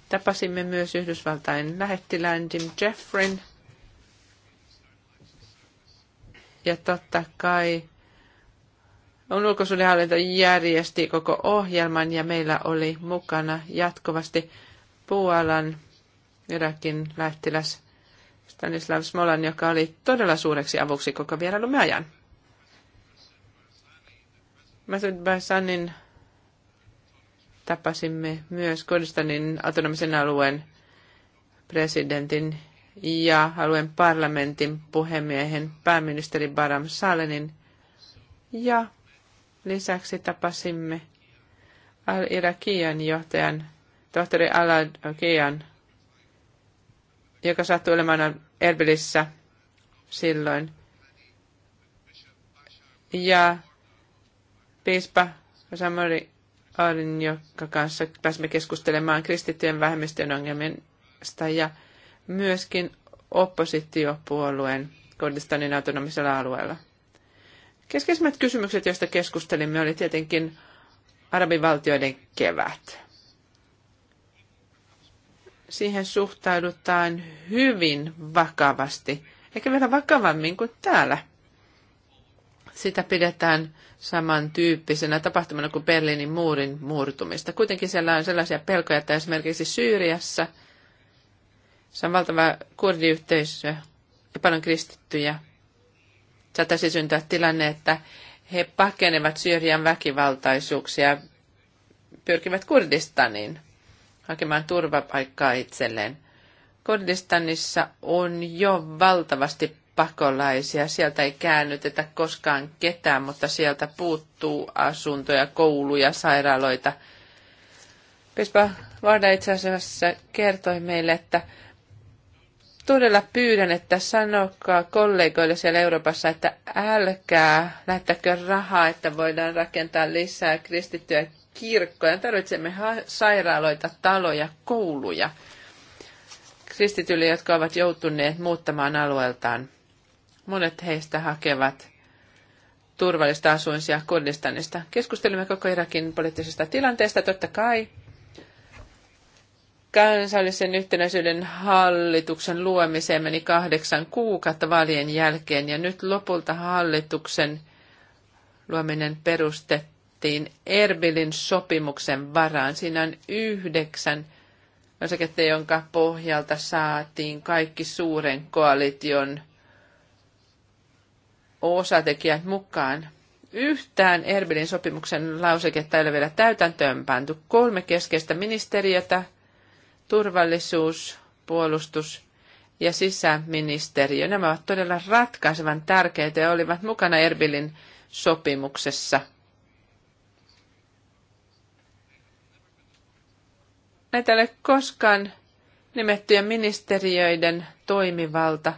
Tapasimme myös Yhdysvaltain lähettilään Jim Jeffrin. Ja totta kai on ulkosuudenhallinto järjesti koko ohjelman ja meillä oli mukana jatkuvasti Puolan Irakin lähettiläs Stanislav Smolan, joka oli todella suureksi avuksi koko vierailumme ajan. Masud Basanin tapasimme myös Kurdistanin autonomisen alueen presidentin ja alueen parlamentin puhemiehen pääministeri Baram Salenin ja lisäksi tapasimme Al-Irakian johtajan tohtori al joka sattui olemaan Erbilissä silloin. Ja piispa Samori Arin, jonka kanssa pääsimme keskustelemaan kristittyjen vähemmistöjen ongelmista ja myöskin oppositiopuolueen Kurdistanin autonomisella alueella. Keskeisimmät kysymykset, joista keskustelimme, oli tietenkin arabivaltioiden kevät. Siihen suhtaudutaan hyvin vakavasti, eikä vielä vakavammin kuin täällä – sitä pidetään samantyyppisenä tapahtumana kuin Berliinin muurin murtumista. Kuitenkin siellä on sellaisia pelkoja, että esimerkiksi Syyriassa se on valtava kurdiyhteisö ja paljon kristittyjä. Saattaisi syntyä tilanne, että he pakenevat Syyrian väkivaltaisuuksia pyrkivät Kurdistaniin hakemaan turvapaikkaa itselleen. Kurdistanissa on jo valtavasti pakolaisia. Sieltä ei käännytetä koskaan ketään, mutta sieltä puuttuu asuntoja, kouluja, sairaaloita. Pispa Varda itse asiassa kertoi meille, että todella pyydän, että sanokaa kollegoille siellä Euroopassa, että älkää lähettäkö rahaa, että voidaan rakentaa lisää kristittyjä kirkkoja. Tarvitsemme sairaaloita, taloja, kouluja kristityille, jotka ovat joutuneet muuttamaan alueeltaan. Monet heistä hakevat turvallista asuinsia Kurdistanista. Keskustelimme koko Irakin poliittisesta tilanteesta, totta kai. Kansallisen yhtenäisyyden hallituksen luomiseen meni kahdeksan kuukautta vaalien jälkeen ja nyt lopulta hallituksen luominen perustettiin Erbilin sopimuksen varaan. Siinä on yhdeksän osakette, jonka pohjalta saatiin kaikki suuren koalition osatekijät mukaan. Yhtään Erbilin sopimuksen lauseketta ei ole vielä täytäntöön pantu. Kolme keskeistä ministeriötä, turvallisuus, puolustus ja sisäministeriö. Nämä ovat todella ratkaisevan tärkeitä ja olivat mukana Erbilin sopimuksessa. Näitä ei ole koskaan nimettyjen ministeriöiden toimivalta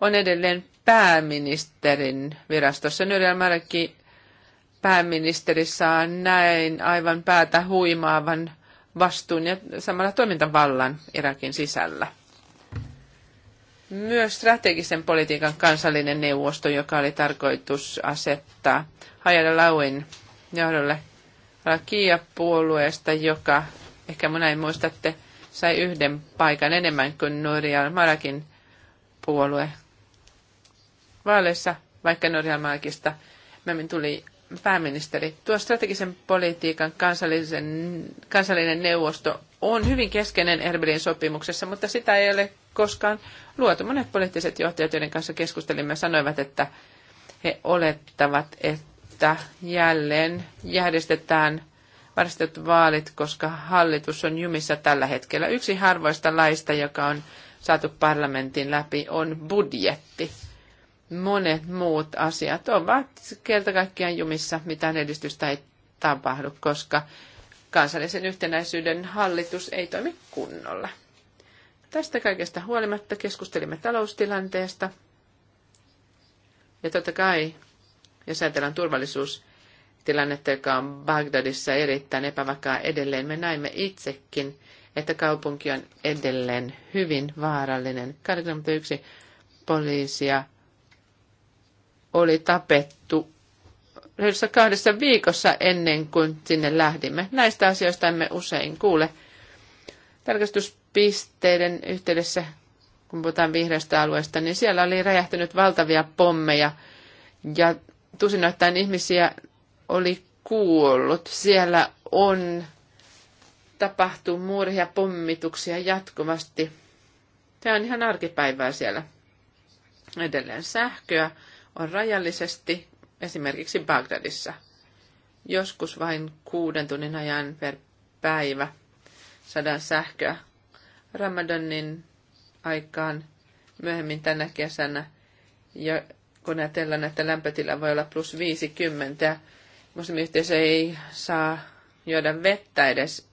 on edelleen pääministerin virastossa. Nyrjelmärki pääministeri saa näin aivan päätä huimaavan vastuun ja samalla toimintavallan Irakin sisällä. Myös strategisen politiikan kansallinen neuvosto, joka oli tarkoitus asettaa Hayal Lauin johdolle Rakia-puolueesta, joka, ehkä näin muistatte, sai yhden paikan enemmän kuin Nuri marakin puolue vaaleissa, vaikka Norjanmaakista Mämin tuli pääministeri. Tuo strategisen politiikan kansallisen, kansallinen neuvosto on hyvin keskeinen Erbilin sopimuksessa, mutta sitä ei ole koskaan luotu. Monet poliittiset johtajat, joiden kanssa keskustelimme, sanoivat, että he olettavat, että jälleen järjestetään varastetut vaalit, koska hallitus on jumissa tällä hetkellä. Yksi harvoista laista, joka on saatu parlamentin läpi, on budjetti monet muut asiat ovat kerta kaikkiaan jumissa, mitään edistystä ei tapahdu, koska kansallisen yhtenäisyyden hallitus ei toimi kunnolla. Tästä kaikesta huolimatta keskustelimme taloustilanteesta. Ja totta kai, jos ajatellaan turvallisuustilannetta, joka on Bagdadissa erittäin epävakaa edelleen, me näimme itsekin, että kaupunki on edelleen hyvin vaarallinen. 81 poliisia oli tapettu yhdessä kahdessa viikossa ennen kuin sinne lähdimme. Näistä asioista emme usein kuule. Tarkastuspisteiden yhteydessä, kun puhutaan vihreästä alueesta, niin siellä oli räjähtynyt valtavia pommeja ja tusinoittain ihmisiä oli kuollut. Siellä on tapahtuu murhia, pommituksia jatkuvasti. Tämä on ihan arkipäivää siellä. Edelleen sähköä on rajallisesti, esimerkiksi Bagdadissa. Joskus vain kuuden tunnin ajan per päivä saadaan sähköä. Ramadanin aikaan myöhemmin tänä kesänä, ja kun ajatellaan, että lämpötila voi olla plus 50, ja muslimiyhteisö ei saa juoda vettä edes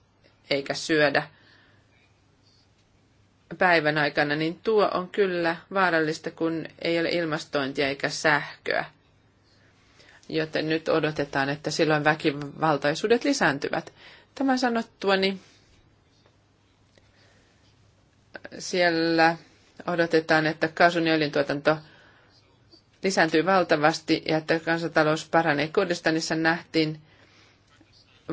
eikä syödä – päivän aikana, niin tuo on kyllä vaarallista, kun ei ole ilmastointia eikä sähköä. Joten nyt odotetaan, että silloin väkivaltaisuudet lisääntyvät. Tämä niin siellä odotetaan, että kaasun ja öljyntuotanto lisääntyy valtavasti ja että kansantalous paranee. Kurdistanissa nähtiin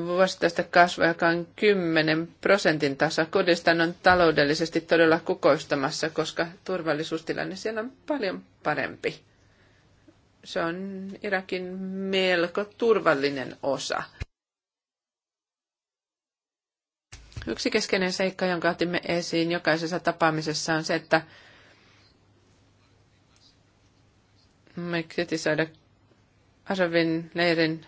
vuosittaista kasvua, joka on 10 prosentin tasa. Kurdistan on taloudellisesti todella kukoistamassa, koska turvallisuustilanne siellä on paljon parempi. Se on Irakin melko turvallinen osa. Yksi keskeinen seikka, jonka otimme esiin jokaisessa tapaamisessa, on se, että me kritisoida Asovin leirin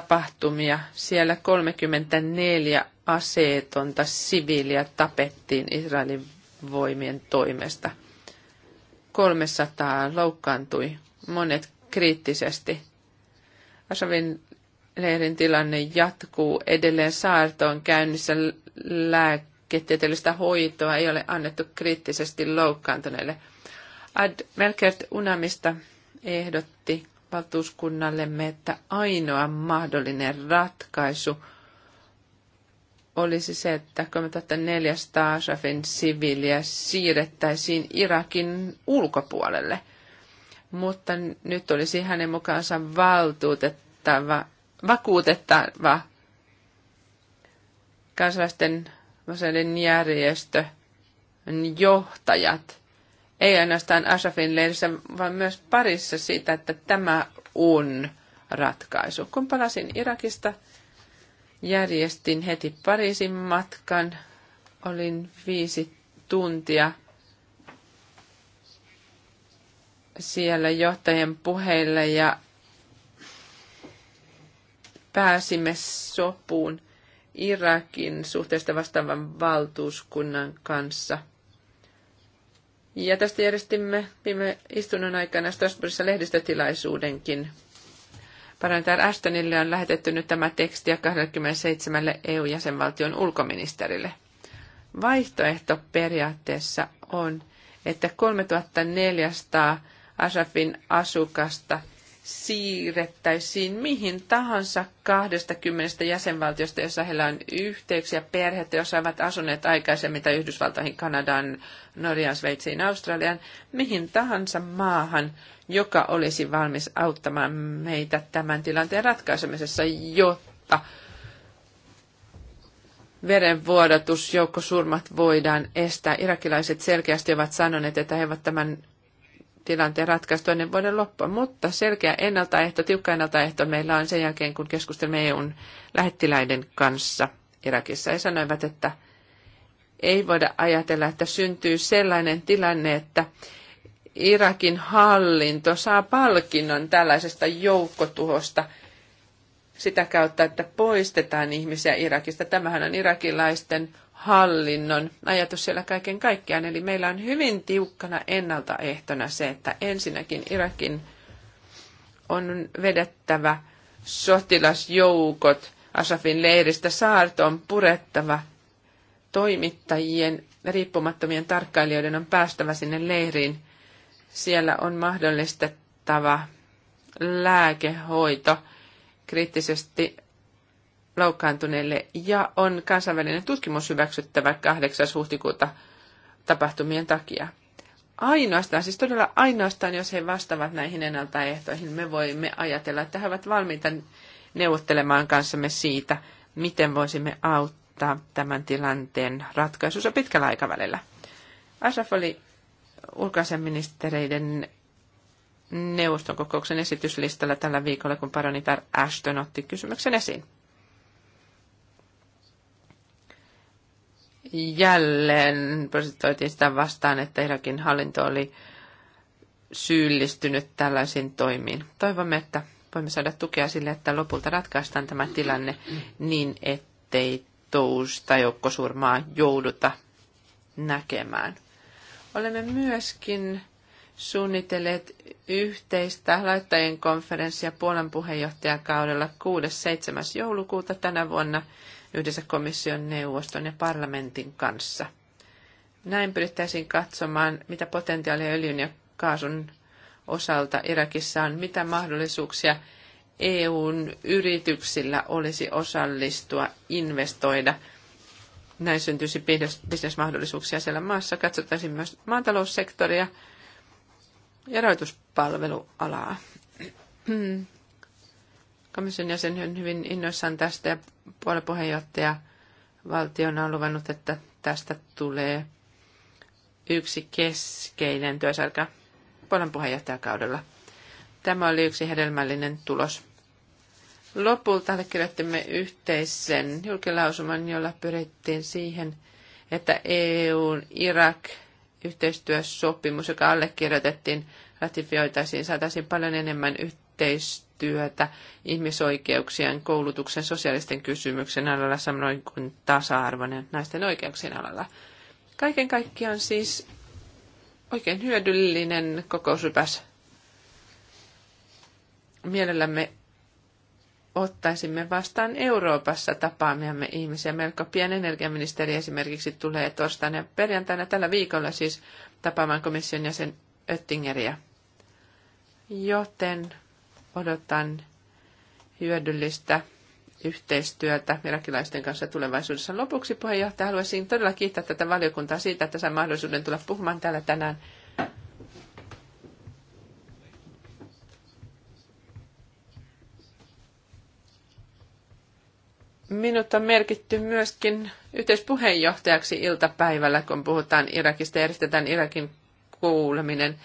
tapahtumia. Siellä 34 aseetonta siviiliä tapettiin Israelin voimien toimesta. 300 loukkaantui, monet kriittisesti. Asavin leirin tilanne jatkuu edelleen saartoon käynnissä lääketieteellistä hoitoa ei ole annettu kriittisesti loukkaantuneille. Ad Melkert Unamista ehdotti valtuuskunnallemme, että ainoa mahdollinen ratkaisu olisi se, että 3400 Asafin siviiliä siirrettäisiin Irakin ulkopuolelle. Mutta nyt olisi hänen mukaansa valtuutettava, vakuutettava kansalaisten järjestön johtajat – ei ainoastaan Asafin leirissä, vaan myös parissa siitä, että tämä on ratkaisu. Kun palasin Irakista, järjestin heti Pariisin matkan. Olin viisi tuntia siellä johtajien puheille ja pääsimme sopuun Irakin suhteesta vastaavan valtuuskunnan kanssa – ja tästä järjestimme viime istunnon aikana Strasbourgissa lehdistötilaisuudenkin. Parantajan Ashtonille on lähetetty nyt tämä teksti ja 27 EU-jäsenvaltion ulkoministerille. Vaihtoehto periaatteessa on, että 3400 Asafin asukasta – siirrettäisiin mihin tahansa 20 jäsenvaltiosta, jossa heillä on yhteyksiä, perhettä, jossa ovat asuneet aikaisemmin tai Yhdysvaltoihin, Kanadaan, Norjaan, Sveitsiin, Australiaan, mihin tahansa maahan, joka olisi valmis auttamaan meitä tämän tilanteen ratkaisemisessa, jotta verenvuodatus, joukkosurmat voidaan estää. Irakilaiset selkeästi ovat sanoneet, että he ovat tämän tilanteen ratkaistua ennen vuoden loppua, mutta selkeä ennaltaehto, tiukka ennaltaehto meillä on sen jälkeen, kun keskustelimme EUn lähettiläiden kanssa Irakissa ja sanoivat, että ei voida ajatella, että syntyy sellainen tilanne, että Irakin hallinto saa palkinnon tällaisesta joukkotuhosta sitä kautta, että poistetaan ihmisiä Irakista. Tämähän on irakilaisten hallinnon ajatus siellä kaiken kaikkiaan. Eli meillä on hyvin tiukkana ennaltaehtona se, että ensinnäkin Irakin on vedettävä sotilasjoukot Asafin leiristä saartoon purettava. Toimittajien, riippumattomien tarkkailijoiden on päästävä sinne leiriin. Siellä on mahdollistettava lääkehoito kriittisesti loukkaantuneille ja on kansainvälinen tutkimus hyväksyttävä 8. huhtikuuta tapahtumien takia. Ainoastaan, siis todella ainoastaan, jos he vastaavat näihin ennaltaehtoihin, me voimme ajatella, että he ovat valmiita neuvottelemaan kanssamme siitä, miten voisimme auttaa tämän tilanteen ratkaisussa pitkällä aikavälillä. Asaf oli ulkoasiaministereiden neuvoston kokouksen esityslistalla tällä viikolla, kun paronitar Ashton otti kysymyksen esiin. jälleen prosessoitiin sitä vastaan, että Irakin hallinto oli syyllistynyt tällaisiin toimiin. Toivomme, että voimme saada tukea sille, että lopulta ratkaistaan tämä tilanne niin, ettei tousta joukkosurmaa jouduta näkemään. Olemme myöskin suunnitelleet yhteistä laittajien konferenssia Puolan puheenjohtajakaudella 6.7. joulukuuta tänä vuonna – yhdessä komission neuvoston ja parlamentin kanssa. Näin pyrittäisiin katsomaan, mitä potentiaalia öljyn ja kaasun osalta Irakissa on, mitä mahdollisuuksia EUn yrityksillä olisi osallistua, investoida. Näin syntyisi bisnesmahdollisuuksia siellä maassa. Katsottaisiin myös maataloussektoria ja rahoituspalvelualaa. Komission jäsen on hyvin innoissaan tästä ja puoluepuheenjohtaja valtiona on luvannut, että tästä tulee yksi keskeinen työsarka Puolan puheenjohtajakaudella. Tämä oli yksi hedelmällinen tulos. Lopulta allekirjoitimme yhteisen julkilausuman, jolla pyrittiin siihen, että EUn Irak yhteistyösopimus, joka allekirjoitettiin, ratifioitaisiin, saataisiin paljon enemmän yhteistyötä yhteistyötä ihmisoikeuksien, koulutuksen, sosiaalisten kysymyksen alalla, samoin kuin tasa-arvon ja naisten oikeuksien alalla. Kaiken kaikkiaan siis oikein hyödyllinen kokousrypäs. Mielellämme ottaisimme vastaan Euroopassa tapaamiamme ihmisiä. Melko pian energiaministeri esimerkiksi tulee torstaina ja perjantaina tällä viikolla siis tapaamaan komission jäsen Öttingeriä. Joten odotan hyödyllistä yhteistyötä irakilaisten kanssa tulevaisuudessa. Lopuksi puheenjohtaja haluaisin todella kiittää tätä valiokuntaa siitä, että sain mahdollisuuden tulla puhumaan täällä tänään. Minut on merkitty myöskin yhteispuheenjohtajaksi iltapäivällä, kun puhutaan Irakista ja järjestetään Irakin kuuleminen.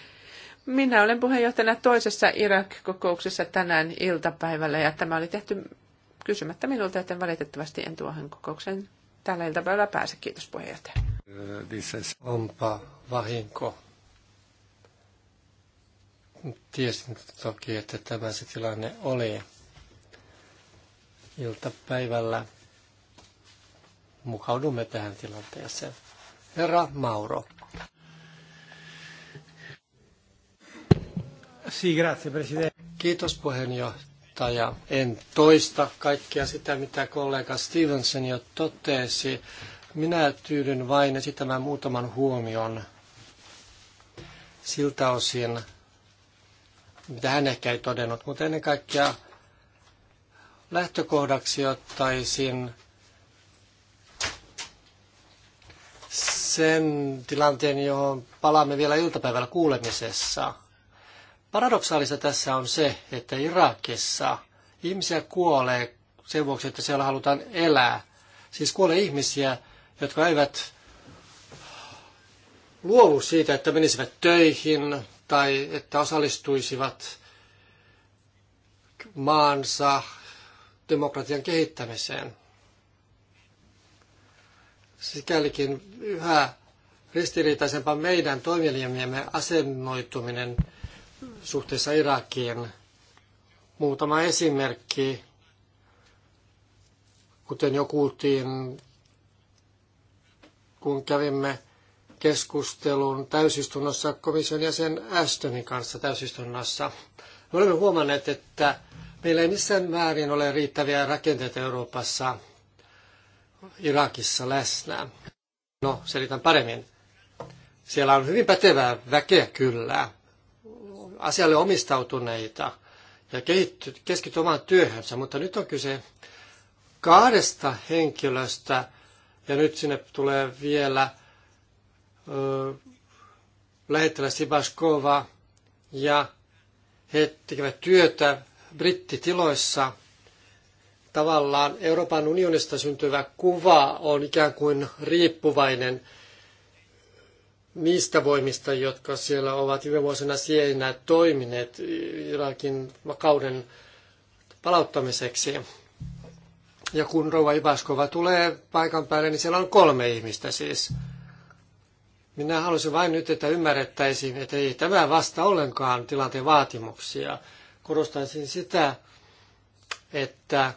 Minä olen puheenjohtajana toisessa Irak-kokouksessa tänään iltapäivällä ja tämä oli tehty kysymättä minulta, joten valitettavasti en tuohon kokoukseen tällä iltapäivällä pääse. Kiitos puheenjohtaja.
onpa vahinko. Tiesin toki, että tämä se tilanne oli iltapäivällä. Mukaudumme tähän tilanteeseen. Herra Mauro. Kiitos puheenjohtaja. En toista kaikkea sitä, mitä kollega Stevenson jo totesi. Minä tyydyn vain esittämään muutaman huomion siltä osin, mitä hän ehkä ei todennut, mutta ennen kaikkea lähtökohdaksi ottaisin sen tilanteen, johon palaamme vielä iltapäivällä kuulemisessa – Paradoksaalista tässä on se, että Irakissa ihmisiä kuolee sen vuoksi, että siellä halutaan elää. Siis kuolee ihmisiä, jotka eivät luovu siitä, että menisivät töihin tai että osallistuisivat maansa demokratian kehittämiseen. Sikälikin yhä ristiriitaisempaa meidän toimielijämme asennoituminen suhteessa Irakiin. Muutama esimerkki, kuten jo kuultiin, kun kävimme keskustelun täysistunnossa komission jäsen Ashtonin kanssa täysistunnossa. Me olemme huomanneet, että meillä ei missään määrin ole riittäviä rakenteita Euroopassa Irakissa läsnä. No, selitän paremmin. Siellä on hyvin pätevää väkeä kyllä, asialle omistautuneita ja keskittyy omaan työhönsä, mutta nyt on kyse kahdesta henkilöstä ja nyt sinne tulee vielä ö, lähettiläs Sibaskova ja he tekevät työtä brittitiloissa. Tavallaan Euroopan unionista syntyvä kuva on ikään kuin riippuvainen – niistä voimista, jotka siellä ovat viime vuosina siellä toimineet Irakin vakauden palauttamiseksi. Ja kun Rouva Ivaskova tulee paikan päälle, niin siellä on kolme ihmistä siis. Minä halusin vain nyt, että ymmärrettäisiin, että ei tämä vasta ollenkaan tilanteen vaatimuksia. Korostaisin sitä, että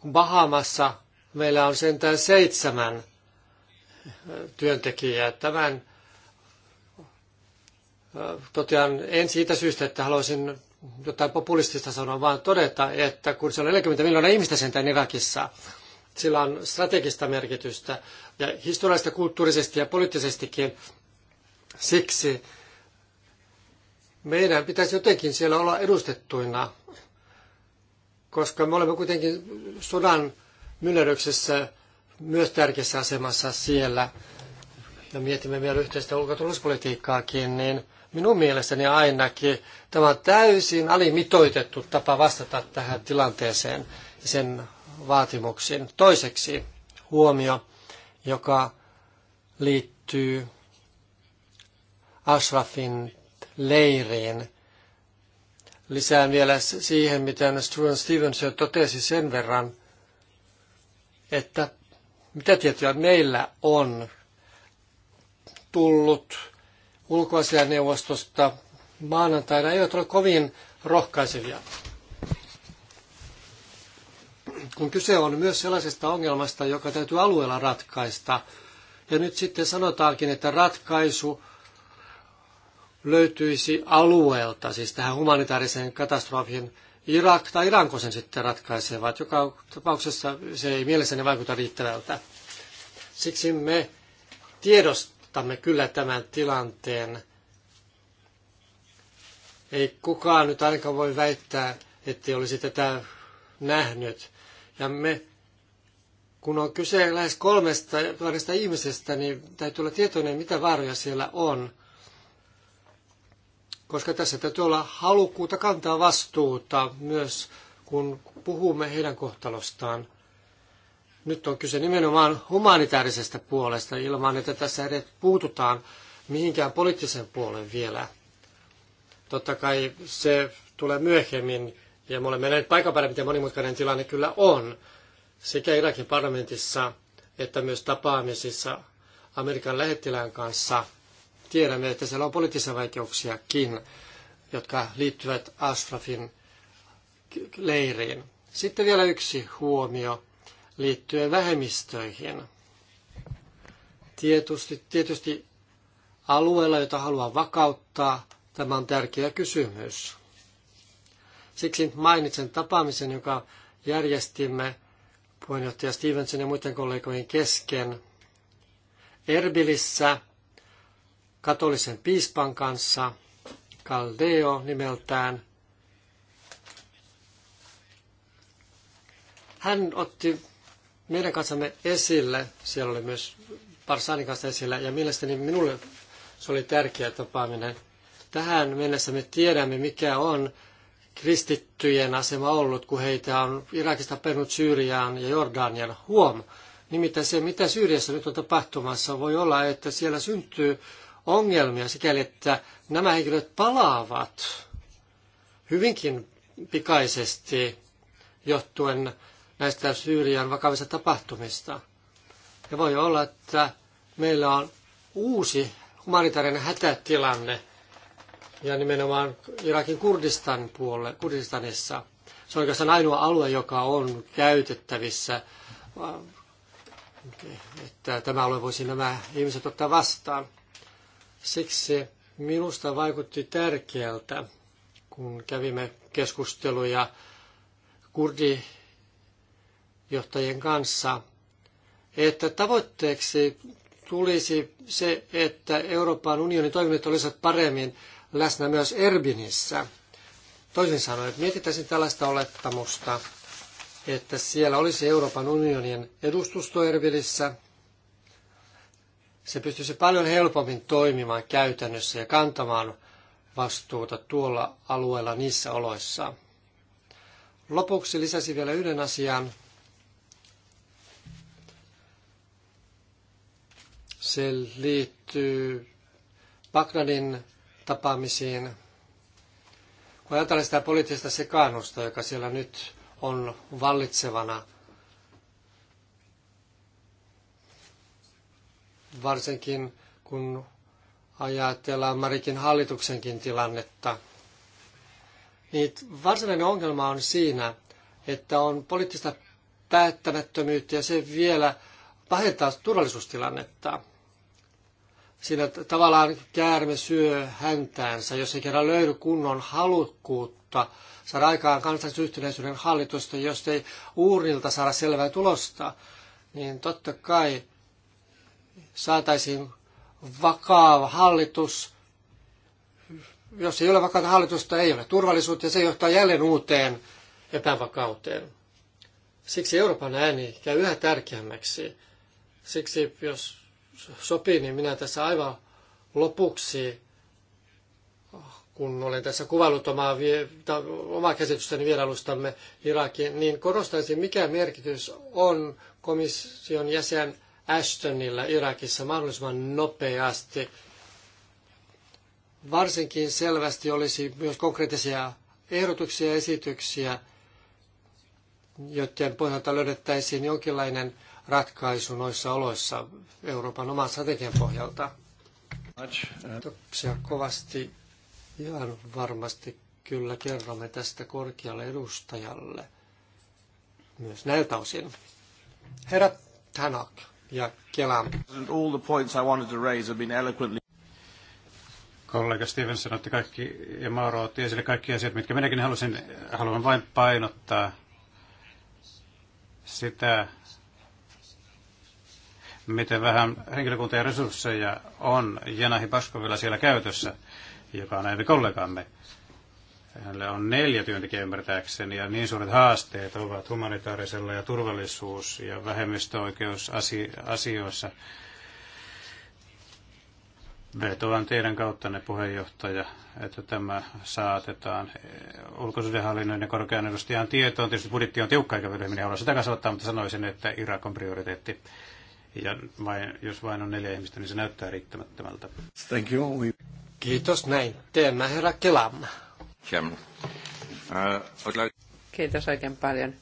kun Bahamassa meillä on sentään seitsemän työntekijää, tämän totean en siitä syystä, että haluaisin jotain populistista sanoa, vaan todeta, että kun siellä on 40 miljoonaa ihmistä sentään Irakissa, sillä on strategista merkitystä ja historiallista, kulttuurisesti ja poliittisestikin. Siksi meidän pitäisi jotenkin siellä olla edustettuina, koska me olemme kuitenkin sodan myllerryksessä myös tärkeässä asemassa siellä ja mietimme vielä yhteistä ulkoturvallisuuspolitiikkaakin, niin – Minun mielestäni ainakin tämä on täysin alimitoitettu tapa vastata tähän tilanteeseen ja sen vaatimuksiin. Toiseksi huomio, joka liittyy Ashrafin leiriin. Lisään vielä siihen, miten Struan Stevens jo totesi sen verran, että mitä tietoja meillä on tullut ulkoasianneuvostosta maanantaina eivät ole kovin rohkaisevia. Kun kyse on myös sellaisesta ongelmasta, joka täytyy alueella ratkaista, ja nyt sitten sanotaankin, että ratkaisu löytyisi alueelta, siis tähän humanitaariseen katastrofiin. Irak tai Iranko sen sitten ratkaisevat. Joka tapauksessa se ei mielestäni vaikuta riittävältä. Siksi me tiedostamme, voitamme kyllä tämän tilanteen. Ei kukaan nyt ainakaan voi väittää, ettei olisi tätä nähnyt. Ja me, kun on kyse lähes kolmesta tuhannesta ihmisestä, niin täytyy olla tietoinen, mitä vaaroja siellä on. Koska tässä täytyy olla halukkuutta kantaa vastuuta myös, kun puhumme heidän kohtalostaan. Nyt on kyse nimenomaan humanitaarisesta puolesta ilman, että tässä edes puututaan mihinkään poliittisen puolen vielä. Totta kai se tulee myöhemmin, ja me olemme näin paikan päälle, miten monimutkainen tilanne kyllä on, sekä Irakin parlamentissa että myös tapaamisissa Amerikan lähettilään kanssa. Tiedämme, että siellä on poliittisia vaikeuksiakin, jotka liittyvät Ashrafin leiriin. Sitten vielä yksi huomio liittyen vähemmistöihin. Tietysti, tietysti alueella, jota haluaa vakauttaa, tämä on tärkeä kysymys. Siksi mainitsen tapaamisen, joka järjestimme puheenjohtaja Stevenson ja muiden kollegojen kesken Erbilissä katolisen piispan kanssa, Caldeo nimeltään. Hän otti meidän kanssamme esille. Siellä oli myös Parsanin kanssa esillä ja mielestäni minulle se oli tärkeä tapaaminen. Tähän mennessä me tiedämme, mikä on kristittyjen asema ollut, kun heitä on Irakista perunut Syyriaan ja Jordanian. Huom! Nimittäin se, mitä Syyriassa nyt on tapahtumassa, voi olla, että siellä syntyy ongelmia sikäli, että nämä henkilöt palaavat hyvinkin pikaisesti johtuen näistä Syyrian vakavista tapahtumista. Ja voi olla, että meillä on uusi humanitaarinen hätätilanne ja nimenomaan Irakin Kurdistan puolelle, Kurdistanissa. Se on oikeastaan ainoa alue, joka on käytettävissä, että tämä alue voisi nämä ihmiset ottaa vastaan. Siksi minusta vaikutti tärkeältä, kun kävimme keskusteluja kurdi johtajien kanssa, että tavoitteeksi tulisi se, että Euroopan unionin toiminnot olisivat paremmin läsnä myös Erbinissä. Toisin sanoen, että mietitäisiin tällaista olettamusta, että siellä olisi Euroopan unionin edustusto Erbinissä. Se pystyisi paljon helpommin toimimaan käytännössä ja kantamaan vastuuta tuolla alueella niissä oloissa. Lopuksi lisäsi vielä yhden asian, Se liittyy Bagdadin tapaamisiin. Kun ajatellaan sitä poliittista sekaannusta, joka siellä nyt on vallitsevana, varsinkin kun ajatellaan Marikin hallituksenkin tilannetta, niin varsinainen ongelma on siinä, että on poliittista päättämättömyyttä ja se vielä pahentaa turvallisuustilannetta. Siinä tavallaan käärme syö häntäänsä, jos ei kerran löydy kunnon halukkuutta saada aikaan kansallisen yhtenäisyyden hallitusta, jos ei uurilta saada selvää tulosta, niin totta kai saataisiin vakava hallitus. Jos ei ole vakaata hallitusta, ei ole turvallisuutta ja se johtaa jälleen uuteen epävakauteen. Siksi Euroopan ääni käy yhä tärkeämmäksi. Siksi jos sopii, niin minä tässä aivan lopuksi, kun olen tässä kuvailut omaa, omaa käsitystäni vierailustamme Irakiin, niin korostaisin, mikä merkitys on komission jäsen Ashtonilla Irakissa mahdollisimman nopeasti. Varsinkin selvästi olisi myös konkreettisia ehdotuksia ja esityksiä, joiden pohjalta löydettäisiin jonkinlainen ratkaisu noissa oloissa Euroopan oman strategian pohjalta. Kiitoksia kovasti. Ihan varmasti kyllä kerromme tästä korkealle edustajalle myös näiltä osin. Herra Tanak ja Kela. All the points I wanted to raise have been eloquently
kollega Stevenson otti kaikki, ja Mauro otti esille kaikki asiat, mitkä minäkin halusin, haluan vain painottaa sitä, miten vähän henkilökunta ja resursseja on Janahi Paskovilla siellä käytössä, joka on aiempi kollegamme. Hänellä on neljä työntekijä ymmärtääkseni ja niin suuret haasteet ovat humanitaarisella ja turvallisuus- ja vähemmistöoikeusasioissa. Vetoan teidän ne puheenjohtaja, että tämä saatetaan ulkosuhdehallinnon ja korkean edustajan tietoon. Tietysti budjetti on tiukka eikä minä halua sitä kasvattaa, mutta sanoisin, että Irak on prioriteetti. Ja vain, jos vain on neljä ihmistä, niin se näyttää riittämättömältä.
Thank you. Kiitos näin. Teemme herra Kelam. Uh,
Kiitos oikein paljon.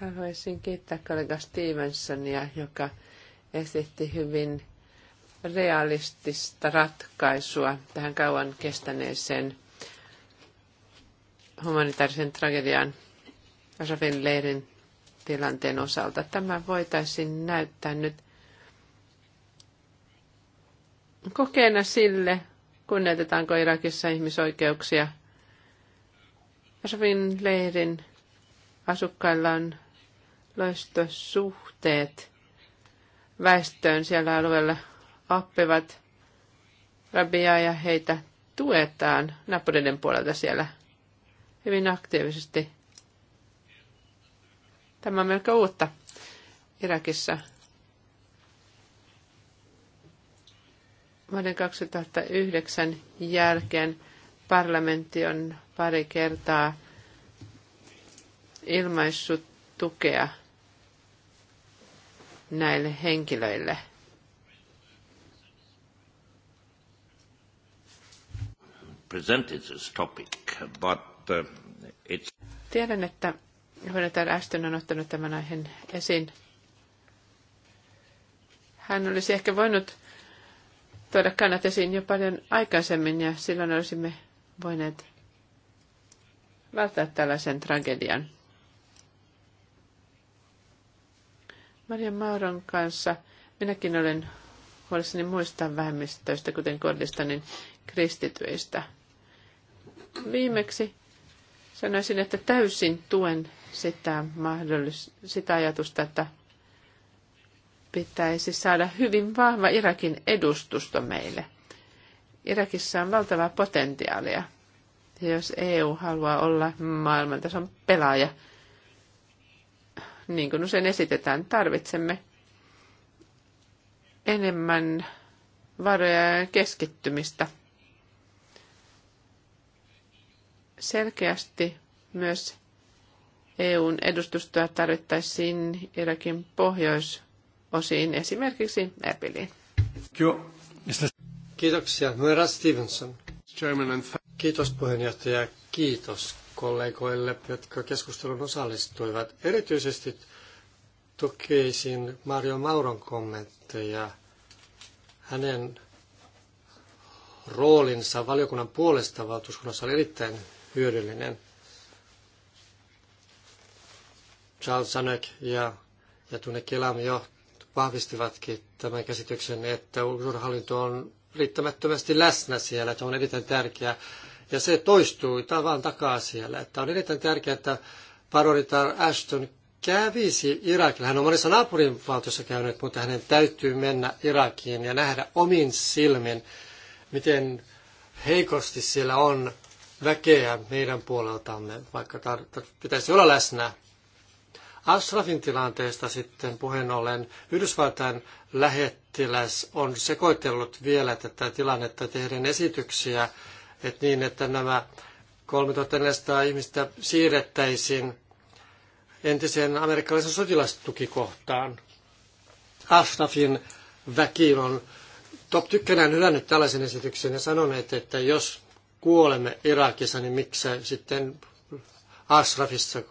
Haluaisin kiittää kollega Stevensonia, joka esitti hyvin realistista ratkaisua tähän kauan kestäneeseen humanitaarisen tragedian Asafin leirin tilanteen osalta. Tämä voitaisiin näyttää nyt kokeena sille, kunnioitetaanko Irakissa ihmisoikeuksia. Asavin leirin asukkailla on loistosuhteet väestöön siellä alueella oppivat rabiaa ja heitä tuetaan Napoliden puolelta siellä hyvin aktiivisesti. Tämä on melko uutta Irakissa. Vuoden 2009 jälkeen parlamentti on pari kertaa ilmaissut tukea näille henkilöille.
Presented this topic,
but uh, it's...
Tiedän, että Jonathan Ashton on ottanut tämän aiheen esiin. Hän olisi ehkä voinut tuoda kannat esiin jo paljon aikaisemmin ja silloin olisimme voineet välttää tällaisen tragedian. Maria Mauron kanssa minäkin olen huolissani muista vähemmistöistä, kuten Kordistanin kristityistä. Viimeksi Sanoisin, että täysin tuen sitä, mahdollis- sitä ajatusta, että pitäisi saada hyvin vahva Irakin edustusto meille. Irakissa on valtavaa potentiaalia. Ja jos EU haluaa olla maailmantason pelaaja, niin kuin usein esitetään, tarvitsemme enemmän varoja ja keskittymistä – Selkeästi myös EUn edustustoa tarvittaisiin Irakin pohjoisosiin, esimerkiksi Erbiliin.
Kiitoksia. Noera Stevenson. Kiitos puheenjohtaja. Kiitos kollegoille, jotka keskustelun osallistuivat. Erityisesti tukisin Mario Mauron kommentteja hänen roolinsa valiokunnan puolesta valtuuskunnassa oli erittäin hyödyllinen. Charles Sanek ja, ja Tune Kelam jo vahvistivatkin tämän käsityksen, että ulkosuudenhallinto on riittämättömästi läsnä siellä, että on erittäin tärkeää. Ja se toistuu tavan takaa siellä, että on erittäin tärkeää, että paroditar Ashton kävisi Irakilla. Hän on monessa valtiossa käynyt, mutta hänen täytyy mennä Irakiin ja nähdä omin silmin, miten heikosti siellä on väkeä meidän puoleltamme, vaikka tar- pitäisi olla läsnä. Ashrafin tilanteesta sitten puheen ollen Yhdysvaltain lähettiläs on sekoitellut vielä tätä tilannetta tehden esityksiä, että niin, että nämä 3400 ihmistä siirrettäisiin entiseen amerikkalaisen sotilastukikohtaan. Ashrafin väki on top tykkänään hylännyt tällaisen esityksen ja sanoneet, että jos kuolemme Irakissa, niin miksi sitten Asrafissa,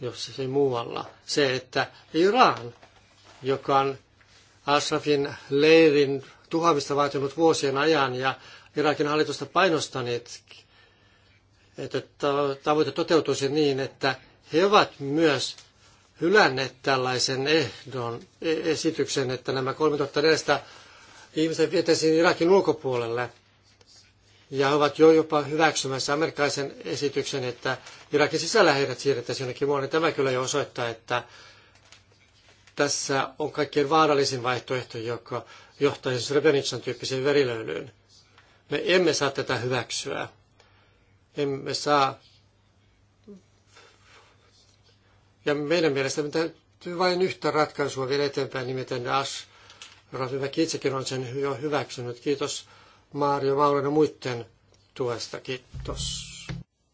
jos ei muualla. Se, että Iran, joka on Asrafin leirin tuhoamista vaatinut vuosien ajan ja Irakin hallitusta painostaneet, että tavoite toteutuisi niin, että he ovat myös hylänneet tällaisen ehdon, e-, esityksen, että nämä 3400 ihmistä vietäisiin Irakin ulkopuolelle – ja he ovat jo jopa hyväksymässä amerikkalaisen esityksen, että Irakin sisällä heidät siirrettäisiin jonnekin muualle. Tämä kyllä jo osoittaa, että tässä on kaikkein vaarallisin vaihtoehto, joka johtaisi Srebrenican siis tyyppiseen verilöylyyn. Me emme saa tätä hyväksyä. Emme saa. Ja meidän mielestämme täytyy vain yhtä ratkaisua vielä eteenpäin, nimittäin Ash. Rafimäki itsekin on sen jo hyväksynyt. Kiitos Mario Mauron ja muiden tuesta. Kiitos.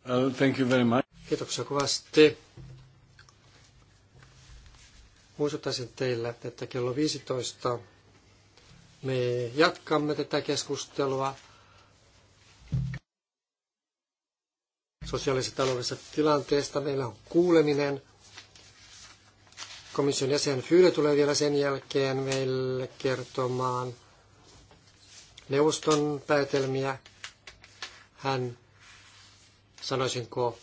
Uh, thank you very much. Kiitoksia kovasti. Muistuttaisin teille, että kello 15 me jatkamme tätä keskustelua sosiaalisesta taloudellisesta tilanteesta. Meillä on kuuleminen. Komission jäsen Fyyle tulee vielä sen jälkeen meille kertomaan – neuvoston päätelmiä. Hän, sanoisinko,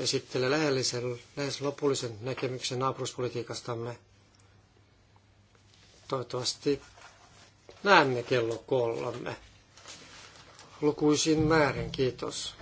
esittelee lähellisen, lähes lopullisen näkemyksen naapuruspolitiikastamme. Toivottavasti näemme kello kolme. Lukuisin määrin, kiitos.